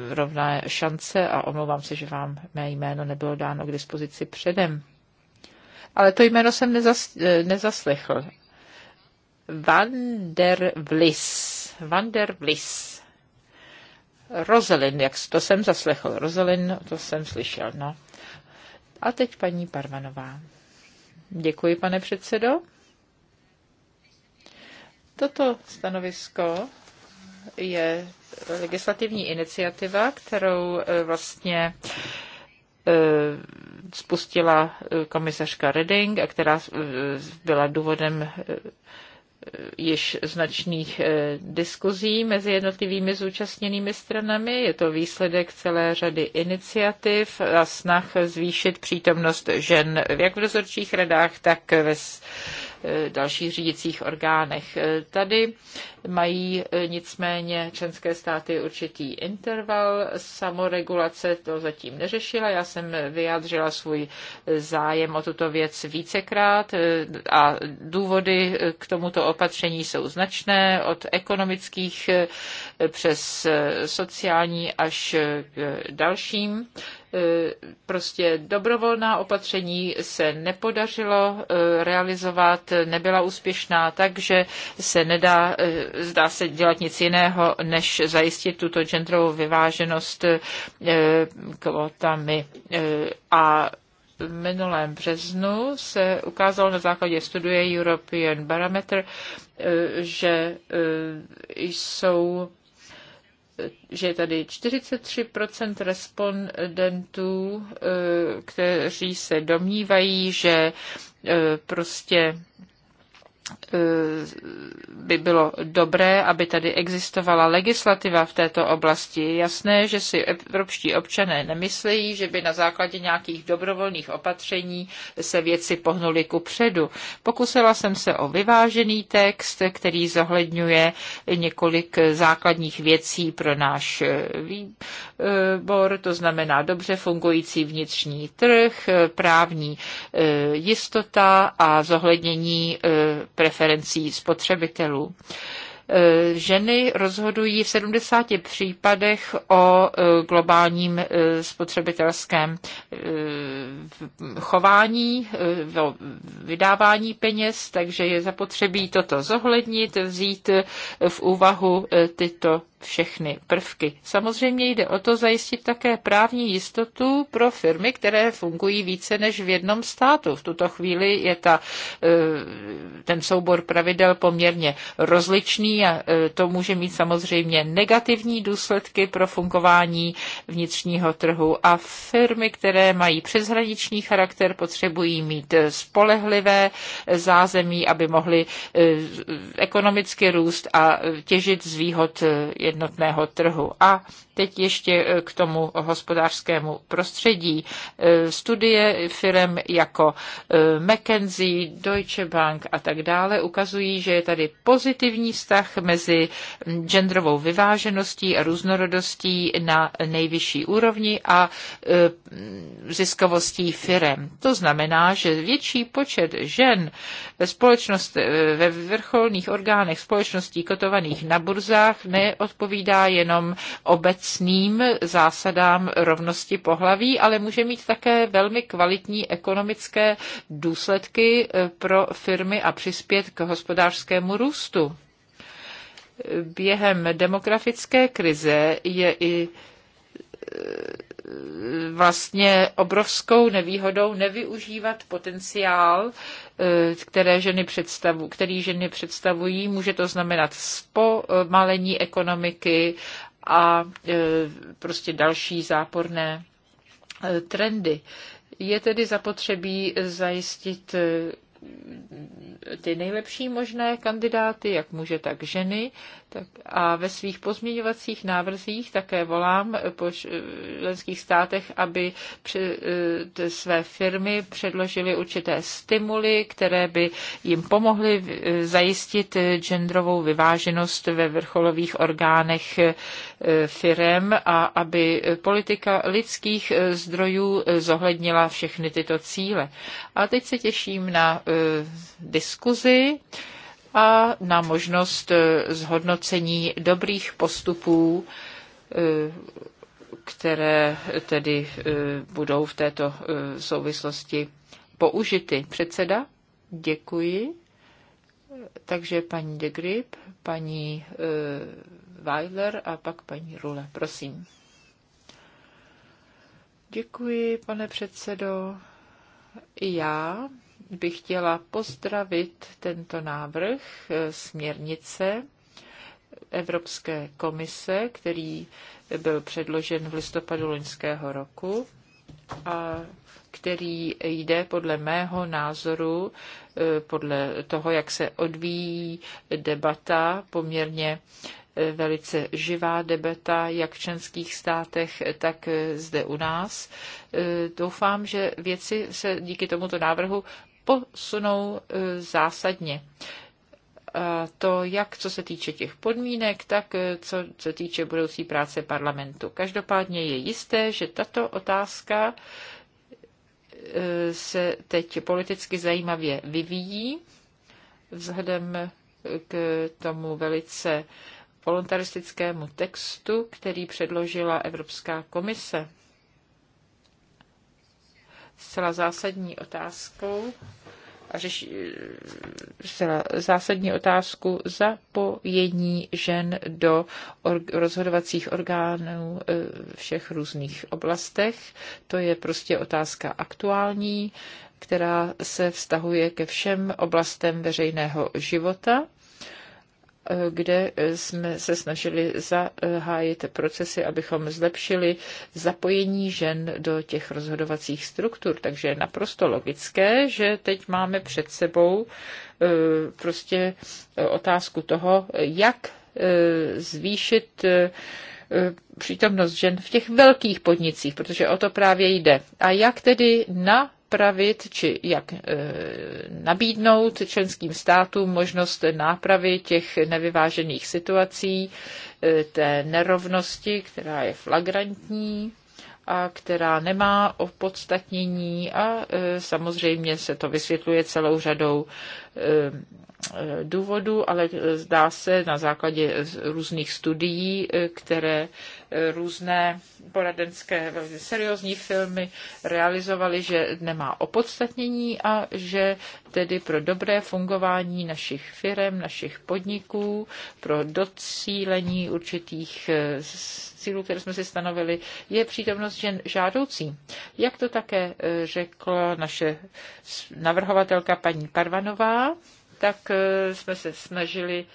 rovné šance a omlouvám se, že vám mé jméno nebylo dáno k dispozici předem. Ale to jméno jsem nezas, nezaslechl. Van der Vlis. Van der Vlis. Rozelin, jak to jsem zaslechl. Rozelin, to jsem slyšel, no. A teď paní Parvanová. Děkuji, pane předsedo. Toto stanovisko je legislativní iniciativa, kterou eh, vlastně eh, spustila eh, komisařka Reding a která byla důvodem již značných diskuzí mezi jednotlivými zúčastněnými stranami. Je to výsledek celé řady iniciativ a snah zvýšit přítomnost žen jak v dozorčích radách, tak ve Eh, dalších řídicích orgánech. Eh, tady mají eh, nicméně členské státy určitý interval samoregulace, to zatím neřešila. Já jsem vyjádřila svůj zájem o tuto věc vícekrát a důvody k tomuto opatření jsou značné, od ekonomických přes sociální až k dalším. E, prostě dobrovolná opatření se nepodařilo e, realizovat, nebyla úspěšná, takže se nedá, e, zdá se dělat nic jiného, než zajistit tuto genderovou vyváženost kvotami. A minulém březnu se ukázalo na základě studie European Barometer, že jsou že je tady 43% respondentů, eh, kteří se domnívají, že eh, prostě Eh, by bylo dobré, aby tady existovala legislativa v této oblasti. Je jasné, že si evropští občané nemyslejí, že by na základě nějakých dobrovolných opatření se věci pohnuly ku předu. Pokusila jsem se o vyvážený text, který zohledňuje několik základních věcí pro náš eh, výbor, to znamená dobře fungující vnitřní trh, eh, právní jistota a zohlednění preferencí spotřebitelů. Eh, ženy rozhodují v 70 případech o eh, globálním eh, spotřebitelském chování, o vydávání peněz, takže je zapotřebí toto zohlednit, vzít v úvahu tyto všechny prvky. Samozřejmě jde o to zajistit také právní jistotu pro firmy, které fungují více než v jednom státu. V tuto chvíli je ta, ten soubor pravidel poměrně rozličný a e, to může mít samozřejmě negativní důsledky pro fungování vnitřního trhu a firmy, které mají přeshraniční charakter, potřebují mít e, spolehlivé e, zázemí, aby mohly ekonomicky růst a těžit z výhod jednotného trhu. A teď ještě k tomu hospodářskému prostředí. Studie firm jako McKenzie, Deutsche Bank a tak dále ukazují, že je tady pozitivní vztah vztah mezi genderovou vyvážeností a různorodostí na nejvyšší úrovni a e, ziskovostí firem. To znamená, že větší počet žen ve společnost, e, ve vrcholných orgánech společností kotovaných na burzách neodpovídá jenom obecným zásadám rovnosti pohlaví, ale může mít také velmi kvalitní ekonomické důsledky e, pro firmy a přispět k hospodářskému růstu během demografické krize je i e, vlastně obrovskou nevýhodou nevyužívat potenciál, e, které ženy představu, který ženy představují. Může to znamenat zpomalení ekonomiky a e, prostě další záporné trendy. Je tedy zapotřebí zajistit ty nejlepší možné kandidáty, jak muže, tak ženy, tak a ve svých pozměňovacích návrzích také volám po členských státech, aby eh, své firmy předložily určité stimuly, které by jim pomohly eh, zajistit eh, genderovou vyváženost ve vrcholových orgánech firem a aby politika lidských zdrojů zohlednila všechny tyto cíle. A teď se těším na diskuzi a na možnost e, zhodnocení dobrých postupů, e, které tedy e, budou v této souvislosti použity. Předseda, děkuji. Takže paní de Grip, paní Weiler a pak paní Rule. Prosím. Děkuji, pane předsedo. I já bych chtěla pozdravit tento návrh eh, směrnice Evropské komise, který byl předložen v listopadu loňského roku a který jde podle mého názoru, eh, podle toho, jak se odvíjí debata, poměrně eh, velice živá debata, jak v členských státech, tak zde u nás. Doufám, že věci se díky tomuto návrhu posunou e, zásadně. A to jak co se týče těch podmínek, tak e, co se týče budoucí práce parlamentu. Každopádně je jisté, že tato otázka e, se teď politicky zajímavě vyvíjí vzhledem k tomu velice voluntaristickému textu, který předložila Evropská komise zcela zásadní otázkou a řeší zcela zásadní otázku zapojení žen do rozhodovacích orgánů e, všech různých oblastech. To je prostě otázka aktuální, která se vztahuje ke všem oblastem veřejného života kde eh, jsme se snažili zahájit procesy, abychom zlepšili zapojení žen do těch rozhodovacích struktur. Takže je naprosto logické, že teď máme před sebou eh, prostě otázku toho, jak eh, zvýšit přítomnost žen v těch velkých podnicích, protože o to právě jde. A jak tedy na napravit, či jak e, nabídnout členským státům možnost nápravy těch nevyvážených situací, e, té nerovnosti, která je flagrantní a která nemá opodstatnění a e, samozřejmě se to vysvětluje celou řadou důvodů, ale zdá se na základě různých studií, které různé poradenské, velmi seriózní filmy realizovali, že nemá opodstatnění a že tedy pro dobré fungování našich firm, našich podniků, pro docílení určitých eh, cílů, které jsme si stanovili, je přítomnost žen žádoucí. Jak to také eh, řekla naše navrhovatelka paní Parvanová, tak eh, jsme se snažili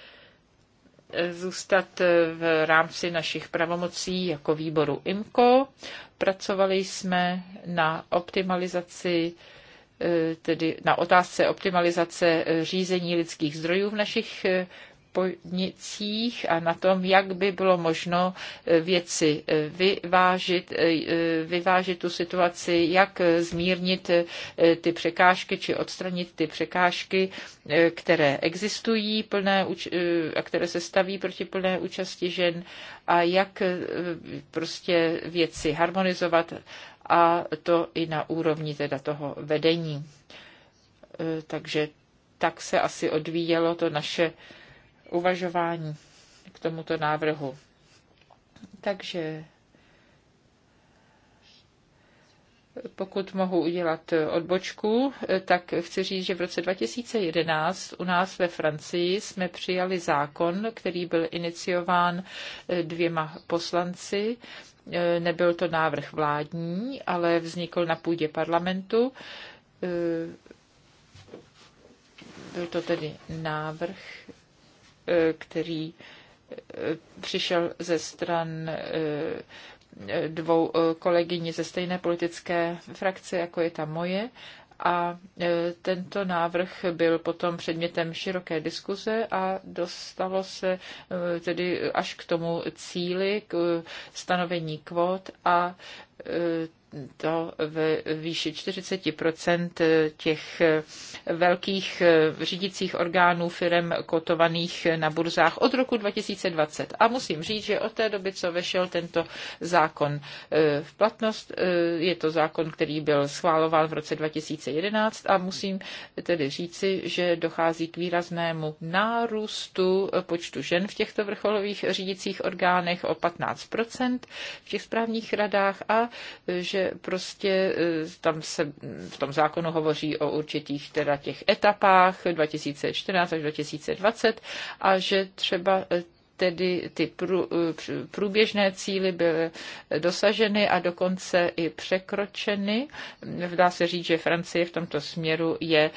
zůstat v rámci našich pravomocí jako výboru IMCO. Pracovali jsme na optimalizaci eh, tedy na otázce optimalizace eh, řízení lidských zdrojů v našich eh, podnicích a na tom, jak by bylo možno eh, věci eh, vyvážit, eh, vyvážit tu situaci, jak zmírnit ty překážky či odstranit ty překážky, které existují plné, a které se staví proti plné účasti žen a jak prostě věci harmonizovat a to i na úrovni teda toho vedení. Takže tak se asi odvíjelo to naše uvažování k tomuto návrhu. Takže pokud mohu udělat odbočku, tak chci říct, že v roce 2011 u nás ve Francii jsme přijali zákon, který byl iniciován dvěma poslanci. Nebyl to návrh vládní, ale vznikl na půdě parlamentu. Byl to tedy návrh který eh, přišel ze stran eh, dvou eh, kolegyní ze stejné politické frakce, jako je ta moje. A tento návrh byl potom předmětem široké diskuze a dostalo se tedy až k tomu cíli, k stanovení kvót a to v výši 40 těch velkých řídicích orgánů firm kotovaných na burzách od roku 2020. A musím říct, že od té doby, co vešel tento zákon eh, v platnost, eh, je to zákon, který byl schválován v roce 2011 a musím tedy říci, že dochází k výraznému nárůstu počtu žen v těchto vrcholových řídicích orgánech o 15 v těch správních radách a eh, že že prostě e, tam se v tom zákonu hovoří o určitých teda těch etapách 2014 až 2020 a že třeba e, tedy ty e, průběžné cíly byly dosaženy a dokonce i překročeny. Dá se říct, že Francie v tomto směru je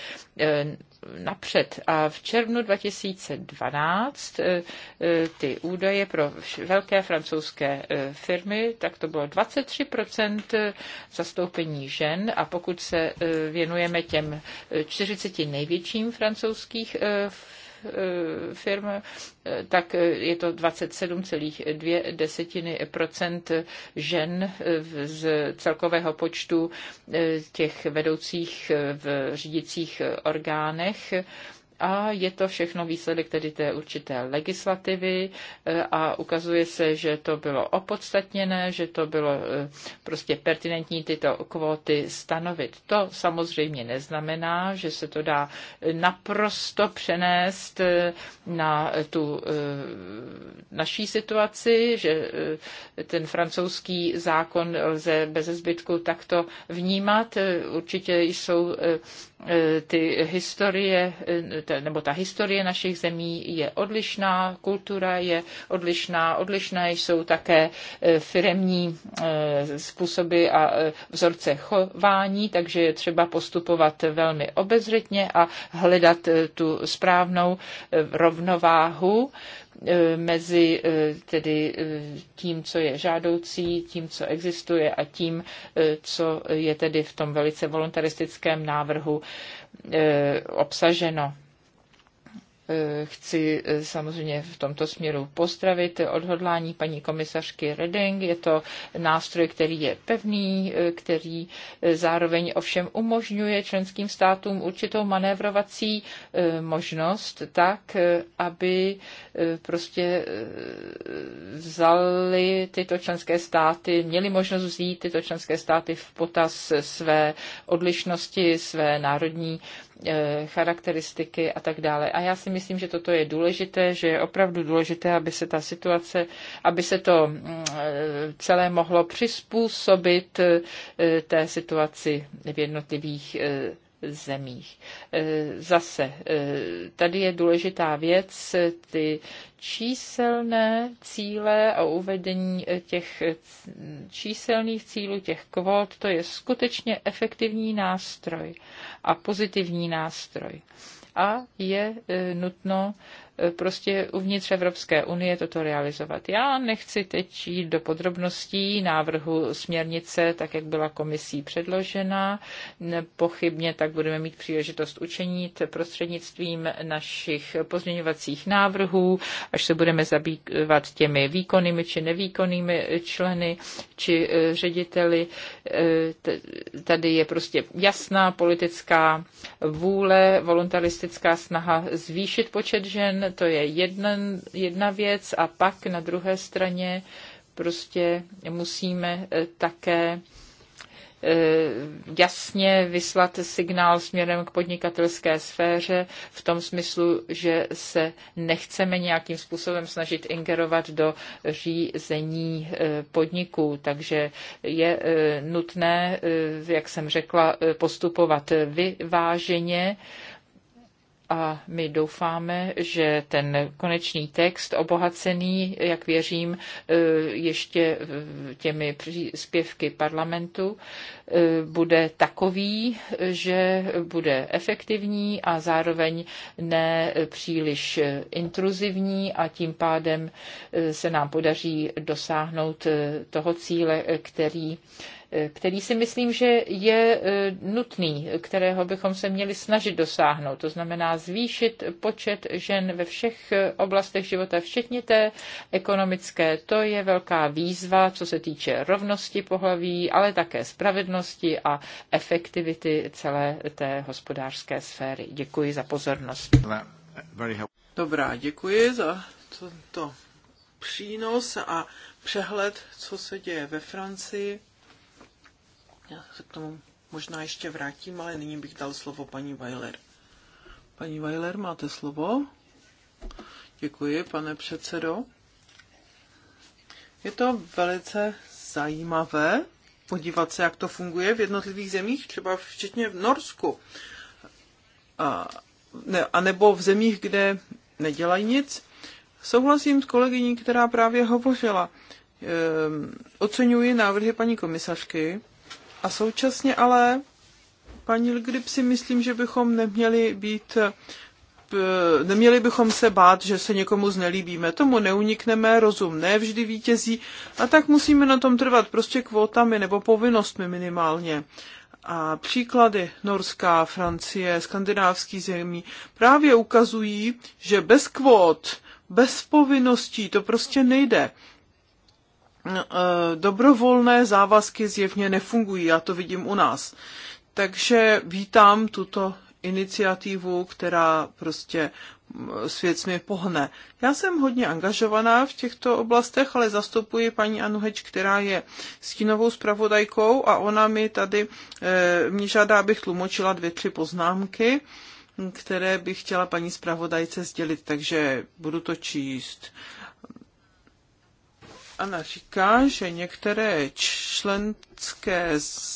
napřed. A v červnu 2012 eh, eh, ty údaje pro velké francouzské eh, firmy, tak to bylo 23% zastoupení žen a pokud se věnujeme těm 40 největším francouzských Eh, firm, eh, tak je to 27,2 desetiny procent žen eh, z celkového počtu těch vedoucích v řídicích orgánech a je to všechno výsledek tedy té určité legislativy e, a ukazuje se, že to bylo opodstatněné, že to bylo e, prostě pertinentní tyto kvóty stanovit. To samozřejmě neznamená, že se to dá naprosto přenést e, na tu naší situaci, že ten francouzský zákon lze bez zbytku takto vnímat. Určitě jsou ty historie, nebo ta historie našich zemí je odlišná, kultura je odlišná, odlišné jsou také e, firemní e, způsoby a e, vzorce chování, takže je třeba postupovat velmi obezřetně a hledat tu správnou rovnováhu mezi tedy tím, co je žádoucí, tím, co existuje a tím, co je tedy v tom velice voluntaristickém návrhu obsaženo. Eh, chci eh, samozřejmě v tomto směru postravit odhodlání paní komisařky Reding. Je to nástroj, který je pevný, eh, který zároveň ovšem umožňuje členským státům určitou manévrovací možnost tak, aby prostě vzali tyto členské státy, měli možnost vzít tyto členské státy v potaz své odlišnosti, své národní Eh, charakteristiky a tak dále. A já si myslím, že toto je důležité, že je opravdu důležité, aby se ta situace, aby se to mm, eh, celé mohlo přizpůsobit eh, té situaci v jednotlivých zemích. E, zase, e, tady je důležitá věc, ty číselné cíle a uvedení těch číselných cílů, těch kvót, to je skutečně efektivní nástroj a pozitivní nástroj. A je e, nutno prostě uvnitř Evropské unie toto realizovat. Já nechci teď jít do podrobností návrhu směrnice, tak jak byla komisí předložena. Pochybně tak budeme mít příležitost učinit prostřednictvím našich pozměňovacích návrhů, až se budeme zabývat těmi výkonnými či nevýkonnými členy či eh, řediteli. Eh, tady je prostě jasná politická vůle, voluntaristická snaha zvýšit počet žen, to je jedna, jedna věc a pak na druhé straně prostě musíme eh, také eh, jasně vyslat signál směrem k podnikatelské sféře v tom smyslu, že se nechceme nějakým způsobem snažit ingerovat do řízení eh, podniků. Takže je nutné, jak jsem řekla, postupovat vyváženě a my doufáme, že ten konečný text obohacený, jak věřím, e, ještě těmi příspěvky parlamentu, e, bude takový, že bude efektivní a zároveň ne příliš intruzivní a tím pádem e, se nám podaří dosáhnout toho cíle, který který si myslím, že je e, nutný, kterého bychom se měli snažit dosáhnout. To znamená zvýšit počet žen ve všech e, oblastech života, včetně té ekonomické. To je velká výzva, co se týče rovnosti pohlaví, ale také spravedlnosti a efektivity celé té hospodářské sféry. Děkuji za pozornost. Dobrá, děkuji za tento přínos a přehled, co se děje ve Francii. Já se k tomu možná ještě vrátím, ale nyní bych dal slovo paní Weiler. Paní Weiler, máte slovo? Děkuji, pane předsedo. Je to velice zajímavé podívat se, jak to funguje v jednotlivých zemích, třeba včetně v Norsku. A, ne, a nebo v zemích, kde nedělají nic. Souhlasím s kolegyní, která právě hovořila. Ehm, oceňuji návrhy paní komisařky, a současně ale, paní Lgrip, si myslím, že bychom neměli být eh, neměli bychom se bát, že se někomu znelíbíme. Tomu neunikneme, rozum ne vždy vítězí a tak musíme na tom trvat prostě kvótami nebo povinnostmi minimálně. A příklady Norská, Francie, skandinávský zemí právě ukazují, že bez kvót, bez povinností to prostě nejde. E, dobrovolné závazky zjevně nefungují, já to vidím u nás. Takže vítám tuto iniciativu, která prostě svět mi pohne. Já jsem hodně angažovaná v těchto oblastech, ale zastupuji paní Anu Heč, která je stínovou zpravodajkou a ona mi tady e, mě žádá, abych tlumočila dvě, tři poznámky, které bych chtěla paní zpravodajce sdělit, takže budu to číst. Ana říká, že některé členské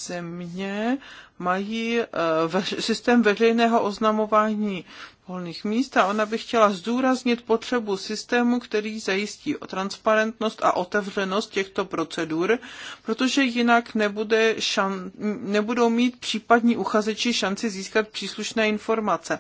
země mají eh, systém veřejného oznamování volných míst a ona by chtěla zdůraznit potřebu systému, který zajistí o transparentnost a otevřenost těchto procedur, protože jinak nebude šan, nebudou mít případní uchazeči šanci získat příslušné informace.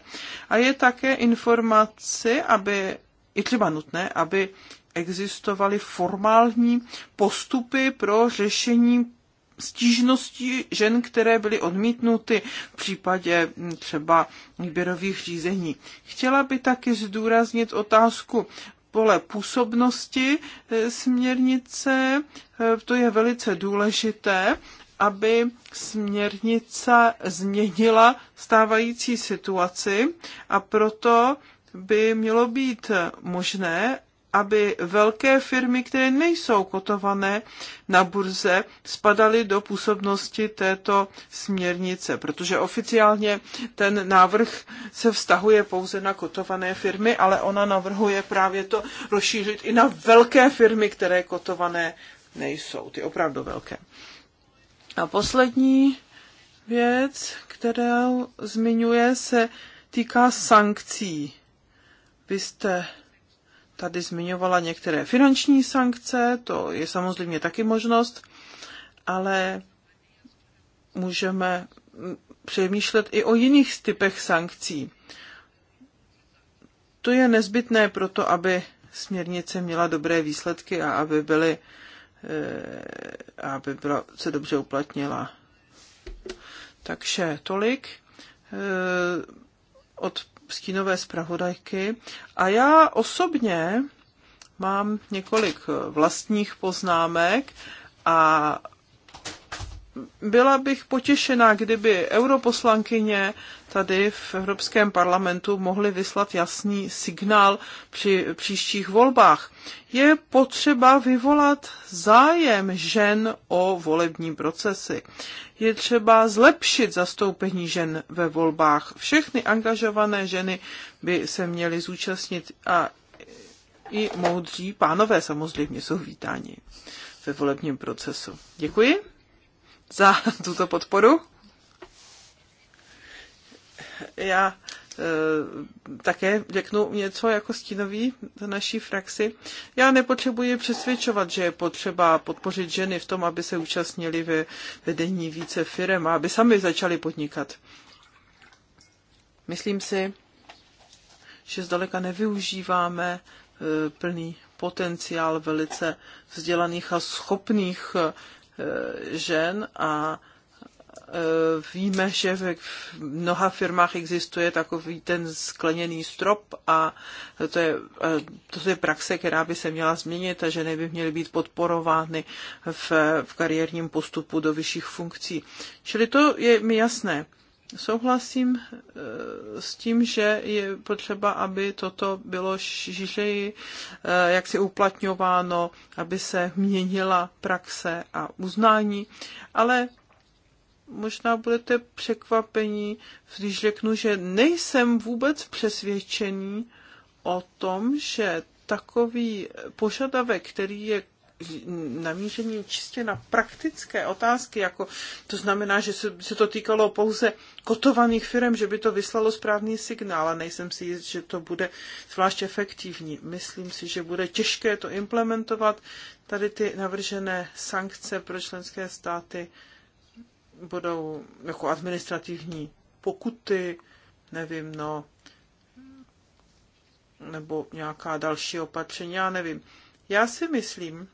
A je také informaci, aby je třeba nutné, aby existovaly formální postupy pro řešení stížností žen, které byly odmítnuty v případě hm, třeba výběrových řízení. Chtěla by taky zdůraznit otázku pole působnosti e, směrnice. E, to je velice důležité, aby směrnice změnila stávající situaci a proto by mělo být možné, aby velké firmy, které nejsou kotované na burze, spadaly do působnosti této směrnice, protože oficiálně ten návrh se vztahuje pouze na kotované firmy, ale ona navrhuje právě to rozšířit i na velké firmy, které kotované nejsou, ty opravdu velké. A poslední věc, kterou zmiňuje, se týká sankcí vy jste tady zmiňovala některé finanční sankce, to je samozřejmě taky možnost, ale můžeme přemýšlet i o jiných typech sankcí. To je nezbytné proto, aby směrnice měla dobré výsledky a aby, byly, eh, aby byla, se dobře uplatnila. Takže tolik eh, od stínové zpravodajky. A já osobně mám několik vlastních poznámek a byla bych potěšena, kdyby europoslankyně tady v Evropském parlamentu mohly vyslat jasný signál při příštích volbách. Je potřeba vyvolat zájem žen o volební procesy. Je třeba zlepšit zastoupení žen ve volbách. Všechny angažované ženy by se měly zúčastnit a i moudří pánové samozřejmě jsou vítáni ve volebním procesu. Děkuji za tuto podporu. Já e, také řeknu něco jako stínový za naší frakci. Já nepotřebuji přesvědčovat, že je potřeba podpořit ženy v tom, aby se účastnili ve vedení více firm a aby sami začali podnikat. Myslím si, že zdaleka nevyužíváme e, plný potenciál velice vzdělaných a schopných Eh, žen a eh, víme, že v mnoha firmách existuje takový ten skleněný strop a to je, eh, to je praxe, která by se měla změnit a ženy by měly být podporovány v, v kariérním postupu do vyšších funkcí. Čili to je mi jasné. Souhlasím eh, s tím, že je potřeba, aby toto bylo žižeji eh, si uplatňováno, aby se měnila praxe a uznání, ale možná budete překvapení, když řeknu, že nejsem vůbec přesvědčený o tom, že takový požadavek, který je namíření čistě na praktické otázky, jako to znamená, že se, se to týkalo pouze kotovaných firm, že by to vyslalo správný signál a nejsem si jist, že to bude zvlášť efektivní. Myslím si, že bude těžké to implementovat. Tady ty navržené sankce pro členské státy budou jako administrativní pokuty, nevím, no, nebo nějaká další opatření, já nevím. Já si myslím,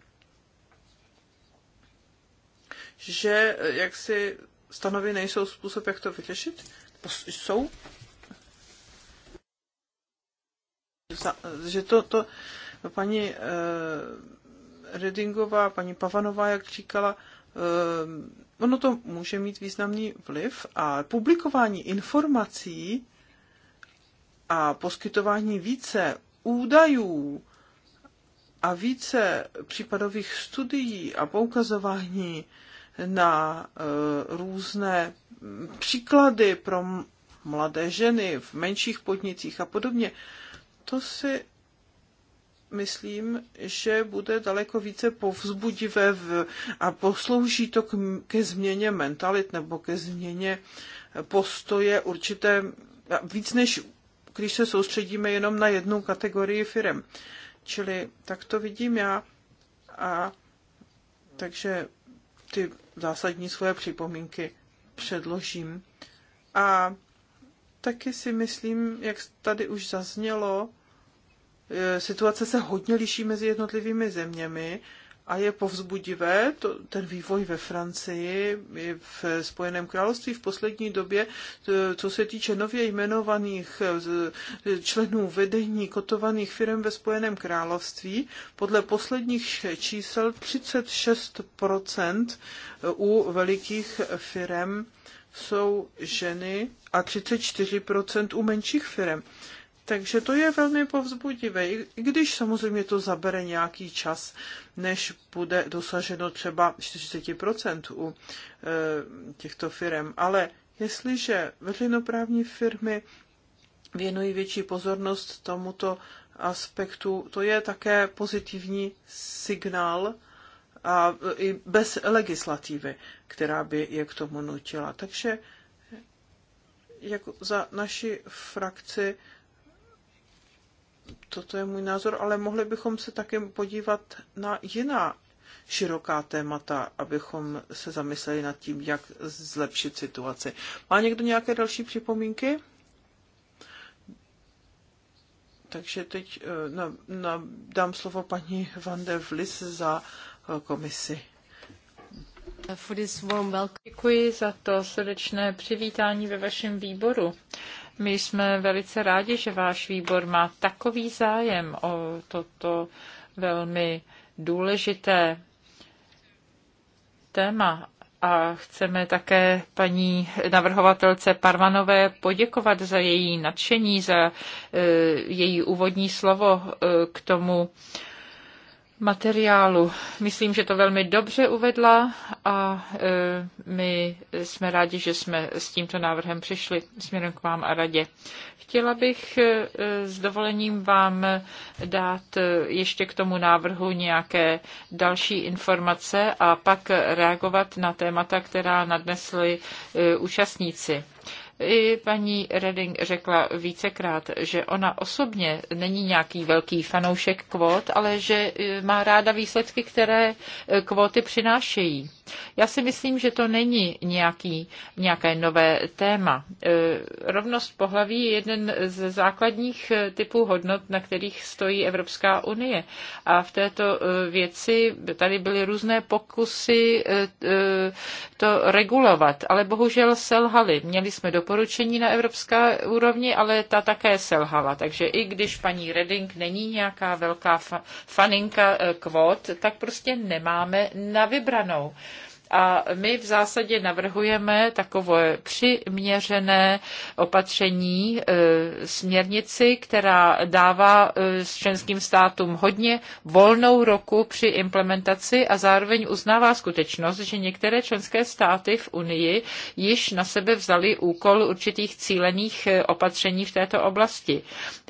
že eh, jak si stanovy nejsou způsob, jak to vyřešit? Jsou? Že to, to paní eh, Redingová, paní Pavanová, jak říkala, eh, ono to může mít významný vliv a publikování informací a poskytování více údajů a více případových studií a poukazování na eh, různé příklady pro mladé ženy v menších podnicích a podobně, to si myslím, že bude daleko více povzbudivé v, a poslouží to k, ke změně mentalit nebo ke změně postoje určité, víc než když se soustředíme jenom na jednu kategorii firm. Čili tak to vidím já a takže ty zásadní svoje připomínky předložím. A taky si myslím, jak tady už zaznělo, e, situace se hodně liší mezi jednotlivými zeměmi a je povzbudivé, to, ten vývoj ve Francii, v Spojeném království v poslední době, co se týče nově jmenovaných e, členů vedení kotovaných firm ve Spojeném království, podle posledních čísel 36% u velikých firm jsou ženy a 34% u menších firm. Takže to je velmi povzbudivé, i když samozřejmě to zabere nějaký čas, než bude dosaženo třeba 40% u e, těchto firm. Ale jestliže veřejnoprávní firmy věnují větší pozornost tomuto aspektu, to je také pozitivní signál a i bez legislativy, která by je k tomu nutila. Takže jako za naši frakci toto je můj názor, ale mohli bychom se také podívat na jiná široká témata, abychom se zamysleli nad tím, jak zlepšit situaci. Má někdo nějaké další připomínky? Takže teď eh, na, na, dám slovo paní Van der Vlis za eh, komisi. Děkuji za to srdečné přivítání ve vašem výboru. My jsme velice rádi, že váš výbor má takový zájem o toto velmi důležité téma a chceme také paní navrhovatelce Parvanové poděkovat za její nadšení, za eh, její úvodní slovo eh, k tomu materiálu. Myslím, že to velmi dobře uvedla a e, my jsme rádi, že jsme s tímto návrhem přišli směrem k vám a radě. Chtěla bych e, s dovolením vám dát e, ještě k tomu návrhu nějaké další informace a pak reagovat na témata, která nadnesli účastníci. I paní Redding řekla vícekrát, že ona osobně není nějaký velký fanoušek kvót, ale že e, má ráda výsledky, které e, kvóty přinášejí. Já si myslím, že to není nějaký, nějaké nové téma. E, rovnost pohlaví je jeden ze základních e, typů hodnot, na kterých stojí Evropská unie. A v této e, věci tady byly různé pokusy to regulovat, ale bohužel selhaly. Měli jsme doporučení na evropské úrovni, ale ta také selhala. Takže i když paní Reding není nějaká velká faninka kvót, tak prostě nemáme na vybranou a my v zásadě navrhujeme takové přiměřené opatření e, směrnici, která dává e, členským státům hodně volnou roku při implementaci a zároveň uznává skutečnost, že některé členské státy v Unii již na sebe vzali úkol určitých cílených e, opatření v této oblasti.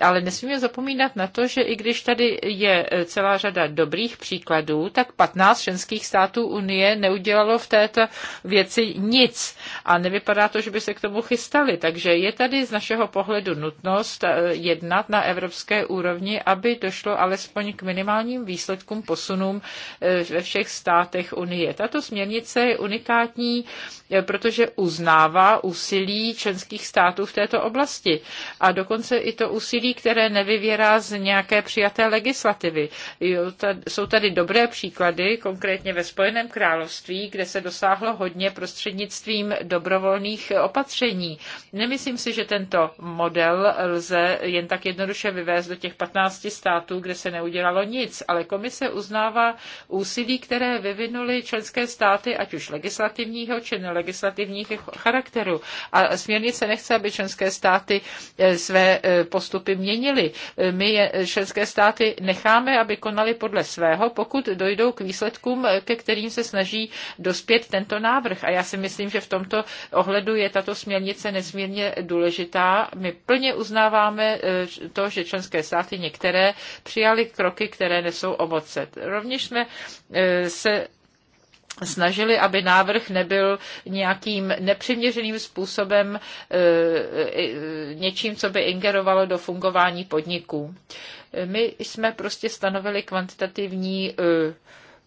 Ale nesmíme zapomínat na to, že i když tady je celá řada dobrých příkladů, tak 15 členských států Unie neudělalo neudělalo v této věci nic a nevypadá to, že by se k tomu chystali. Takže je tady z našeho pohledu nutnost eh, jednat na evropské úrovni, aby došlo alespoň k minimálním výsledkům posunům eh, ve všech státech Unie. Tato směrnice je unikátní, eh, protože uznává úsilí členských států v této oblasti a dokonce i to úsilí, které nevyvěrá z nějaké přijaté legislativy. Jsou tady dobré příklady, konkrétně ve Spojeném království, kde kde se dosáhlo hodně prostřednictvím dobrovolných opatření. Nemyslím si, že tento model lze jen tak jednoduše vyvést do těch 15 států, kde se neudělalo nic, ale komise uznává úsilí, které vyvinuly členské státy, ať už legislativního či nelegislativního charakteru. A směrnice nechce, aby členské státy eh, své eh, postupy měnily. My členské státy necháme, aby konali podle svého, pokud dojdou k výsledkům, eh, ke kterým se snaží dospět tento návrh. A já si myslím, že v tomto ohledu je tato směrnice nesmírně důležitá. My plně uznáváme eh, to, že členské státy některé přijaly kroky, které nesou ovoce. Rovněž jsme eh, se snažili, aby návrh nebyl nějakým nepřiměřeným způsobem eh, něčím, co by ingerovalo do fungování podniků. My jsme prostě stanovili kvantitativní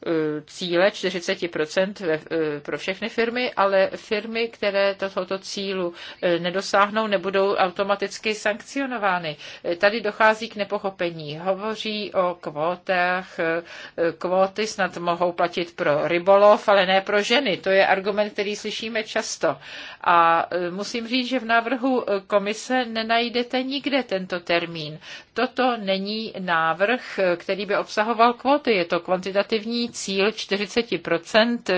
Eh, cíle 40% eh, pro všechny firmy, ale firmy, které tohoto cílu eh, nedosáhnou, nebudou automaticky sankcionovány. Tady dochází k nepochopení. Hovoří o kvótách. Kvóty snad mohou platit pro rybolov, ale ne pro ženy. To je argument, který slyšíme často. A musím říct, že v návrhu komise nenajdete nikde tento termín. Toto není návrh, který by obsahoval kvóty. Je to kvantitativní cíl 40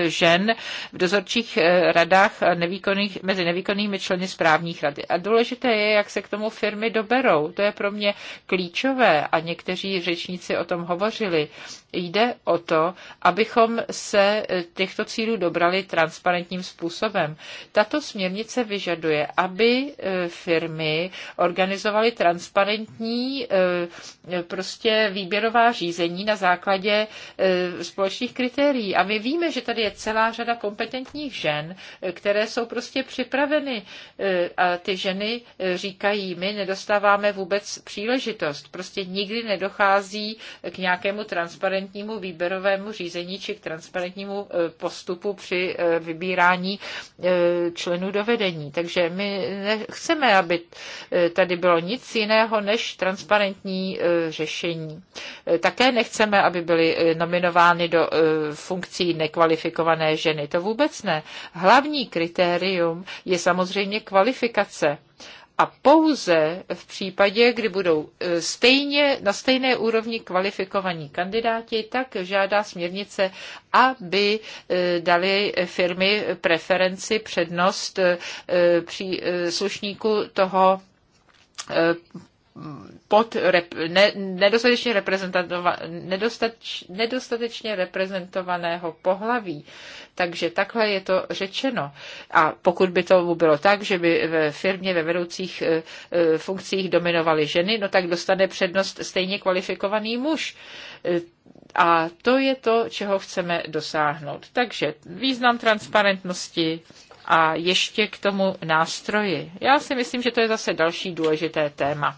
žen v dozorčích eh, radách nevýkonných, mezi nevýkonnými členy správních rady. A důležité je, jak se k tomu firmy doberou. To je pro mě klíčové a někteří řečníci o tom hovořili. Jde o to, abychom se eh, těchto cílů dobrali transparentním způsobem. Tato směrnice vyžaduje, aby eh, firmy organizovaly transparentní prostě výběrová řízení na základě společnosti společných kritérií. A my víme, že tady je celá řada kompetentních žen, které jsou prostě připraveny. Eh, a ty ženy eh, říkají, my nedostáváme vůbec příležitost. Prostě nikdy nedochází eh, k nějakému transparentnímu výběrovému řízení či k transparentnímu postupu při vybírání členů do vedení. Takže my nechceme, aby tady bylo nic jiného než transparentní řešení. Také nechceme, aby byly nominovány do do eh, funkcí nekvalifikované ženy. To vůbec ne. Hlavní kritérium je samozřejmě kvalifikace a pouze v případě, kdy budou eh, stejně, na stejné úrovni kvalifikovaní kandidáti, tak žádá směrnice, aby eh, dali firmy preferenci, přednost při slušníku toho pod rep, ne, nedostatečně, reprezentova, nedostač, nedostatečně reprezentovaného pohlaví. Takže takhle je to řečeno. A pokud by to bylo tak, že by ve firmě ve vedoucích e, e, funkcích dominovaly ženy, no tak dostane přednost stejně kvalifikovaný muž. E, a to je to, čeho chceme dosáhnout. Takže význam transparentnosti, a ještě k tomu nástroji. Já si myslím, že to je zase další důležité téma.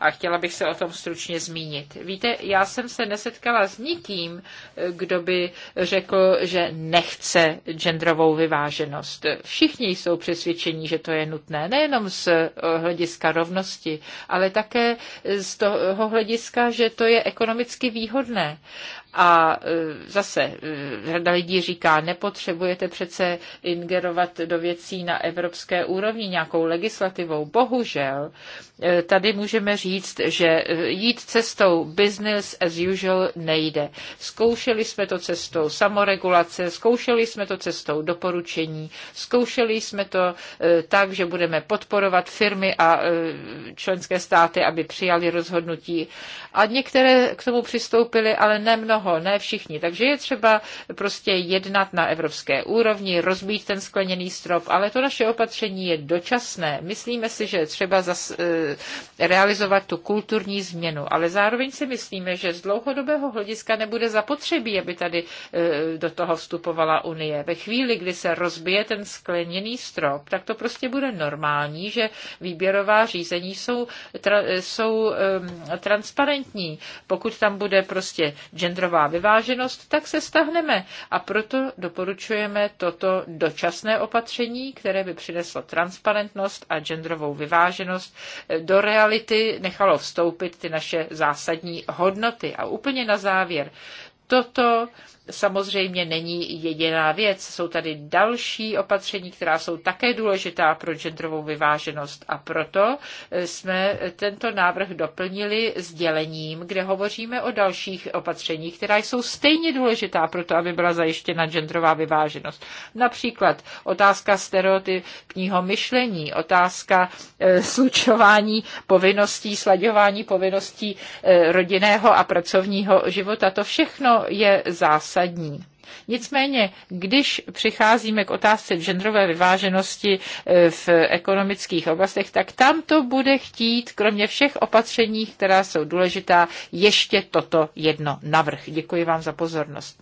a chtěla bych se o tom stručně zmínit. Víte, já jsem se nesetkala s nikým, kdo by řekl, že nechce genderovou vyváženost. Všichni jsou přesvědčeni, že to je nutné, nejenom z eh, hlediska rovnosti, ale také z toho hlediska, že to je ekonomicky výhodné. A eh, zase eh, řada lidí říká, nepotřebujete přece ingerovat do věcí na evropské úrovni nějakou legislativou. Bohužel, tady můžeme říct, říct, že e, jít cestou business as usual nejde. Zkoušeli jsme to cestou samoregulace, zkoušeli jsme to cestou doporučení, zkoušeli jsme to e, tak, že budeme podporovat firmy a e, členské státy, aby přijali rozhodnutí. A některé k tomu přistoupili, ale ne mnoho, ne všichni. Takže je třeba prostě jednat na evropské úrovni, rozbít ten skleněný strop, ale to naše opatření je dočasné. Myslíme si, že třeba zas, realizovat podporovat tu kulturní změnu. Ale zároveň si myslíme, že z dlouhodobého hlediska nebude zapotřebí, aby tady e, do toho vstupovala Unie. Ve chvíli, kdy se rozbije ten skleněný strop, tak to prostě bude normální, že výběrová řízení jsou, tra, jsou transparentní. Pokud tam bude prostě genderová vyváženost, tak se stahneme. A proto doporučujeme toto dočasné opatření, které by přineslo transparentnost a genderovou vyváženost e, do reality, nechalo vstoupit ty naše zásadní hodnoty. A úplně na závěr, toto samozřejmě není jediná věc. Jsou tady další opatření, která jsou také důležitá pro genderovou vyváženost a proto eh, jsme tento návrh doplnili sdělením, kde hovoříme o dalších opatřeních, která jsou stejně důležitá pro to, aby byla zajištěna genderová vyváženost. Například otázka stereotypního myšlení, otázka eh, slučování povinností, sladěvání povinností eh, rodinného a pracovního života. To všechno je zásadní zásadní. Nicméně, když přicházíme k otázce genderové vyváženosti eh, v ekonomických oblastech, tak tam to bude chtít, kromě všech opatření, která jsou důležitá, ještě toto jedno navrh. Děkuji vám za pozornost.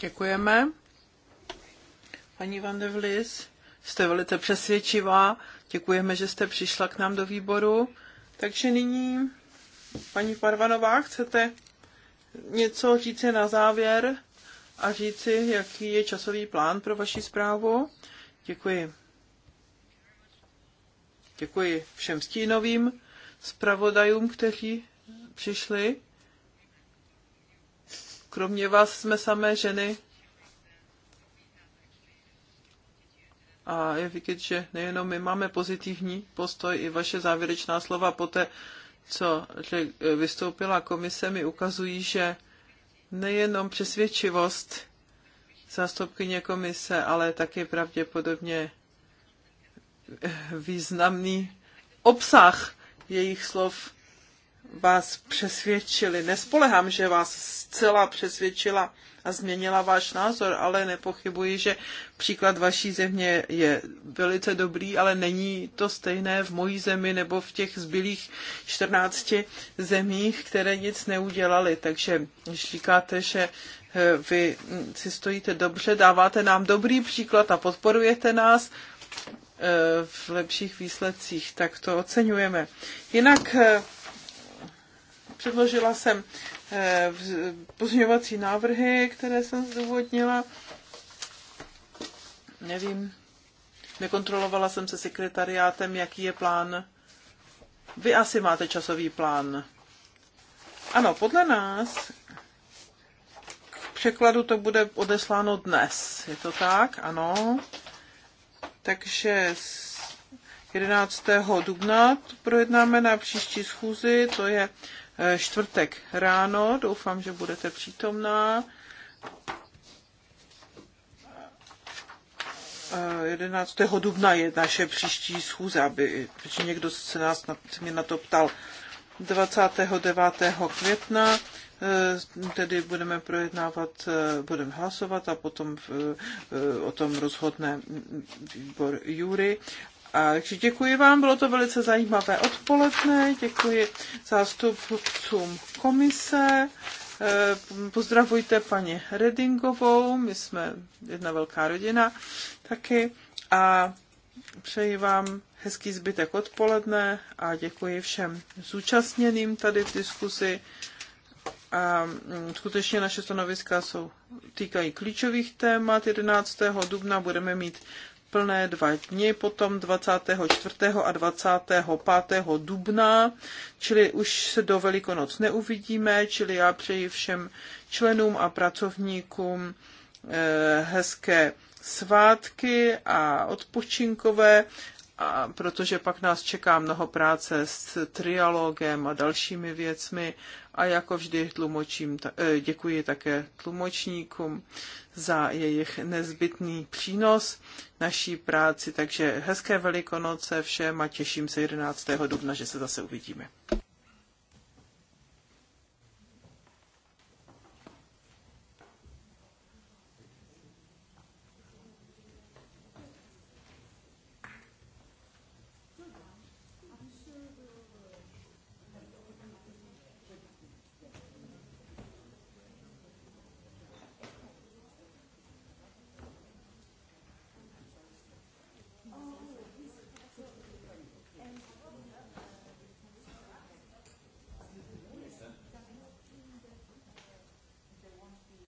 Děkujeme. Paní Van de Vlis, jste velice přesvědčivá. Děkujeme, že jste přišla k nám do výboru. Takže nyní, paní Parvanová, chcete něco říci na závěr a říci, jaký je časový plán pro vaši zprávu? Děkuji. Děkuji všem stínovým zpravodajům, kteří přišli. Kromě vás jsme samé ženy. A je vidět, že nejenom my máme pozitivní postoj, i vaše závěrečná slova poté co vystoupila komise, mi ukazují, že nejenom přesvědčivost zástupkyně komise, ale také pravděpodobně významný obsah jejich slov vás přesvědčili. Nespolehám, že vás zcela přesvědčila a změnila váš názor, ale nepochybuji, že příklad vaší země je velice dobrý, ale není to stejné v mojí zemi nebo v těch zbylých 14 zemích, které nic neudělali. Takže když říkáte, že eh, vy hm, si stojíte dobře, dáváte nám dobrý příklad a podporujete nás, eh, v lepších výsledcích, tak to oceňujeme. Jinak eh, předložila jsem Eh, pozměňovací návrhy, které jsem zdůvodnila. Nevím, nekontrolovala jsem se sekretariátem, jaký je plán. Vy asi máte časový plán. Ano, podle nás k překladu to bude odesláno dnes. Je to tak? Ano. Takže 11. dubna projednáme na příští schůzi, to je Eh, čtvrtek ráno. Doufám, že budete přítomná. 11. Eh, dubna je naše příští schůze, aby, protože někdo se nás na, se mě na to ptal. 29. května eh, tedy budeme projednávat, budeme hlasovat a potom o tom rozhodne výbor Jury a takže děkuji vám, bylo to velice zajímavé odpoledne, děkuji zástupcům komise, eh, pozdravujte paní Redingovou, my jsme jedna velká rodina taky a přeji vám hezký zbytek odpoledne a děkuji všem zúčastněným tady v diskusi. A mm, skutečně naše stanoviska jsou, týkají klíčových témat. 11. dubna budeme mít plné dva dny, potom 24. a 25. dubna, čili už se do Velikonoc neuvidíme, čili já přeji všem členům a pracovníkům eh, hezké svátky a odpočinkové, a protože pak nás čeká mnoho práce s trialogem a dalšími věcmi a jako vždy tlumočím, eh, děkuji také tlumočníkům za jejich nezbytný přínos naší práci, takže hezké velikonoce všem a těším se 11. dubna, že se zase uvidíme.